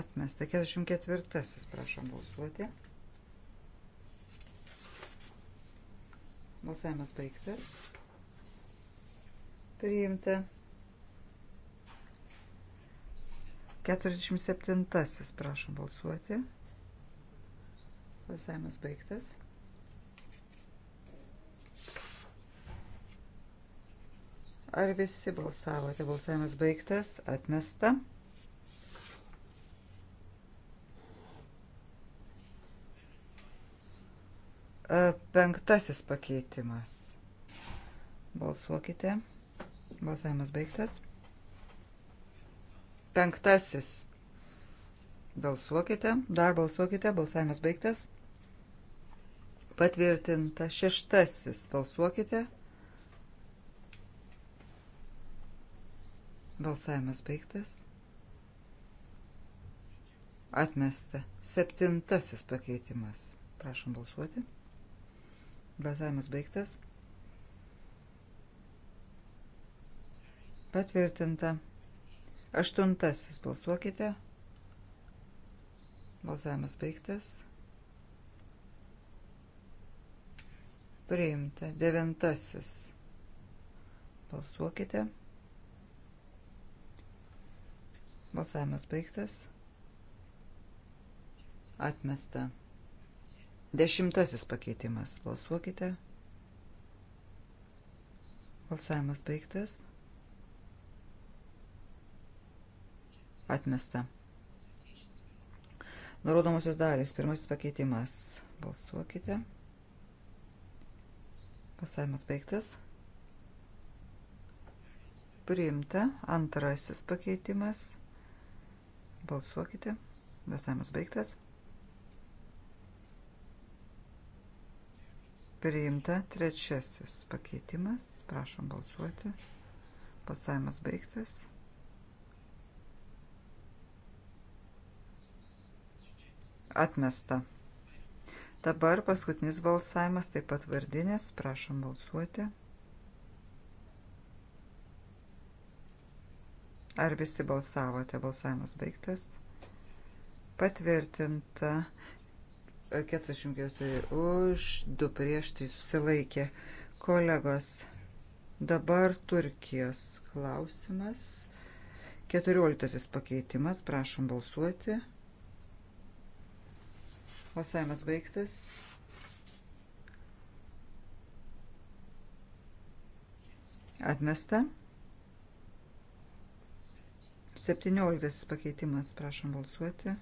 Atmesta 44. Prašom balsuoti. Balsavimas baigtas. Priimta 47. Prašom balsuoti. Balsavimas baigtas. Ar visi balsavote? Balsavimas baigtas. Atmesta. E, penktasis pakeitimas. Balsuokite. Balsavimas baigtas. Penktasis. Balsuokite. Dar balsuokite. Balsavimas baigtas. Patvirtinta šeštasis. Balsuokite. Balsavimas baigtas. Atmesta. Septintasis pakeitimas. Prašom balsuoti. Balsavimas baigtas. Patvirtinta. Aštuntasis. Balsuokite. Balsavimas baigtas. Priimta. Devintasis. Balsuokite. Balsavimas baigtas. Atmesta. Dešimtasis pakeitimas. Balsuokite. Balsavimas baigtas. Atmesta. Nurodomosios dalys. Pirmasis pakeitimas. Balsuokite. Balsuokite. Pasavimas baigtas. Priimta. Antrasis pakeitimas. Balsuokite. Pasavimas baigtas. Priimta. Trečiasis pakeitimas. Prašom balsuoti. Pasavimas baigtas. Atmesta. Dabar paskutinis balsavimas, taip pat vardinės, prašom balsuoti. Ar visi balsavote? Balsavimas baigtas. Patvirtinta 44 už, 2 prieš, 3 susilaikė. Kolegos, dabar Turkijos klausimas. 14 pakeitimas, prašom balsuoti. Balsavimas baigtas. Atmesta. 17 pakeitimas, prašom balsuoti.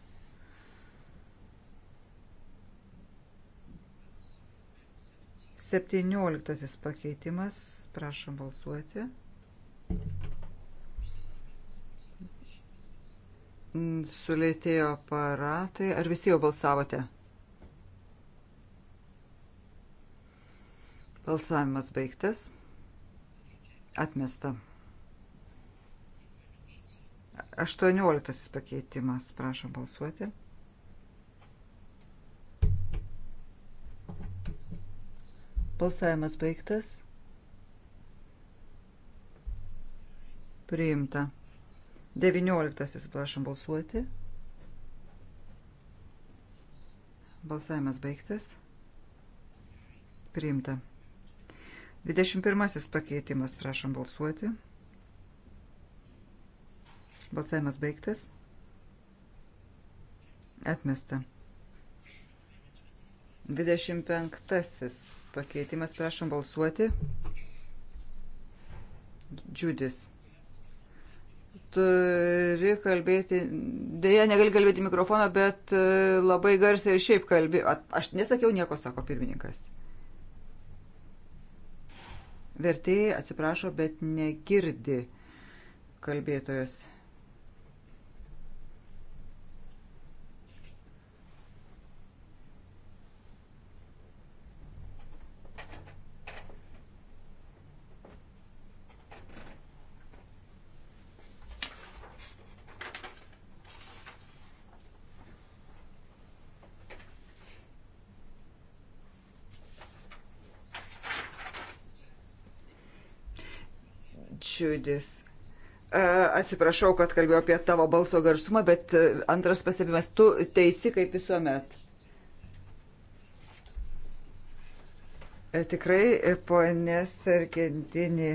Septynioliktasis pakeitimas, prašom balsuoti. Sulėtėjo aparatai. Ar visi jau balsavote? Balsavimas baigtas. Atmesta. 18 pakeitimas. Prašom balsuoti. Balsavimas baigtas. Priimta. 19. Prašom balsuoti. Balsavimas baigtas. Priimta. 21 pakeitimas, prašom balsuoti. Balsavimas baigtas. Atmesta. 25 pakeitimas, prašom balsuoti. Džiudis. Turi kalbėti, dėja negali kalbėti mikrofoną, bet e, labai garsiai ir šiaip kalbė. Aš nesakiau nieko, sako pirmininkas. Vertėjai atsiprašo, bet negirdi kalbėtojas. Judith. Atsiprašau, kad kalbėjau apie tavo balso garsumą, bet e, antras pastebimas, tu teisi kaip visuomet. E, tikrai, e, ponė Sargentinė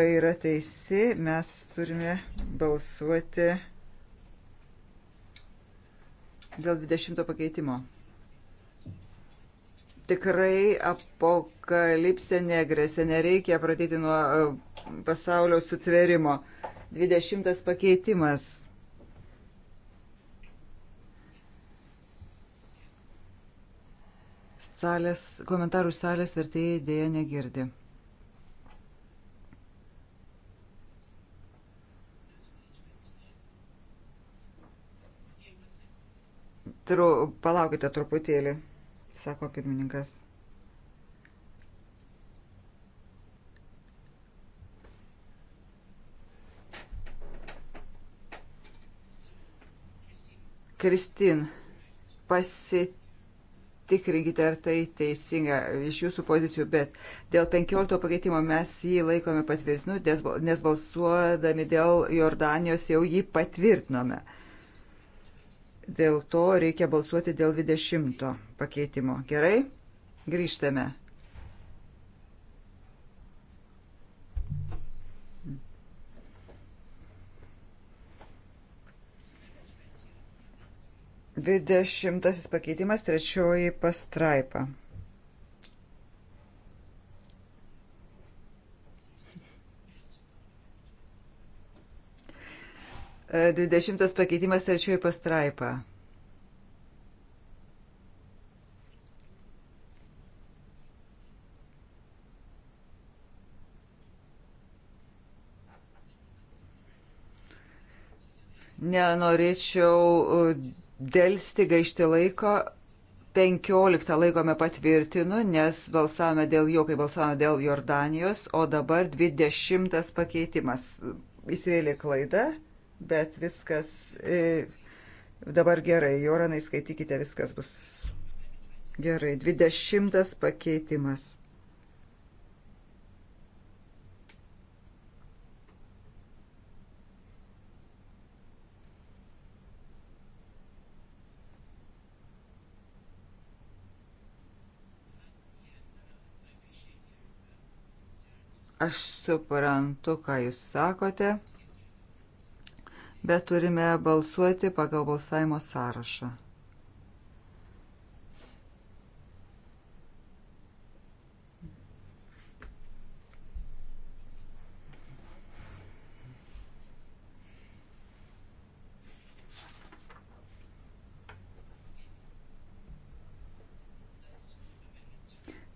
yra teisi, mes turime balsuoti dėl 20 pakeitimo. Tikrai apokalipsė negrėsia, nereikia pradėti nuo pasaulio sutvėrimo. 20 pakeitimas. Salės, komentarų salės vertėjai dėja negirdi. Tru, palaukite truputėlį, sako pirmininkas. Kristin, pasitikrinkite, ar tai teisinga iš jūsų pozicijų, bet dėl 15 pakeitimo mes jį laikome patvirtinu, nes balsuodami dėl Jordanijos jau jį patvirtinome. Dėl to reikia balsuoti dėl 20 pakeitimo. Gerai? Grįžtame 20 pakeitimas, trečioji pastraipa. Dvidešimtas pakeitimas trečioji pastraipa. Nenorėčiau uh, dėlsti gaišti laiko. 15 laikome patvirtinu, nes balsavome dėl jo, kai balsavome dėl Jordanijos, o dabar 20 pakeitimas. Įsivėlė klaida, bet viskas e, dabar gerai. Joranai skaitykite, viskas bus gerai. 20 pakeitimas. Aš suprantu, ką jūs sakote, bet turime balsuoti pagal balsavimo sąrašą.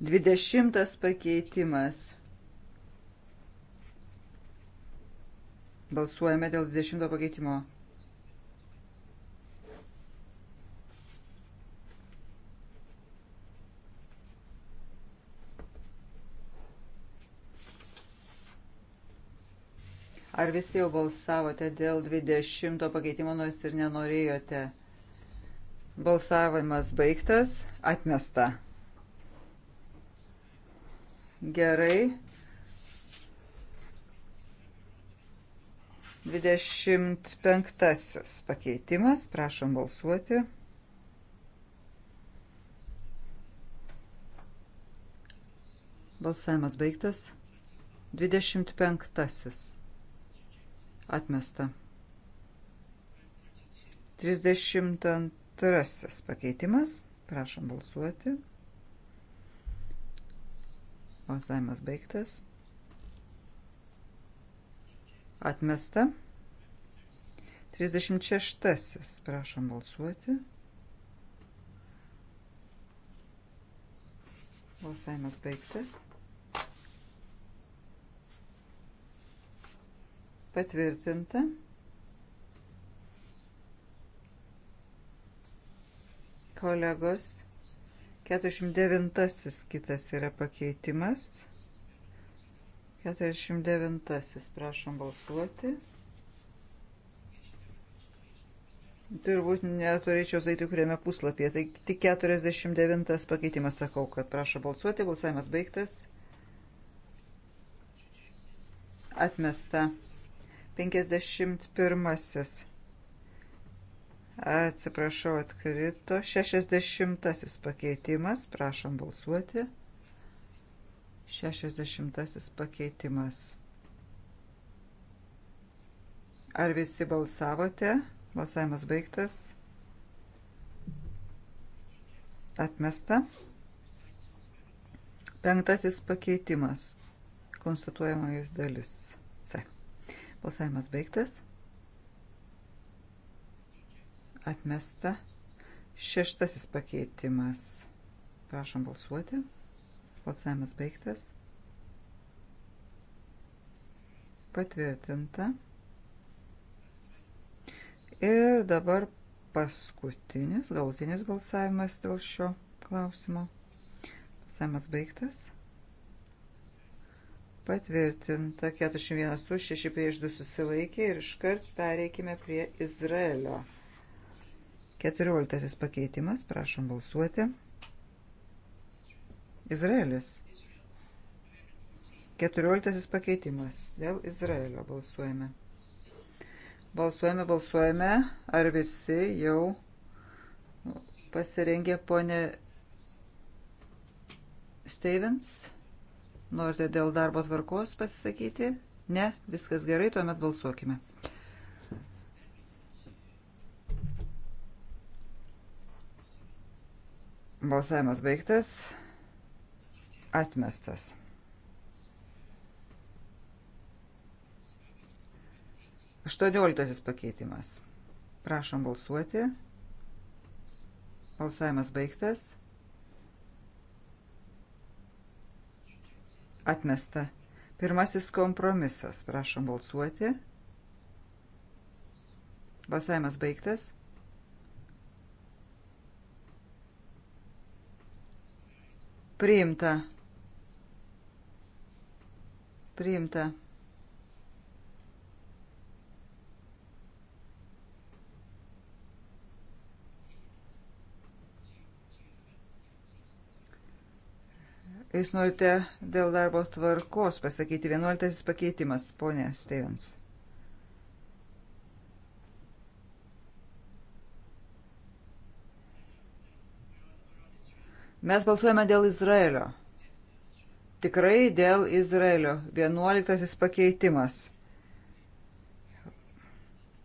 Dvidešimtas pakeitimas. Balsuojame dėl 20 pakeitimo. Ar visi jau balsavote dėl 20 pakeitimo, nors ir nenorėjote? Balsavimas baigtas, atmesta. Gerai, 25 pakeitimas, prašom balsuoti. Balsavimas baigtas. 25. Atmesta. 32 pakeitimas. Prašom balsuoti. Balsavimas baigtas. Atmesta. 36. Prašom balsuoti. Balsavimas baigtas. Patvirtinta. Kolegos, 49 kitas yra pakeitimas. 49. Prašom balsuoti. Turbūt neturėčiau zaiti, kuriame puslapyje. Tai tik 49 pakeitimas sakau, kad prašo balsuoti. Balsavimas baigtas. Atmesta. 51. Atsiprašau, atkrito. 60 pakeitimas. Prašom balsuoti. 60 pakeitimas. Ar visi balsavote? Balsavimas baigtas. Atmesta. Penktasis pakeitimas. Konstatuojamoji dalis C. Balsavimas baigtas. Atmesta. Šeštasis pakeitimas. Prašom balsuoti. Balsavimas baigtas. Patvirtinta. Ir dabar paskutinis, galutinis balsavimas dėl šio klausimo. Balsavimas baigtas. Patvirtinta 41 už 6 prieš 2 susilaikė ir iškart pereikime prie Izraelio. 14 pakeitimas, prašom balsuoti. Izraelis. 14 pakeitimas. Dėl Izraelio balsuojame. Balsuojame, balsuojame. Ar visi jau pasirengė ponė Stevens? Norite dėl darbo tvarkos pasisakyti? Ne, viskas gerai, tuomet balsuokime. Balsavimas baigtas atmestas. Aštuonioliktasis pakeitimas. Prašom balsuoti. Balsavimas baigtas. Atmesta. Pirmasis kompromisas. Prašom balsuoti. Balsavimas baigtas. Priimta. Priimta. Jūs norite dėl darbo tvarkos pasakyti 11 pakeitimas, ponė Stevens. Mes balsuojame dėl Izraelio tikrai dėl Izraelio. Vienuoliktasis pakeitimas.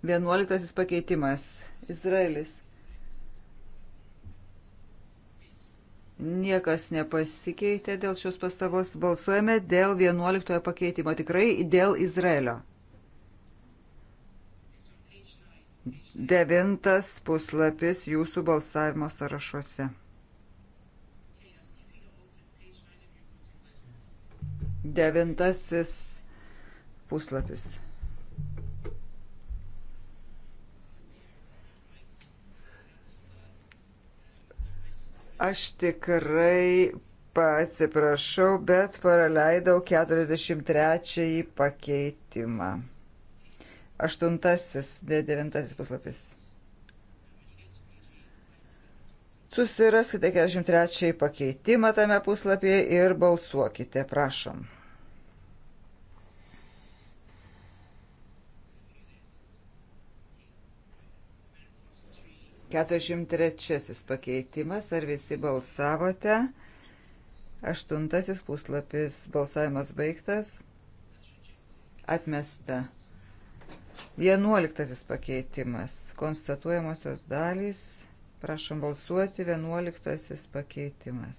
Vienuoliktasis pakeitimas. Izraelis. Niekas nepasikeitė dėl šios pastabos. Balsuojame dėl 11 pakeitimo. Tikrai dėl Izraelio. Devintas puslapis jūsų balsavimo sąrašuose. Devintasis puslapis. Aš tikrai atsiprašau, bet praleidau 43 pakeitimą. Aštuntasis, devintasis puslapis. Susiraskite 43 pakeitimą tame puslapyje ir balsuokite, prašom. Keturiasdešimt trečiasis pakeitimas, ar visi balsavote? Aštuntasis puslapis, balsavimas baigtas. Atmesta. Vienuoliktasis pakeitimas, konstatuojamosios dalys Prašom balsuoti. Vienuoliktasis pakeitimas.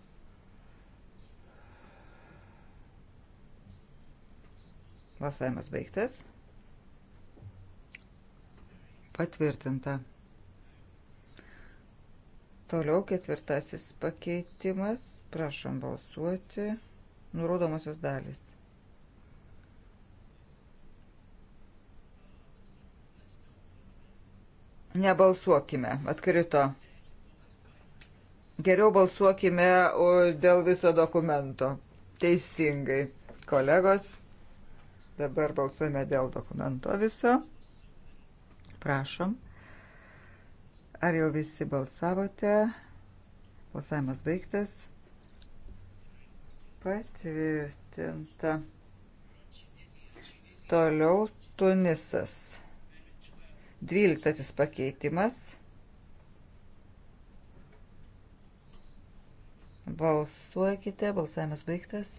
Balsavimas baigtas. Patvirtinta. Toliau ketvirtasis pakeitimas. Prašom balsuoti. Nurodomosios dalys. Nebalsuokime. Atkrito. Geriau balsuokime dėl viso dokumento. Teisingai, kolegos. Dabar balsuojame dėl dokumento viso. Prašom. Ar jau visi balsavote? Balsavimas baigtas. Patvirtinta. Toliau Tunisas. Dvyliktasis pakeitimas. Balsuokite, balsavimas baigtas.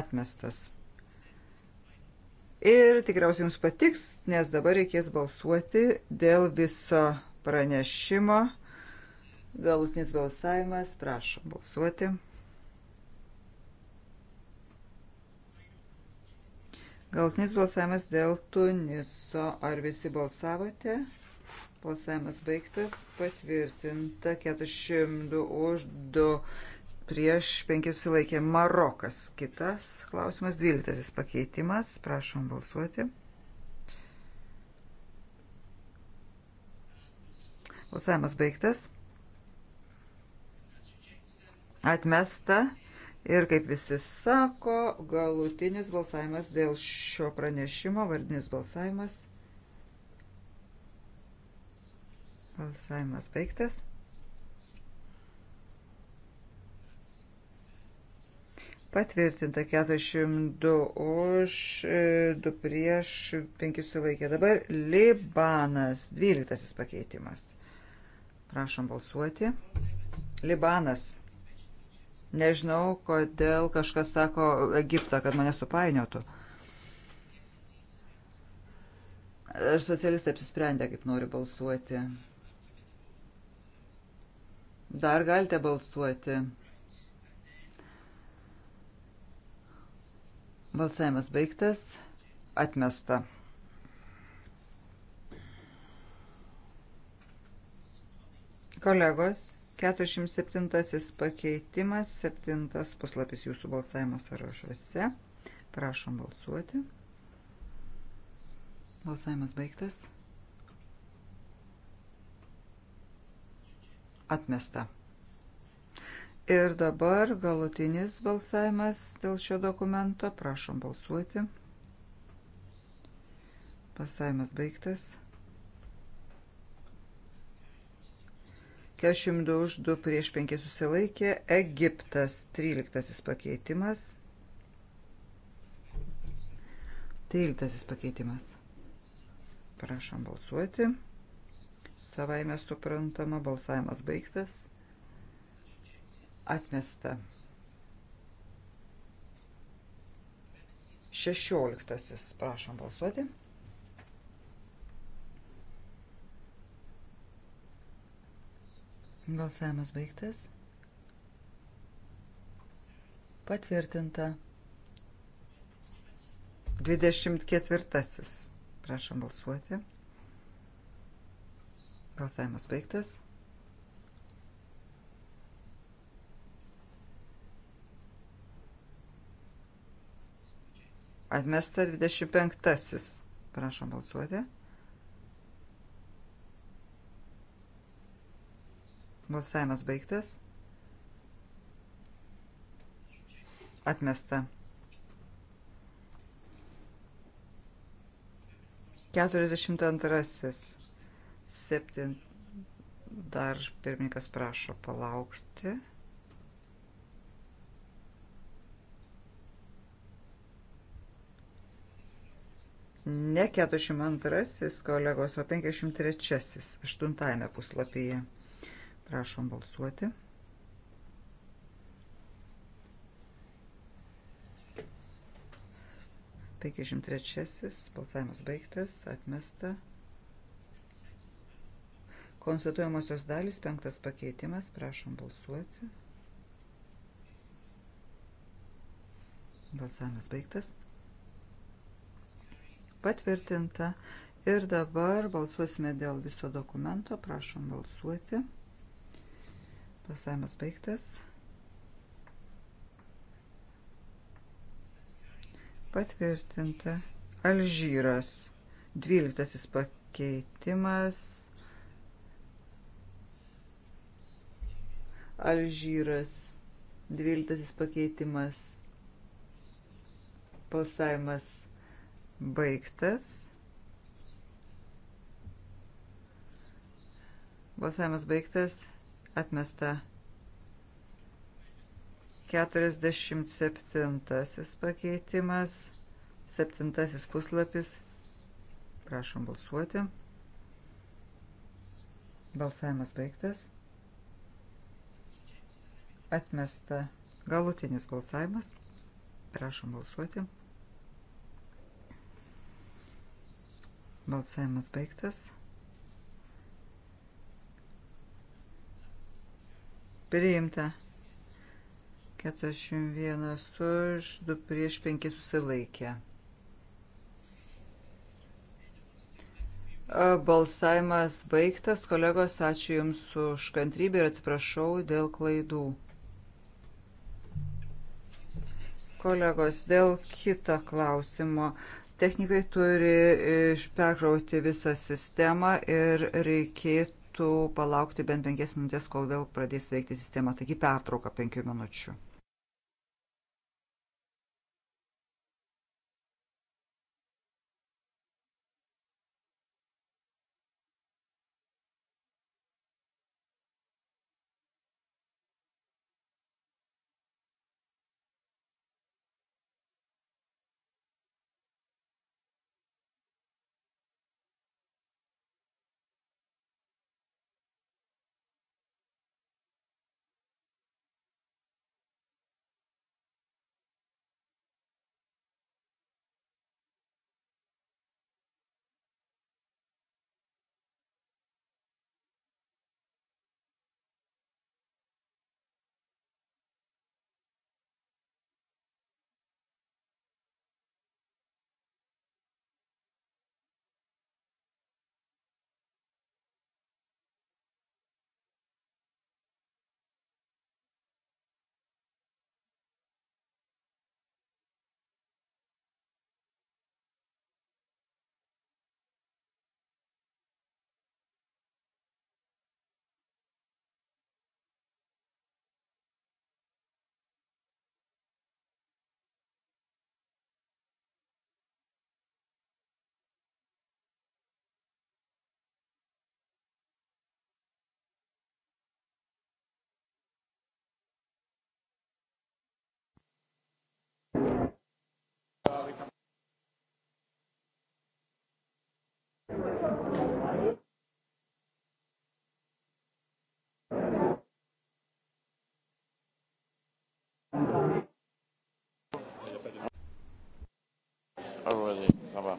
Atmestas. Ir tikriausiai jums patiks, nes dabar reikės balsuoti dėl viso pranešimo. Galutinis balsavimas, prašom balsuoti. Galtinis balsavimas dėl Tuniso. Ar visi balsavote? Balsavimas baigtas. Patvirtinta 402 už 2 prieš 5 sulaikė Marokas. Kitas klausimas 12 pakeitimas. Prašom balsuoti. Balsavimas baigtas. Atmesta Ir kaip visi sako, galutinis balsavimas dėl šio pranešimo, vardinis balsavimas. Balsavimas baigtas. Patvirtinta 42 už, 2 e, prieš, 5 sulaikė. Dabar Libanas, 12 pakeitimas. Prašom balsuoti. Libanas. Nežinau, kodėl kažkas sako Egiptą, kad mane supainiotų. Ar socialistai apsisprendė, kaip nori balsuoti? Dar galite balsuoti. Balsavimas baigtas. Atmesta. Kolegos. 47 pakeitimas, 7 puslapis jūsų balsavimo sąrašuose. Prašom balsuoti. Balsavimas baigtas. Atmesta. Ir dabar galutinis balsavimas dėl šio dokumento. Prašom balsuoti. Balsavimas baigtas. 42 už 2 prieš 5 susilaikė. Egiptas 13 pakeitimas. 13 pakeitimas. Prašom balsuoti. Savaime suprantama, balsavimas baigtas. Atmesta. 16. Prašom balsuoti. Balsavimas baigtas. Patvirtinta. 24. Prašom balsuoti. Balsavimas baigtas. Atmesta 25. Prašom balsuoti. Balsavimas baigtas. Atmesta. 42. Septint... Dar pirmininkas prašo palaukti. Ne 42, kolegos, o 53, 8 puslapyje. Prašom balsuoti. Penkiasdešimt trečiasis, balsavimas baigtas, atmesta. Konstatuojamosios dalys, penktas pakeitimas, prašom balsuoti. Balsavimas baigtas. Patvirtinta. Ir dabar balsuosime dėl viso dokumento. Prašom balsuoti. Balsavimas baigtas. Patvirtinta. Alžyras. Dvyliktasis pakeitimas. Alžyras. Dvyliktasis pakeitimas. Balsavimas baigtas. Balsavimas baigtas atmesta. 47 pakeitimas, 7 puslapis. Prašom balsuoti. Balsavimas baigtas. Atmesta galutinis balsavimas. Prašom balsuoti. Balsavimas baigtas. Priimta. 41 už, 2 prieš 5 susilaikė. Balsavimas baigtas. Kolegos, ačiū Jums už kantrybę ir atsiprašau dėl klaidų. Kolegos, dėl kito klausimo technikai turi e, perkrauti visą sistemą ir reikėtų reikėtų palaukti bent penkias minutės, kol vėl pradės veikti sistema. Taigi pertrauka penkių minučių. already. Bye-bye.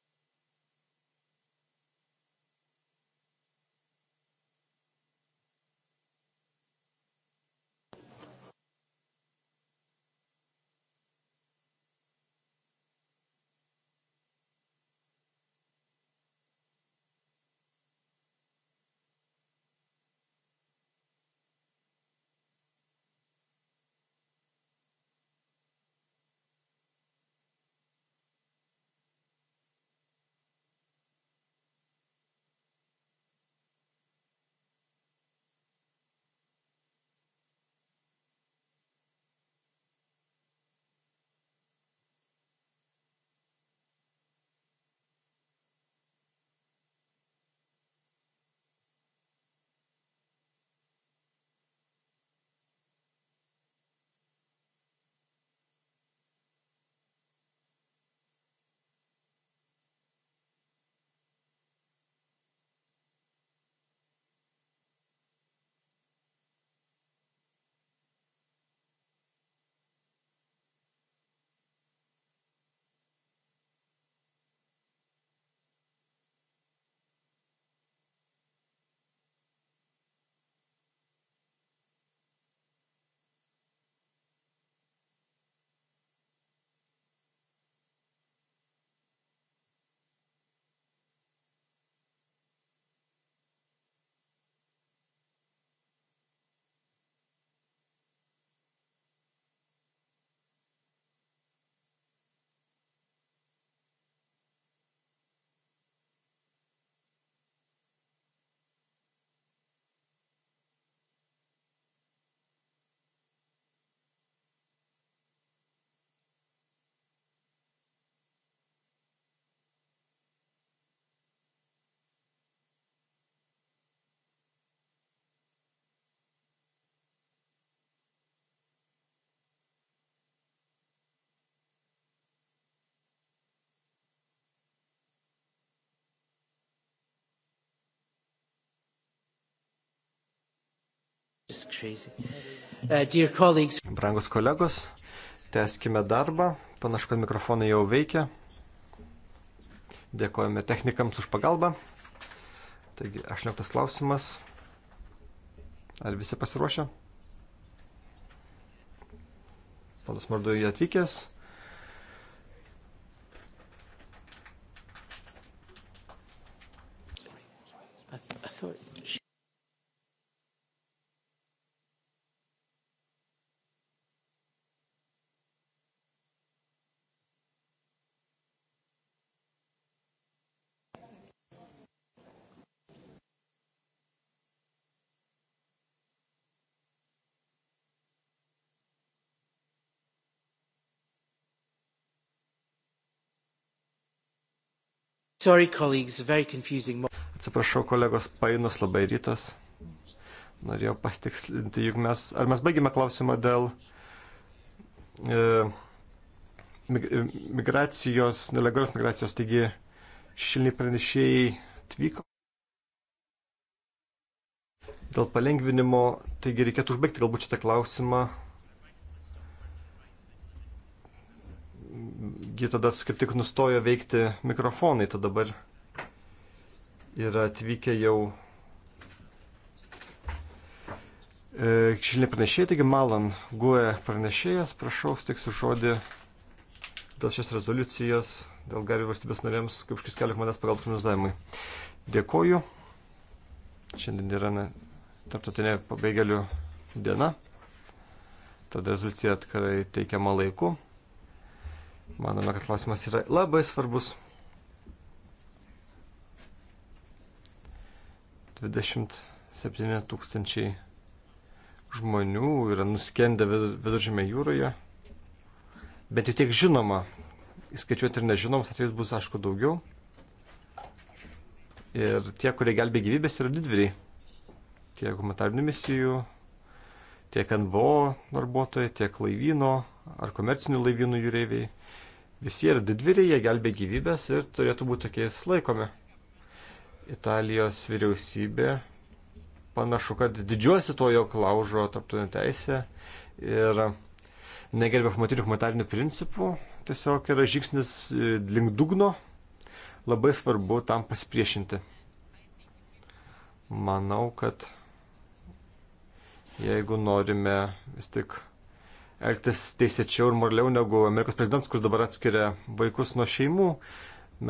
Uh, Brangus kolegos, teskime darbą. Panašu, kad mikrofonai jau veikia. Dėkojame technikams už pagalbą. Taigi, aštuonioliktas klausimas. Ar visi pasiruošę? Ponas Mardu jį atvykęs. Sorry, colleagues, very confusing. Atsiprašau, kolegos, painus labai rytas. Norėjau pastikslinti, juk mes, ar mes baigėme klausimą dėl e, e, migracijos, nelegalios migracijos, taigi šilni pranešėjai atvyko. Dėl palengvinimo, taigi reikėtų užbaigti galbūt šitą klausimą. Ji tada kaip tik nustojo veikti mikrofonai, tada dabar yra atvykę jau e, šilni pranešėjai, taigi Malan Guė pranešėjas, prašau, steiksiu žodį dėl šios rezoliucijos, dėl garių valstybės norėms, kaip škis kelių manęs pagalbos organizavimui. Dėkoju. Šiandien yra ne, tarptautinė pabėgėlių diena. Tada rezoliucija tikrai teikiama laiku. Manome, kad klausimas yra labai svarbus. 27 tūkstančiai žmonių yra nuskendę viduržėme jūroje. Bet jau tiek žinoma, įskaičiuoti ir nežinomus atvejus bus aišku daugiau. Ir tie, kurie gelbė gyvybės, yra didvyriai. Tiek humanitarinių misijų, tiek NVO darbuotojai, tiek laivyno ar komercinių laivynų jūreiviai. Visi yra didvyriai, jie gelbė gyvybės ir turėtų būti tokiais laikomi. Italijos vyriausybė panašu, kad didžiuosi to, jog laužo tarptautinę teisę ir negerbė pamatinių humanitarinių principų, tiesiog yra žingsnis e, link dugno, labai svarbu tam pasipriešinti. Manau, kad jeigu norime vis tik elgtis teisėčiau ir moraliau negu Amerikos prezidentas, kuris dabar atskiria vaikus nuo šeimų.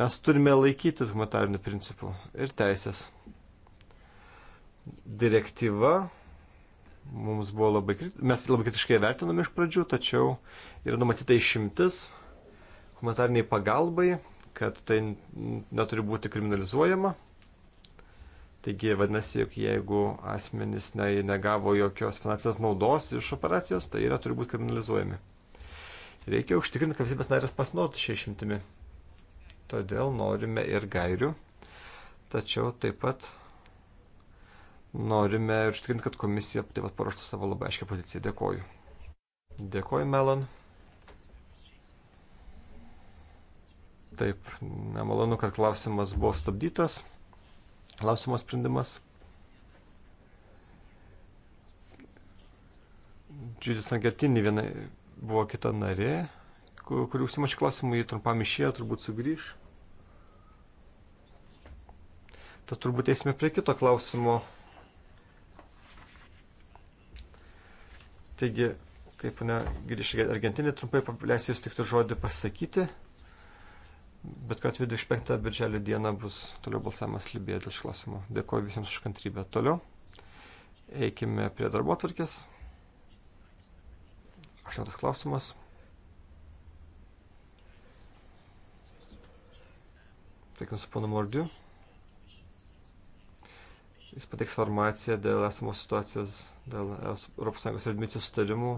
Mes turime laikytis humanitarinių principų ir teisės. Direktyva mums buvo labai kritiškai, mes labai kritiškai vertiname iš pradžių, tačiau yra numatyta išimtis humanitariniai pagalbai, kad tai neturi būti kriminalizuojama. Taigi vadinasi, jog jeigu asmenys ne, negavo jokios finansinės naudos iš operacijos, tai yra turi būti kriminalizuojami. Reikia užtikrinti, kad valstybės narės pasinaudotų šia išimtimi. Todėl norime ir gairių, tačiau taip pat norime ir užtikrinti, kad komisija taip pat paruoštų savo labai aiškę poziciją. Dėkoju. Dėkoju, Melon. Taip, nemalonu, kad klausimas buvo stabdytas klausimo sprendimas. Džiudis Angetini viena buvo kita narė, kuri, kuri užsima šį klausimą, jį trumpam išėjo, turbūt sugrįž. Tad turbūt eisime prie kito klausimo. Taigi, kaip ne grįžti Argentinį, trumpai leisiu jūs tik žodį pasakyti. Bet kad 25 birželio dieną bus toliau balsavimas Libija dėl šio klausimo. Dėkuoju visiems už kantrybę. Toliau. Eikime prie darbo atvarkės. Aštuntas klausimas. Sveikinu su ponu Mordiu. Jis pateiks informaciją dėl esamos situacijos, dėl ES ir admisijos sutarimų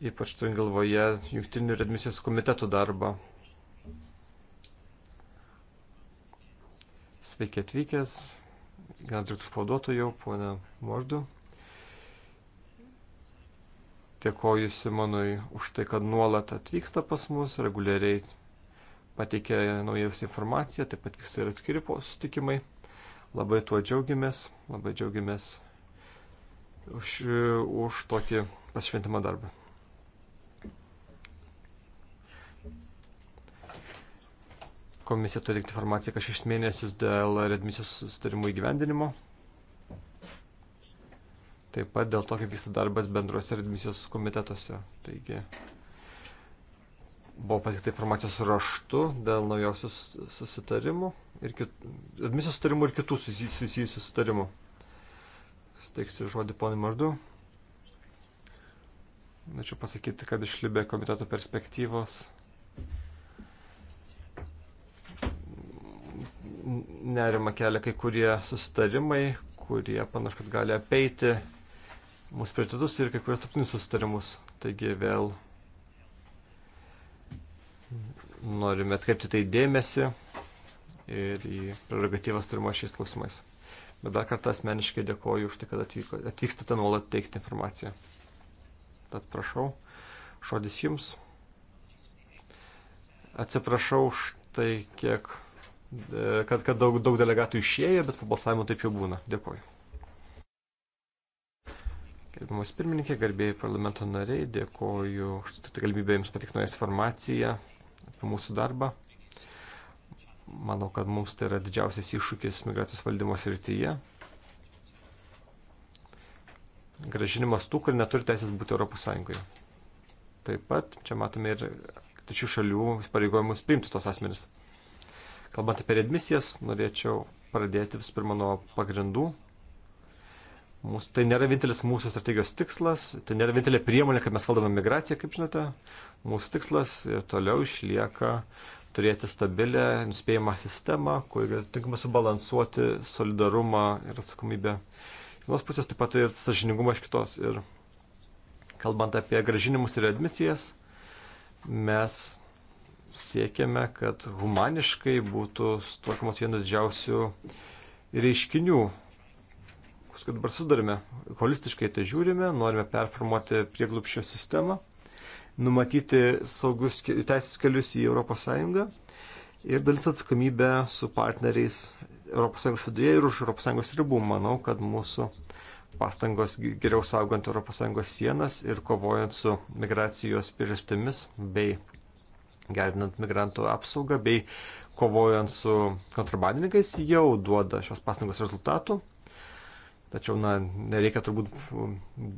ypač turint galvoje jungtinių redmisijos komitetų darbą. Sveiki atvykęs, gal direktorių pavaduotojau, ponė Mordu. Dėkoju Simonui už tai, kad nuolat atvyksta pas mus, reguliariai pateikia naujausią informaciją, taip pat vyksta ir atskiri susitikimai. Labai tuo džiaugiamės, labai džiaugiamės už, už tokį pasišventimą darbą. Komisija turi teikti informaciją kas šešis mėnesius dėl redmisijos sustarimų įgyvendinimo. Taip pat dėl to, kaip vyksta darbas bendruose redmisijos komitetuose. Taigi buvo patikta informacijos raštu dėl naujausių susitarimų ir kitų, admisijos susitarimų ir kitų susijusių susitarimų. Steiksiu žodį ponui Mardu. Norėčiau pasakyti, kad iš Libė komiteto perspektyvos nerima kelia kai kurie sustarimai, kurie panašu, kad gali apeiti mūsų prioritetus ir kai kurios tarptautinius sustarimus. Taigi vėl norime atkreipti tai dėmesį ir į prerogatyvas turimo šiais klausimais. Bet dar kartą asmeniškai dėkoju už tai, kad atvyko, atvykstate nuolat teikti informaciją. Tad prašau, žodis jums. Atsiprašau už tai, kiek E, kad, kad daug, daug delegatų išėjo, bet po balsavimo taip jau būna. Dėkuoju. Gerbiamas pirmininkė, garbėjai parlamento nariai, dėkoju už tai galimybę Jums patikti naują informaciją apie mūsų darbą. Manau, kad mums tai yra didžiausias iššūkis migracijos valdymo srityje. Gražinimas tų, kurie neturi teisės būti ES. Taip pat čia matome ir trečių šalių pareigojimus priimti tos asmenis. Kalbant apie redmisijas, norėčiau pradėti vis pirma nuo pagrindų. Mūsų, tai nėra vienintelis mūsų strategijos tikslas, tai nėra vienintelė priemonė, kaip mes valdome migraciją, kaip žinote. Mūsų tikslas ir toliau išlieka turėti stabilę, nuspėjimą sistemą, kuri tinkamai subalansuoti solidarumą ir atsakomybę. Iš vienos pusės taip pat ir sažiningumą iš kitos. Ir kalbant apie gražinimus ir admisijas, mes siekiame, kad humaniškai būtų sutvarkomas vienas didžiausių reiškinių, kokius kad dabar sudarime. Holistiškai tai žiūrime, norime performuoti prieglupščio sistemą, numatyti saugius teisės kelius į ES ir dalis atsakomybę su partneriais ES viduje ir už ES ribų. Manau, kad mūsų pastangos geriau saugant ES sienas ir kovojant su migracijos priežastimis bei gerinant migrantų apsaugą bei kovojant su kontrabandininkais, jau duoda šios pastangos rezultatų. Tačiau, na, nereikia turbūt, mm,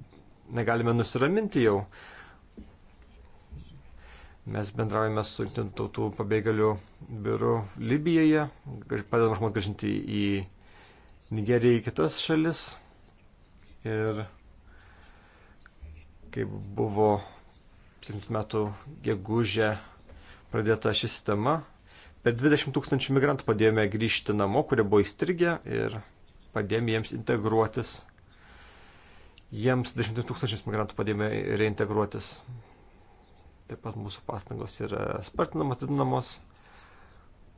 negalime nusiraminti jau. Mes bendraujame su Junktinių tautų pabėgėlių biuru Libijoje, padedame žmonės gražinti į Nigeriją, į kitas šalis. Ir kaip buvo 7 metų gegužė pradėta ši sistema. Per 20 tūkstančių migrantų padėjome grįžti namo, kurie buvo įstrigę ir padėjome jiems integruotis. Jiems 10 tūkstančius migrantų padėjome reintegruotis. Taip pat mūsų pastangos yra spartinamos, didinamos.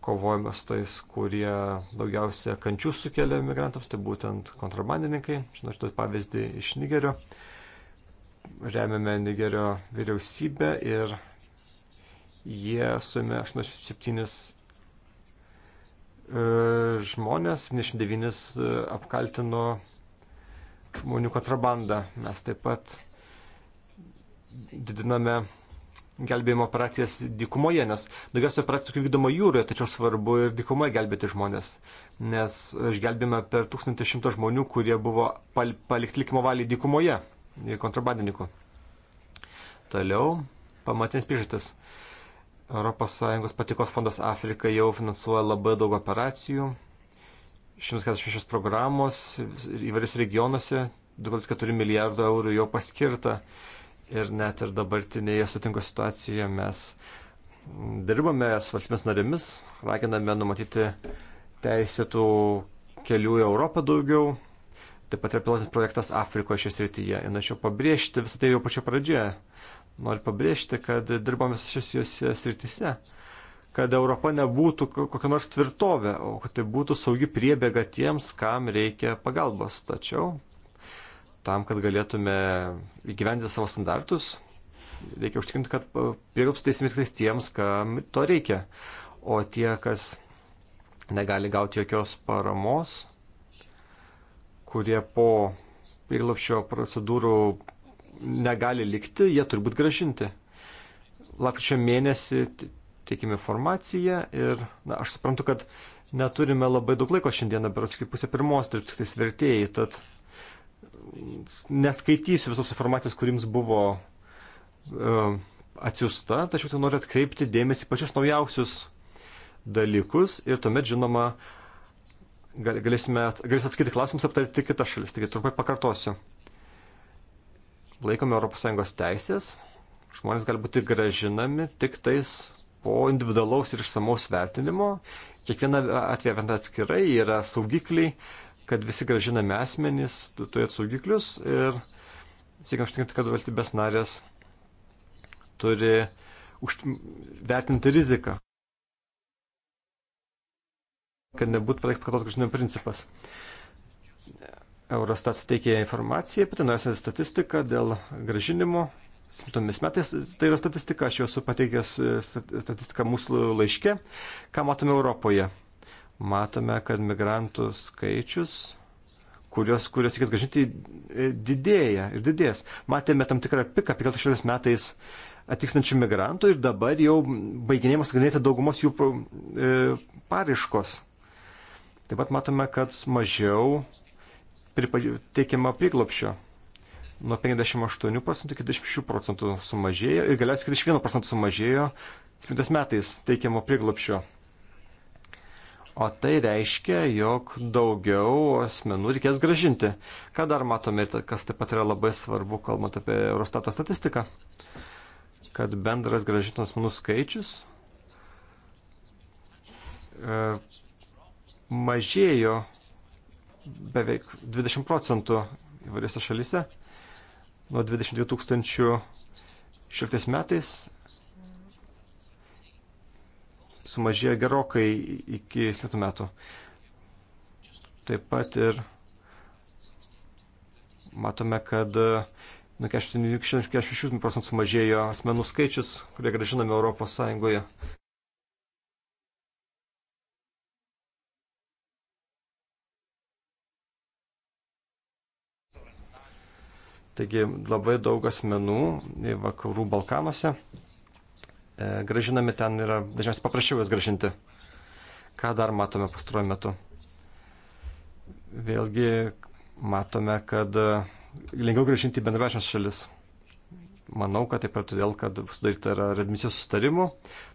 Kovojame su tais, kurie daugiausia kančių sukelia migrantams, tai būtent kontrabandininkai. Žinau, šitą pavyzdį iš Nigerio. Remiame Nigerio vyriausybę ir Jie suėmė 87 e, žmonės, 79 e, apkaltino žmonių kontrabandą. Mes taip pat didiname gelbėjimo operacijas dykumoje, nes daugiausia operacijų vykdoma jūroje, tačiau svarbu ir dykumoje gelbėti žmonės, nes išgelbėjome per 1100 žmonių, kurie buvo pal palikti likimo valiai dykumoje kontrabandininkų. Toliau, pamatinės priežastis. ES patikos fondas Afrika jau finansuoja labai daug operacijų. 146 programos įvairiose regionuose, 2,4 milijardo eurų jau paskirta. Ir net ir dabartinėje sutinko situacijoje mes dirbame su valstybės narėmis, raginame numatyti teisėtų kelių į Europą daugiau. Taip pat yra pilotinis projektas Afrikoje šioje srityje. Ir norėčiau pabrėžti visą tai jau pačioje pradžioje. Noriu pabrėžti, kad dirbame šiose srityse, kad Europa nebūtų kokia nors tvirtovė, o kad tai būtų saugi priebėga tiems, kam reikia pagalbos. Tačiau tam, kad galėtume įgyvendinti savo standartus, reikia užtikrinti, kad prieglobstai teisime tik tiems, kam to reikia. O tie, kas negali gauti jokios paramos, kurie po prieglobščio procedūrų negali likti, jie turi būti gražinti. Lapkričio mėnesį teikime informaciją ir na, aš suprantu, kad neturime labai daug laiko šiandieną, berods iki pusė pirmos ir tai tik tais vertėjai, tad neskaitysiu visos informacijos, kuriems buvo uh, atsiusta, tačiau tai noriu atkreipti dėmesį pačius naujausius dalykus ir tuomet, žinoma, galėsime galės atskirti klausimus aptarti kitas šalis. Taigi trumpai pakartosiu laikomi ES teisės, žmonės gali būti gražinami tik tais po individualaus ir išsamaus vertinimo. Kiekviena atvejaventa atskirai yra saugikliai, kad visi gražinami asmenys turėtų saugiklius ir siekiam užtikrinti, kad valstybės narės turi užt... vertinti riziką, kad nebūtų patekti pakartot gražinimo principas. Eurostat teikia informaciją, pati naujausia statistika dėl gražinimo. Simtomis metais tai yra statistika, aš jau esu pateikęs e, statistiką mūsų laiške. Ką matome Europoje? Matome, kad migrantų skaičius, kurios, kurios reikės gražinti, e, didėja ir didės. Matėme tam tikrą piką 15 metais atvykstančių migrantų ir dabar jau baiginėjimas ganėti daugumos jų e, paraiškos. Taip pat matome, kad mažiau teikiama priglopščio. Nuo 58 procentų iki 26 procentų sumažėjo ir galiausiai 21 procentų sumažėjo 7 metais teikiamo priglopščio. O tai reiškia, jog daugiau asmenų reikės gražinti. Ką dar matome ir kas taip pat yra labai svarbu, kalbant apie Eurostato statistiką, kad bendras gražintų asmenų skaičius e, mažėjo beveik 20 procentų įvairiose šalyse. Nuo 22 tūkstančių 16 metais sumažėjo gerokai iki 7 metų. Taip pat ir matome, kad nuo 46 procentų sumažėjo asmenų skaičius, kurie gražinami Europos Sąjungoje. Taigi labai daug asmenų vakarų Balkanuose e, gražinami ten yra, dažniausiai paprasčiau jas gražinti. Ką dar matome pastaruoju metu? Vėlgi matome, kad e, lengviau gražinti bendravešias šalis. Manau, kad taip pat todėl, kad sudaryta yra redmisijos sustarimų,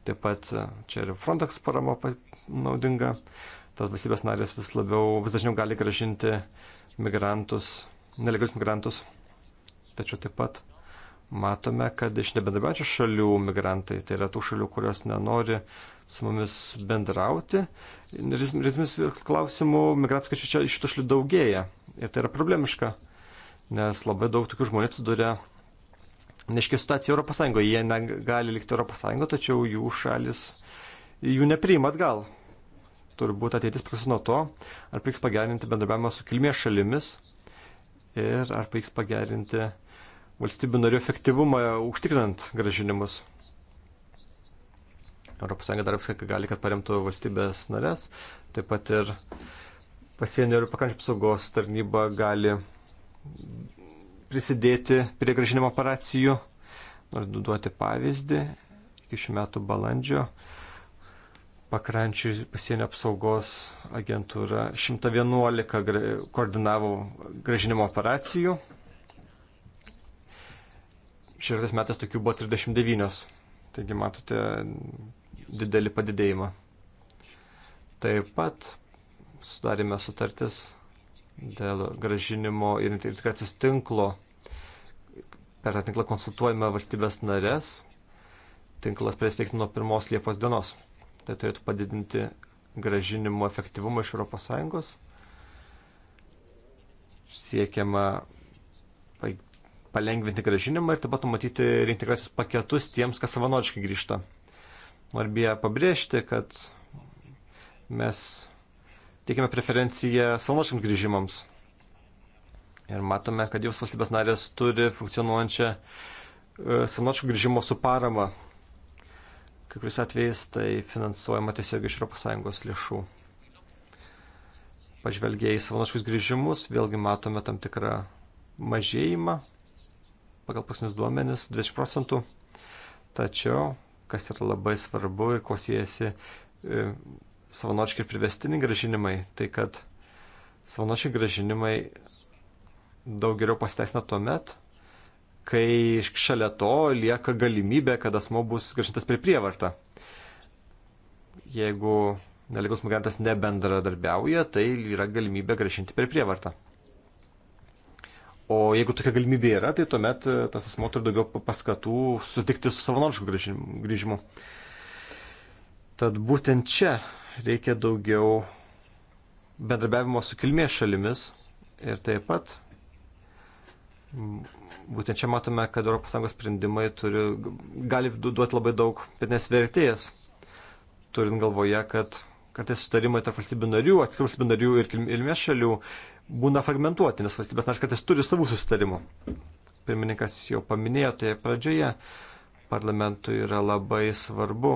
taip pat e, čia ir Frontex parama naudinga, tas valstybės narės vis labiau, vis dažniau gali gražinti migrantus, nelegalius migrantus Tačiau taip pat matome, kad iš nebendraujančių šalių migrantai, tai yra tų šalių, kurios nenori su mumis bendrauti, ritmis klausimų migracijos skaičius čia iš tų šalių daugėja. Ir tai yra problemiška, nes labai daug tokių žmonių atsiduria neiškia situacija Europos Sąjungoje. Jie negali likti Europos Sąjungoje, tačiau jų šalis jų nepriima atgal. Turbūt ateitis priklausys nuo to, ar pavyks pagerinti bendrabiavimą su kilmės šalimis ir ar pavyks pagerinti uh, valstybių narių efektyvumą užtikrinant gražinimus. ES dar viską gali, kad paremtų valstybės narės, taip pat ir pasienio ir pakrančių apsaugos tarnyba gali prisidėti prie gražinimo operacijų. Noriu duoti pavyzdį. Iki šių metų balandžio pakrančių pasienio apsaugos agentūra 111 koordinavo gražinimo operacijų 16 metais tokių buvo 39. Taigi matote didelį padidėjimą. Taip pat sudarėme sutartis dėl gražinimo ir integracijos tinklo. Per tą tinklą konsultuojame valstybės narės. Tinklas pradės veikti nuo 1 Liepos dienos. Tai turėtų padidinti gražinimo efektyvumą iš ES. Siekiama palengvinti gražinimą ir taip pat numatyti reintegracijos paketus tiems, kas savanoriškai grįžta. Noriu beje pabrėžti, kad mes teikiame preferenciją savanoriškiams grįžimams. Ir matome, kad jau valstybės narės turi funkcionuojančią e, savanoriškų grįžimo su parama. Kai kuris atvejais tai finansuojama tiesiog iš ES lėšų. Pažvelgiai į savanoriškus grįžimus, vėlgi matome tam tikrą mažėjimą pagal pasinius duomenis 20 procentų. Tačiau, kas yra labai svarbu ir ko siejasi e, savanoriški ir privestiniai gražinimai, tai kad savanoriški gražinimai daug geriau pasteisina tuo met, kai šalia to lieka galimybė, kad asmo bus gražintas prie prievartą. Jeigu nelegalus migrantas nebendradarbiauja, tai yra galimybė gražinti per prievartą. O jeigu tokia galimybė yra, tai tuomet e, tas asmo turi daugiau paskatų sutikti su savanorišku grįžimu. Tad būtent čia reikia daugiau bendrabiavimo su kilmės šalimis ir taip pat būtent čia matome, kad ES sprendimai turi, gali duoti labai daug pėtinės vertėjas, turint galvoje, kad kartais sutarimai tarp valstybių narių, atskirų valstybių narių ir kilmės šalių būna fragmentuoti, nes valstybės narių kartais turi savų susitarimų. Pirmininkas jau paminėjo toje tai pradžioje, parlamentui yra labai svarbu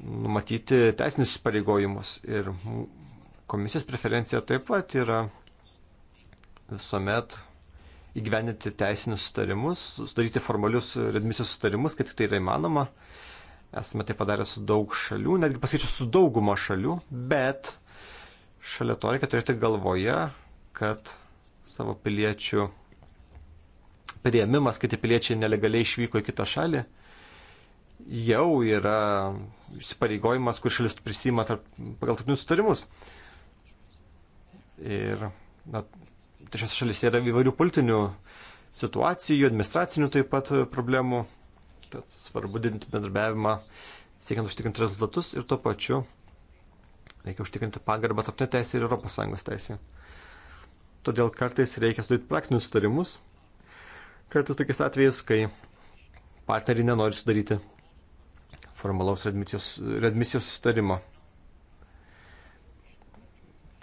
numatyti teisinius įsipareigojimus ir komisijos preferencija taip pat yra visuomet įgyveninti teisinius sustarimus, sudaryti formalius redmisijos sustarimus, kad tik tai yra įmanoma. Esame tai padarę su daug šalių, netgi pasakyčiau su dauguma šalių, bet Šalia to reikia turėti galvoje, kad savo piliečių prieimimas, kai tie piliečiai nelegaliai išvyko į kitą šalį, jau yra įsipareigojimas, kur šalis prisima tarp, pagal tarpinius sutarimus. Ir na, tai šios šalis yra įvairių politinių situacijų, administracinių taip pat problemų. Tad svarbu didinti bendrabiavimą, siekiant užtikrinti rezultatus ir tuo pačiu Reikia užtikrinti pagarbą tarptautinė teisė ir ES teisė. Todėl kartais reikia sudaryti praktinius sutarimus. Kartais tokiais atvejais, kai partneriai nenori sudaryti formalaus redmisijos, redmisijos sustarimo.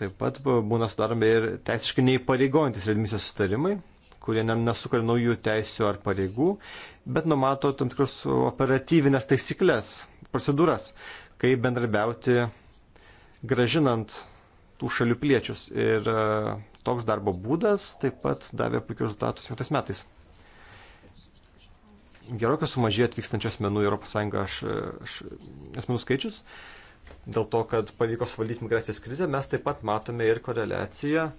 Taip pat būna sudaromi ir teisiškai neįpareigojantis redmisijos sustarimai, kurie nesukuria naujų teisių ar pareigų, bet numato tam tikras operatyvinės taisyklės, procedūras, kaip bendrabiauti gražinant tų šalių piliečius. Ir e, toks darbo būdas taip pat davė puikius rezultatus jau tais metais. Gerokai sumažėjo atvykstančių asmenų į ES aš, aš, asmenų skaičius. Dėl to, kad pavyko suvaldyti migracijos krizę, mes taip pat matome ir koreliaciją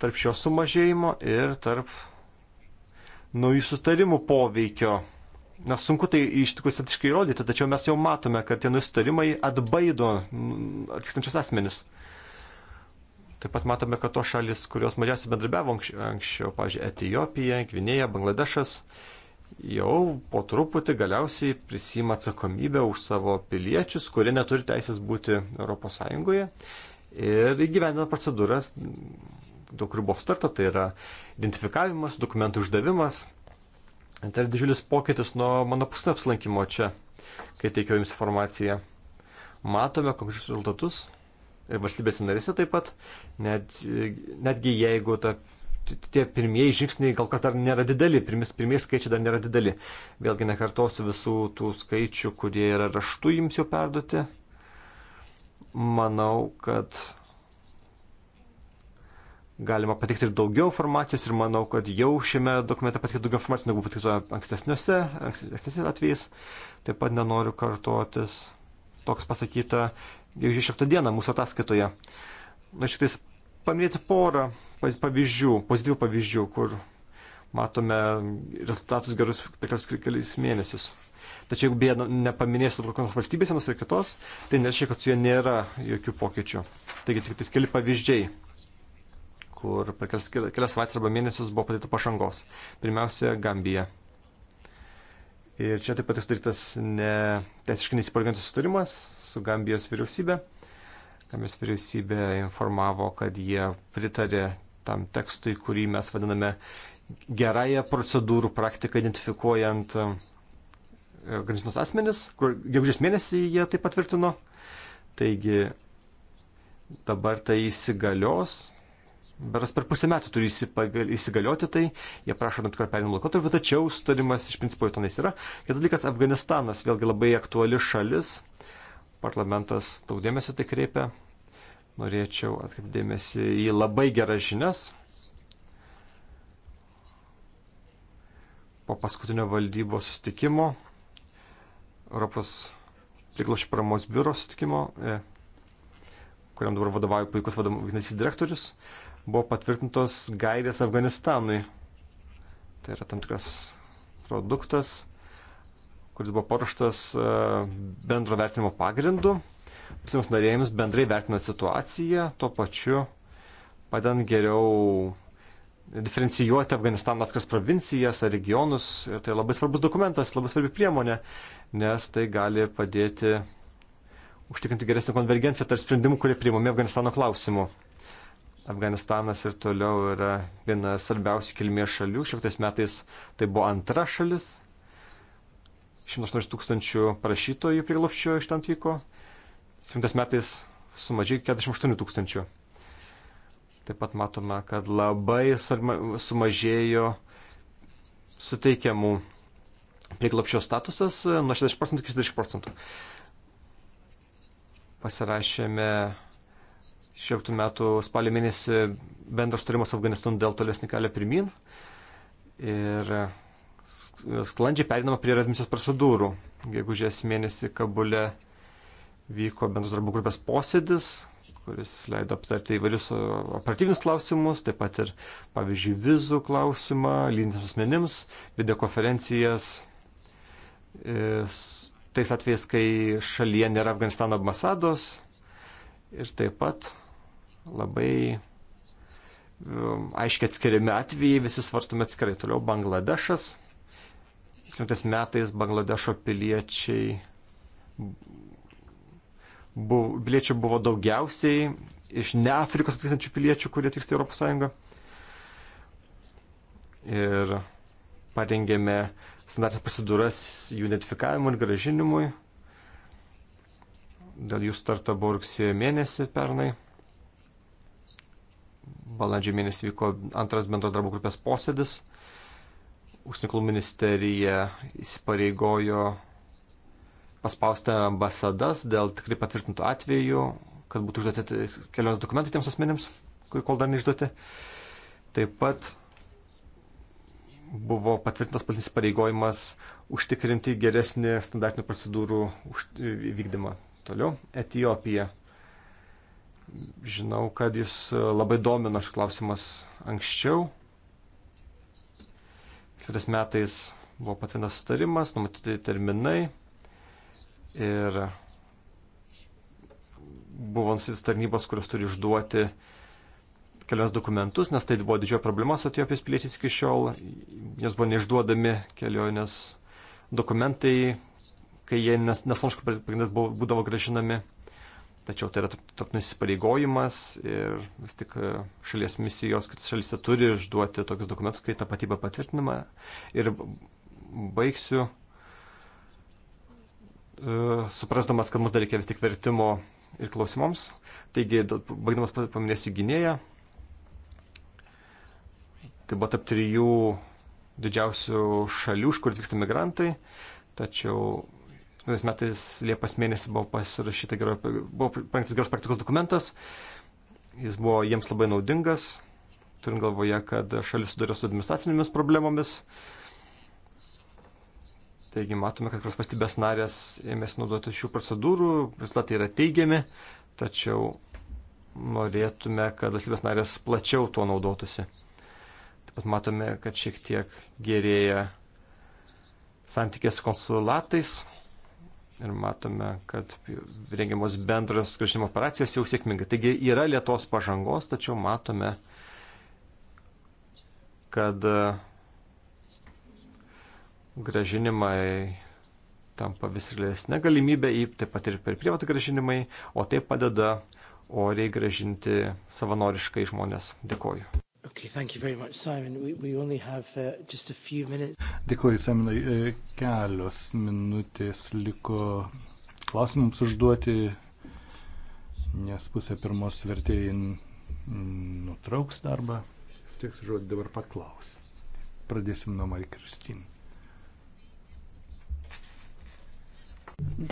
tarp šio sumažėjimo ir tarp naujų sutarimų poveikio na, sunku tai iš tikrųjų statiškai įrodyti, tačiau mes jau matome, kad tie nustarimai atbaido mm, atvykstančius asmenis. Taip pat matome, kad tos šalis, kurios mažiausiai bendrabiavo anksčiau, anksčiau pavyzdžiui, Etijopija, Gvinėja, Bangladešas, jau po truputį galiausiai prisima atsakomybę už savo piliečius, kurie neturi teisės būti ES ir įgyvendina procedūras, dėl kurių buvo starta, tai yra identifikavimas, dokumentų uždavimas Tai yra didžiulis pokytis nuo mano paskutinio apsilankimo čia, kai teikiau jums informaciją. Matome konkrečius rezultatus ir valstybės narėse taip pat, net, netgi jeigu ta, tie pirmieji žingsniai gal kas dar nėra dideli, pirmis, pirmieji skaičiai dar nėra dideli. Vėlgi nekartosiu visų tų skaičių, kurie yra raštu jums jau perduoti. Manau, kad galima pateikti ir daugiau informacijos ir manau, kad jau šiame dokumente pateikti daugiau informacijos negu pateikta ankstesniuose, ankstesniuose atvejais. Taip pat nenoriu kartuotis toks pasakyta, jau šeštą dieną mūsų ataskaitoje. Na, šiek tiek paminėti porą pavyzdžių, pozityvių pavyzdžių, kur matome rezultatus gerus per kelius mėnesius. Tačiau jeigu beje nu, nepaminėsiu kokios valstybės vienos ar kitos, tai nereiškia, kad su juo nėra jokių pokyčių. Taigi tik tais keli pavyzdžiai kur per kelias, kelias savaitės arba mėnesius buvo padėta pažangos. Pirmiausia, Gambija. Ir čia taip pat sudarytas ne, teisiškai nesipareigantis sutarimas su Gambijos vyriausybė. Gambijos vyriausybė informavo, kad jie pritarė tam tekstui, kurį mes vadiname gerąją procedūrų praktiką identifikuojant e, grandinus asmenis, kur gegužės mėnesį jie tai patvirtino. Taigi dabar tai įsigalios beras per pusę metų turi įsigalioti tai, jie prašo tam tikrą perinimo laikotarpį, tačiau sutarimas iš principo jau tenais yra. Kitas dalykas - Afganistanas, vėlgi labai aktuali šalis, parlamentas daug dėmesio tai kreipia, norėčiau atkreipdėmėsi į labai geras žinias. Po paskutinio valdybos sustikimo, Europos priklaušio paramos biuro sustikimo, e, kuriam dabar vadovauja puikus vadovaujantis direktorius, buvo patvirtintos gairės Afganistanui. Tai yra tam tikras produktas, kuris buvo paruoštas e, bendro vertinimo pagrindu. Visiems narėjams bendrai vertinant situaciją, tuo pačiu padedant geriau diferencijuoti Afganistano atskiras provincijas ar regionus. Ir tai labai svarbus dokumentas, labai svarbi priemonė, nes tai gali padėti užtikrinti geresnę konvergenciją tarp sprendimų, kurie priimami Afganistano klausimu. Afganistanas ir toliau yra viena svarbiausių kilmės šalių. Šiektais metais tai buvo antra šalis. 180 tūkstančių prašytojų priglopščio iš ten atvyko. 7 metais sumažėjo 48 tūkstančių. Taip pat matome, kad labai sumažėjo suteikiamų priglopščio statusas e, nuo 60 procentų iki 40 procentų. Pasirašėme 16 metų spalio mėnesį bendras tarimas Afganistanu dėl tolesnį kelią pirmin ir sklandžiai perinama prie redmisijos procedūrų. Gegužės mėnesį Kabule vyko bendros darbų grupės posėdis, kuris leido aptarti įvairius operatyvinius klausimus, taip pat ir, pavyzdžiui, vizų klausimą, lydintiems asmenims, videokonferencijas, tais atvejais, kai šalyje nėra Afganistano ambasados ir taip pat labai um, aiškiai atskiriami atvejai, visi svarstome atskirai. Toliau Bangladešas. 17 metais Bangladešo piliečiai buvo, piliečių buvo daugiausiai iš ne Afrikos atvykstančių piliečių, kurie atvyksta į ES. Ir parengėme standartinės procedūras jų identifikavimui ir gražinimui. Dėl jų starta buvo rugsėjo mėnesį pernai balandžio mėnesį vyko antras bendro darbo grupės posėdis. Užsienio ministerija įsipareigojo paspausti ambasadas dėl tikrai patvirtintų atvejų, kad būtų išduoti kelionės dokumentai tiems asmenims, kurių kol dar neišduoti. Taip pat buvo patvirtintas politinis pareigojimas užtikrinti geresnį standartinių procedūrų vykdymą. Toliau Etijopija Žinau, kad jūs e, labai domino šis klausimas anksčiau. Kitais metais buvo patinas sutarimas, numatyti terminai ir buvo nusitis tarnybos, kurios turi išduoti kelias dokumentus, nes tai buvo didžioji problema su Etiopijos piliečiais iki šiol, nes buvo neišduodami kelionės dokumentai, kai jie nesanškų nes, būdavo gražinami. Tačiau tai yra tarptautinis įsipareigojimas ir vis tik e, šalies misijos, kad šalyse turi išduoti tokius dokumentus, kai tapatybę patvirtinimą. Ir baigsiu, e, suprasdamas, kad mums dar reikia vis tik vertimo ir klausimams. Taigi, baigdamas paminėsiu gynėją. Tai buvo tarp trijų didžiausių šalių, iš kur atvyksta migrantai. Tačiau Praeitais metais Liepos mėnesį buvo pasirašyta gero, buvo parengtas geros praktikos dokumentas, jis buvo jiems labai naudingas, turint galvoje, kad šalis sudarė su administracinėmis problemomis. Taigi matome, kad kurios valstybės narės ėmėsi naudoti šių procedūrų, rezultatai yra teigiami, tačiau norėtume, kad valstybės narės plačiau tuo naudotųsi. Taip pat matome, kad šiek tiek gerėja santykės konsulatais ir matome, kad rengiamos bendras skrašimo operacijas jau sėkmingai. Taigi yra lietos pažangos, tačiau matome, kad e, gražinimai tampa vis realesnė galimybė, taip pat ir per privatą gražinimai, o tai padeda oriai gražinti savanoriškai žmonės. Dėkoju. Okay, thank you very much, Simon. We, we only have uh, just a few minutes. Dėkuoju, Simonai. E, kelios minutės liko klausimams užduoti, nes pusė pirmos vertėjai nutrauks darbą. Stieks žodį dabar paklaus. Pradėsim nuo Mari Kristin.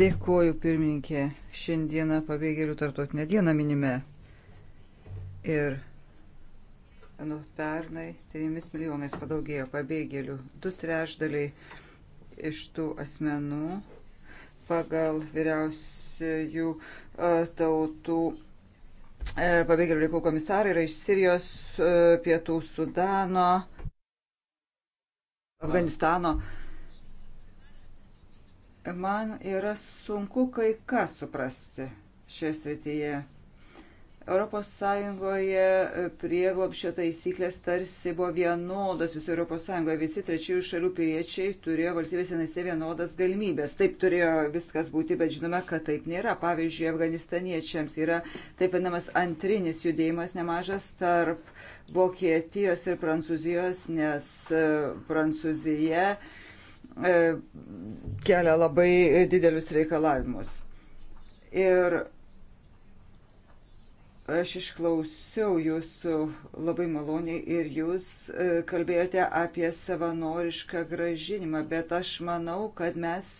Dėkuoju, pirmininkė. Šiandieną pabėgėlių tartotinę dieną minime. Ir nuo pernai 3 milijonais padaugėjo pabėgėlių. Du trešdaliai iš tų asmenų pagal vyriausiųjų e, tautų e, pabėgėlių reikalų komisarai yra iš Sirijos, e, Pietų Sudano, Afganistano. Man yra sunku kai ką suprasti šioje srityje Europos Sąjungoje e, prieglopščio taisyklės tarsi buvo vienodas visoje Europos Sąjungoje. Visi trečiųjų šalių piliečiai turėjo valstybėse nese vienodas galimybės. Taip turėjo viskas būti, bet žinome, kad taip nėra. Pavyzdžiui, afganistaniečiams yra taip vadinamas antrinis judėjimas nemažas tarp Vokietijos ir Prancūzijos, nes e, Prancūzija e, kelia labai didelius reikalavimus. Ir Aš išklausiau jūsų labai maloniai ir jūs e, kalbėjote apie savanorišką gražinimą, bet aš manau, kad mes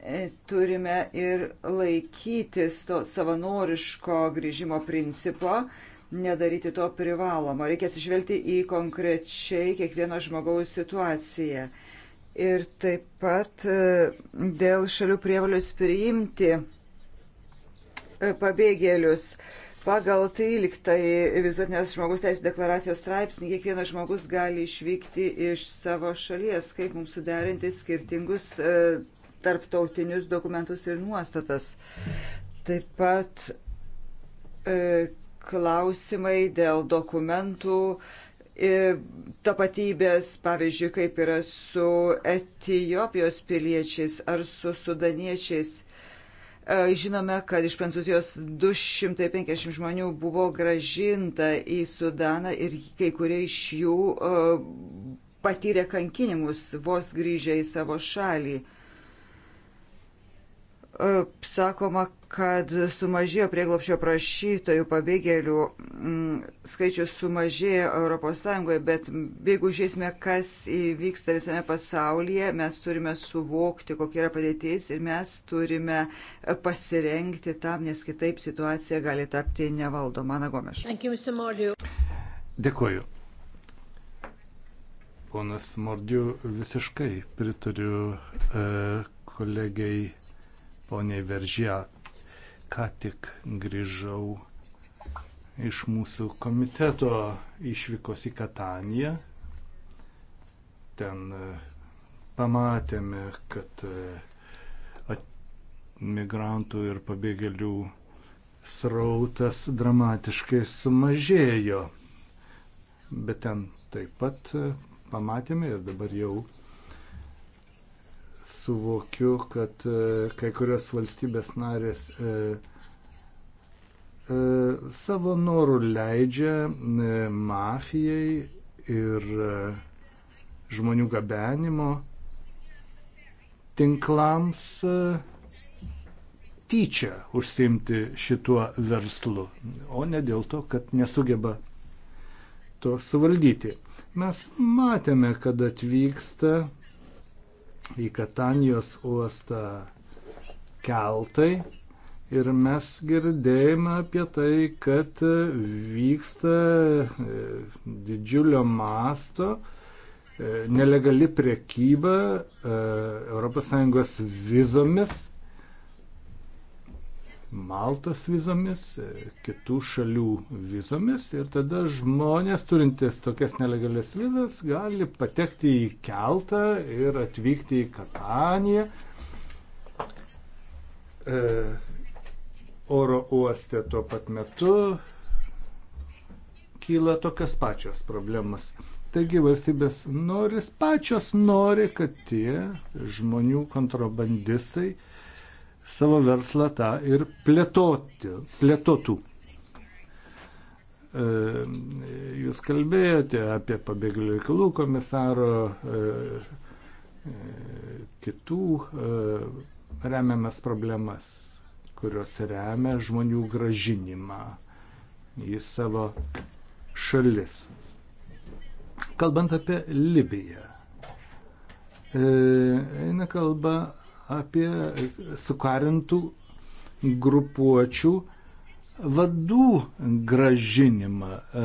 e, turime ir laikytis to savanoriško grįžimo principo, nedaryti to privaloma. Reikia atsižvelgti į konkrečiai kiekvieno žmogaus situaciją. Ir taip pat e, dėl šalių prievalius priimti pabėgėlius Pagal 13 visuotinės žmogus teisų deklaracijos straipsnį kiekvienas žmogus gali išvykti iš savo šalies, kaip mums suderinti skirtingus e, tarptautinius dokumentus ir nuostatas. Taip pat e, klausimai dėl dokumentų, e, tapatybės, pavyzdžiui, kaip yra su Etijopijos piliečiais ar su sudaniečiais. E, žinome, kad iš Prancūzijos 250 žmonių buvo gražinta į Sudaną ir kai kurie iš jų e, patyrė kankinimus vos grįžę į savo šalį sakoma, kad sumažėjo prieglopšio prašytojų pabėgėlių mm, skaičius sumažėjo ES, bet jeigu žiūrėsime, kas įvyksta visame pasaulyje, mes turime suvokti, kokia yra padėtis ir mes turime pasirengti tam, nes kitaip situacija gali tapti nevaldoma. Ana Gomes. Dėkuoju. Ponas Mordiu, visiškai pritariu e, kolegiai ponė Veržia. Ką tik grįžau iš mūsų komiteto išvykos į Kataniją. Ten e, pamatėme, kad e, migrantų ir pabėgėlių srautas dramatiškai sumažėjo. Bet ten taip pat e, pamatėme ir dabar jau suvokiu, kad e, kai kurios valstybės narės e, e, savo norų leidžia e, mafijai ir e, žmonių gabenimo tinklams e, tyčia užsimti šituo verslu, o ne dėl to, kad nesugeba to suvaldyti. Mes matėme, kad atvyksta į Katanijos uostą keltai. Ir mes girdėjome apie tai, kad vyksta e, didžiulio masto e, nelegali priekyba ES vizomis Maltos vizomis, kitų šalių vizomis ir tada žmonės turintis tokias nelegalias vizas gali patekti į keltą ir atvykti į Kataniją e, oro uoste tuo pat metu kyla tokias pačios problemas. Taigi valstybės noris pačios nori, kad tie žmonių kontrabandistai savo verslą tą ir plėtoti, plėtotų. E, jūs kalbėjote apie pabėgėlių reikalų komisaro, e, e, kitų remiamas problemas, kurios remia žmonių gražinimą į savo šalis. Kalbant apie Libiją, eina kalba apie sukarintų grupuočių vadų gražinimą. E,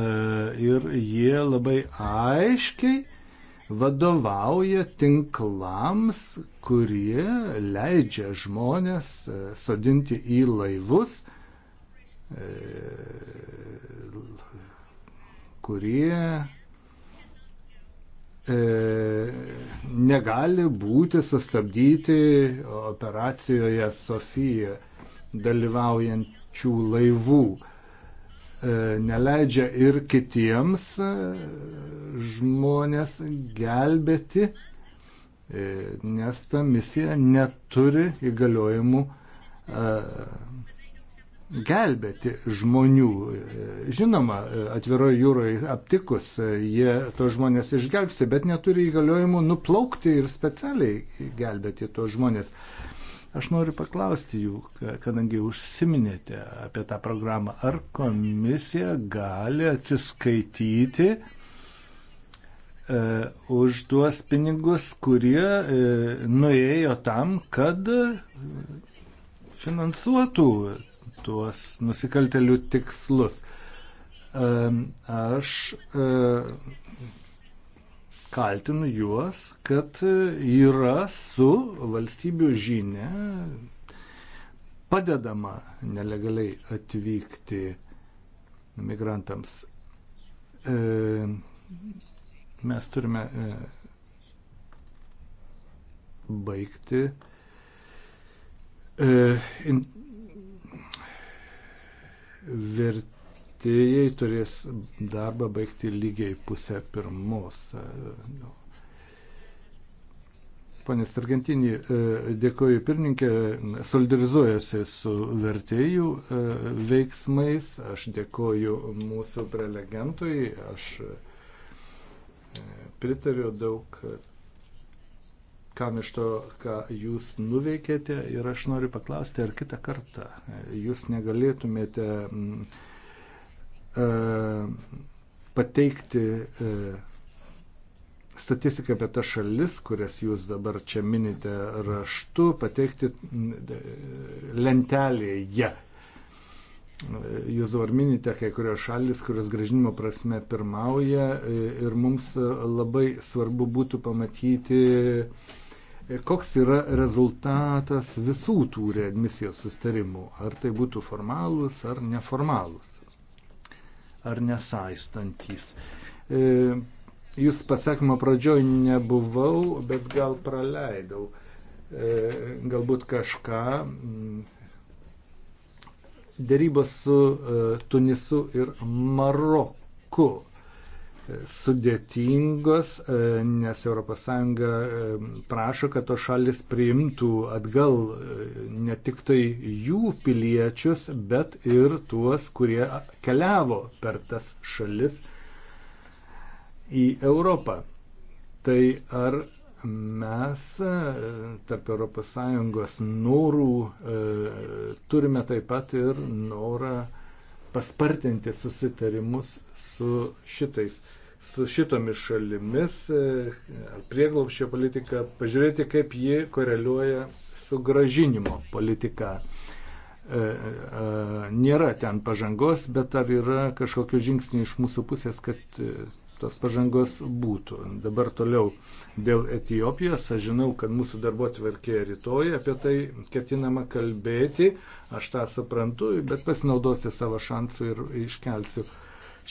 ir jie labai aiškiai vadovauja tinklams, kurie leidžia žmonės e, sodinti į laivus, e, kurie E, negali būti sustabdyti operacijoje Sofija dalyvaujančių laivų. E, neleidžia ir kitiems e, žmonės gelbėti, nes ta misija neturi įgaliojimų gelbėti žmonių. Žinoma, atviroje jūroje aptikus, jie tos žmonės išgelbsi, bet neturi įgaliojimų nuplaukti ir specialiai gelbėti tos žmonės. Aš noriu paklausti jų, kadangi užsiminėte apie tą programą, ar komisija gali atsiskaityti e, už tuos pinigus, kurie e, nuėjo tam, kad finansuotų tuos nusikaltelių tikslus. Aš e, kaltinu juos, kad yra su valstybių žinia padedama nelegaliai atvykti migrantams. E, mes turime e, baigti vertėjai turės darbą baigti lygiai pusę pirmos. Pane Sargentinį, e, dėkoju pirmininkė, solidarizuojasi su vertėjų e, veiksmais, aš dėkoju mūsų prelegentui, aš e, pritariu daug kam iš to, ką jūs nuveikėte. Ir aš noriu paklausti, ar kitą kartą jūs negalėtumėte mm, e, pateikti e, statistiką apie tas šalis, kurias jūs dabar čia minite raštu, pateikti mm, e, lentelėje. Jūs dabar minite kai kurios šalis, kurios gražinimo prasme pirmauja ir mums labai svarbu būtų pamatyti E, koks yra rezultatas visų tų readmisijos sustarimų, ar tai būtų formalūs ar neformalūs, ar nesaistantis. E, jūs pasakymo pradžioj nebuvau, bet gal praleidau. E, galbūt kažką. Dėrybos su Tunisu ir Maroku sudėtingos, e, nes ES e, prašo, kad to šalis priimtų atgal e, ne tik tai jų piliečius, bet ir tuos, kurie keliavo per tas šalis į Europą. Tai ar mes tarp ES norų turime taip pat ir norą paspartinti susitarimus su šitais su šitomis šalimis, e, ar prieglaupščio politika, pažiūrėti, kaip ji koreliuoja su gražinimo politika. E, e, nėra ten pažangos, bet ar yra kažkokių žingsnių iš mūsų pusės, kad tos pažangos būtų. Dabar toliau dėl Etijopijos. Aš žinau, kad mūsų darbo tvarkė rytoj apie tai ketinama kalbėti. Aš tą suprantu, bet pasinaudosiu savo šansų ir iškelsiu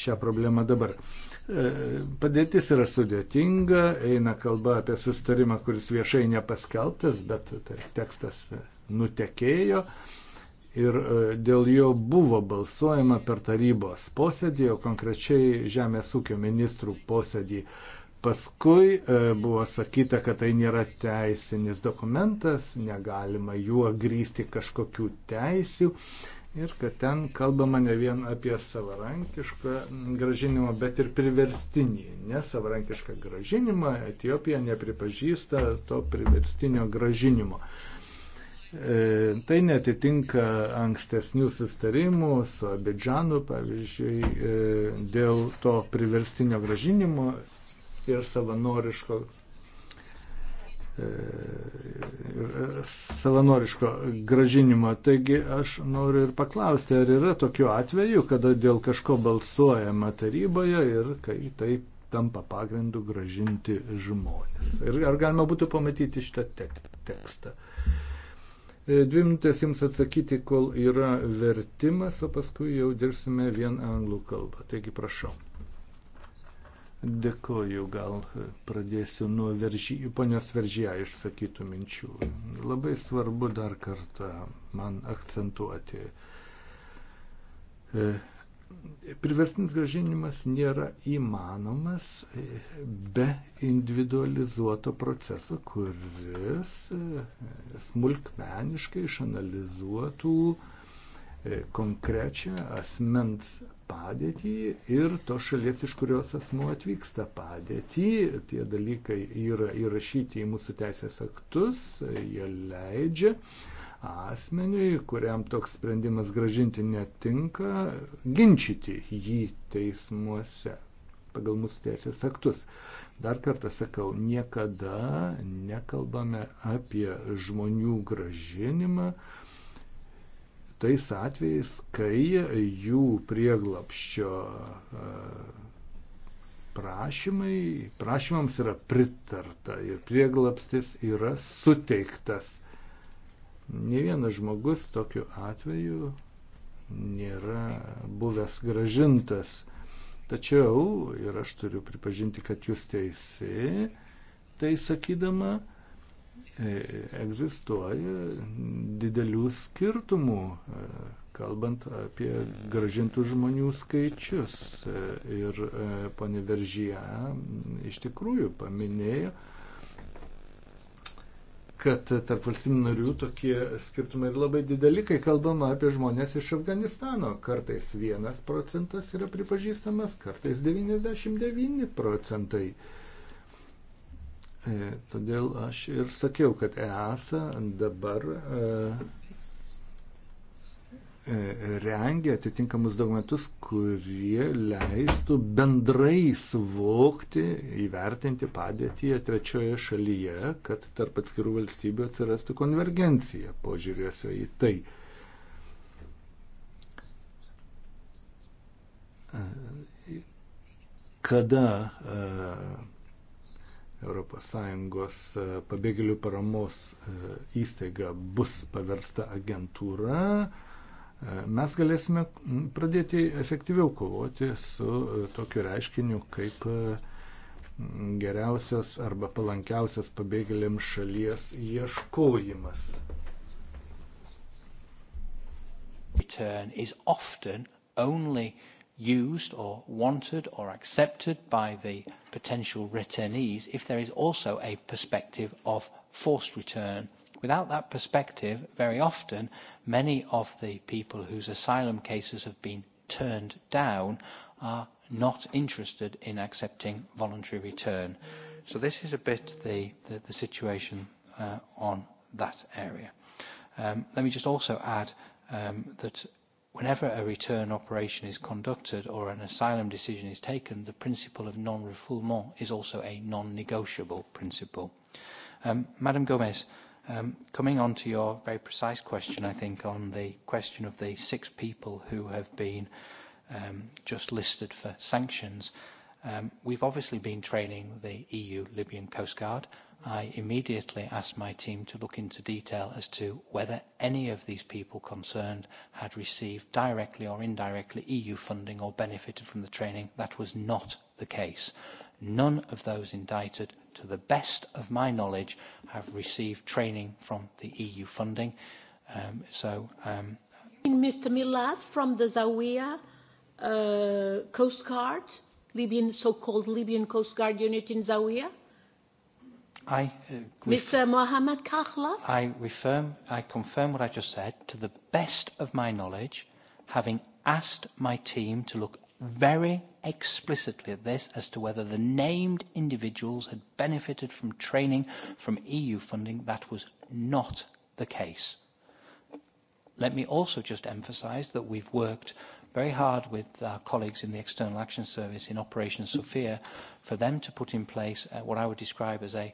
šią problemą dabar. E, padėtis yra sudėtinga, eina kalba apie sustarimą, kuris viešai nepaskelbtas, bet tai tekstas nutekėjo ir e, dėl jo buvo balsuojama per tarybos posėdį, o konkrečiai Žemės ūkio ministrų posėdį. Paskui e, buvo sakyta, kad tai nėra teisinis dokumentas, negalima juo grįsti kažkokių teisių ir kad ten kalbama ne vien apie savarankišką gražinimą, bet ir priverstinį. Nesavarankišką gražinimą Etijopija nepripažįsta to priverstinio gražinimo. Uh, E, tai netitinka ankstesnių sustarimų su Abidžanu, pavyzdžiui, e, dėl to priverstinio gražinimo ir savanoriško, e, savanoriško gražinimo. Taigi aš noriu ir paklausti, ar yra tokių atvejų, kada dėl kažko balsuojama taryboje ir kai tai tampa pagrindu gražinti žmonės. Ir ar galima būtų pamatyti šitą tek tekstą? E, dvi minutės jums atsakyti, kol yra vertimas, o paskui jau dirbsime vien anglų kalbą. Taigi prašau. Dėkoju, gal e, pradėsiu nuo veržy, ponios veržyje išsakytų minčių. Labai svarbu dar kartą man akcentuoti. E, priverstinis gražinimas nėra įmanomas be individualizuoto proceso, kuris e, smulkmeniškai išanalizuotų e, konkrečią asmens padėtį ir to šalies, iš kurios asmo atvyksta padėtį. Tie dalykai yra įrašyti į mūsų teisės aktus, e, jie leidžia uh, asmeniui, kuriam toks sprendimas gražinti netinka, ginčyti jį teismuose pagal mūsų teisės aktus. Dar kartą sakau, niekada nekalbame apie žmonių gražinimą tais atvejais, kai jų prieglapščio e, prašymai, prašymams yra pritarta ir prieglapstis yra suteiktas Ne vienas žmogus tokiu atveju nėra buvęs gražintas. Tačiau, ir aš turiu pripažinti, kad jūs teisi, tai sakydama, e, egzistuoja didelių skirtumų, e, kalbant apie gražintų žmonių skaičius. E, ir pane Veržyje iš tikrųjų paminėjo, kad tarp valstybių narių tokie skirtumai yra labai dideli, kai kalbama apie žmonės iš Afganistano. Kartais vienas procentas yra pripažįstamas, kartais 99 procentai. E, todėl aš ir sakiau, kad EASA dabar e, E, rengia atitinkamus dokumentus, kurie leistų bendrai suvokti, įvertinti padėtį trečioje šalyje, kad tarp atskirų valstybių atsirastų konvergencija požiūrėse į tai. E, kada ES e, pabėgėlių paramos įstaiga bus paversta agentūra, mes galėsime pradėti efektyviau kovoti su e, tokiu reiškiniu kaip e, geriausias arba palankiausias pabėgėliams šalies ieškojimas. Return is often only used or wanted or accepted by the potential returnees if there is also a perspective of forced return Without that perspective, very often many of the people whose asylum cases have been turned down are not interested in accepting voluntary return. So this is a bit the, the, the situation uh, on that area. Um, let me just also add um, that whenever a return operation is conducted or an asylum decision is taken, the principle of non-refoulement is also a non-negotiable principle. Um, Madam Gomez, uh, Um, coming on to your very precise question, I think, on the question of the six people who have been um, just listed for sanctions, um, we've obviously been training the EU Libyan Coast Guard. I immediately asked my team to look into detail as to whether any of these people concerned had received directly or indirectly EU funding or benefited from the training. That was not the case. None of those indicted, to the best of my knowledge, have received training from the EU funding. Um, so, um, Mr. Milad from the Zawiya uh, Coast Guard, Libyan so-called Libyan Coast Guard unit in Zawiya. I, uh, Mr. Mohammed Kahla. I, refirm, I confirm what I just said. To the best of my knowledge, having asked my team to look very explicitly at this as to whether the named individuals had benefited from training from EU funding. That was not the case. Let me also just emphasise that we've worked very hard with our colleagues in the External Action Service in Operation Sophia for them to put in place uh, what I would describe as a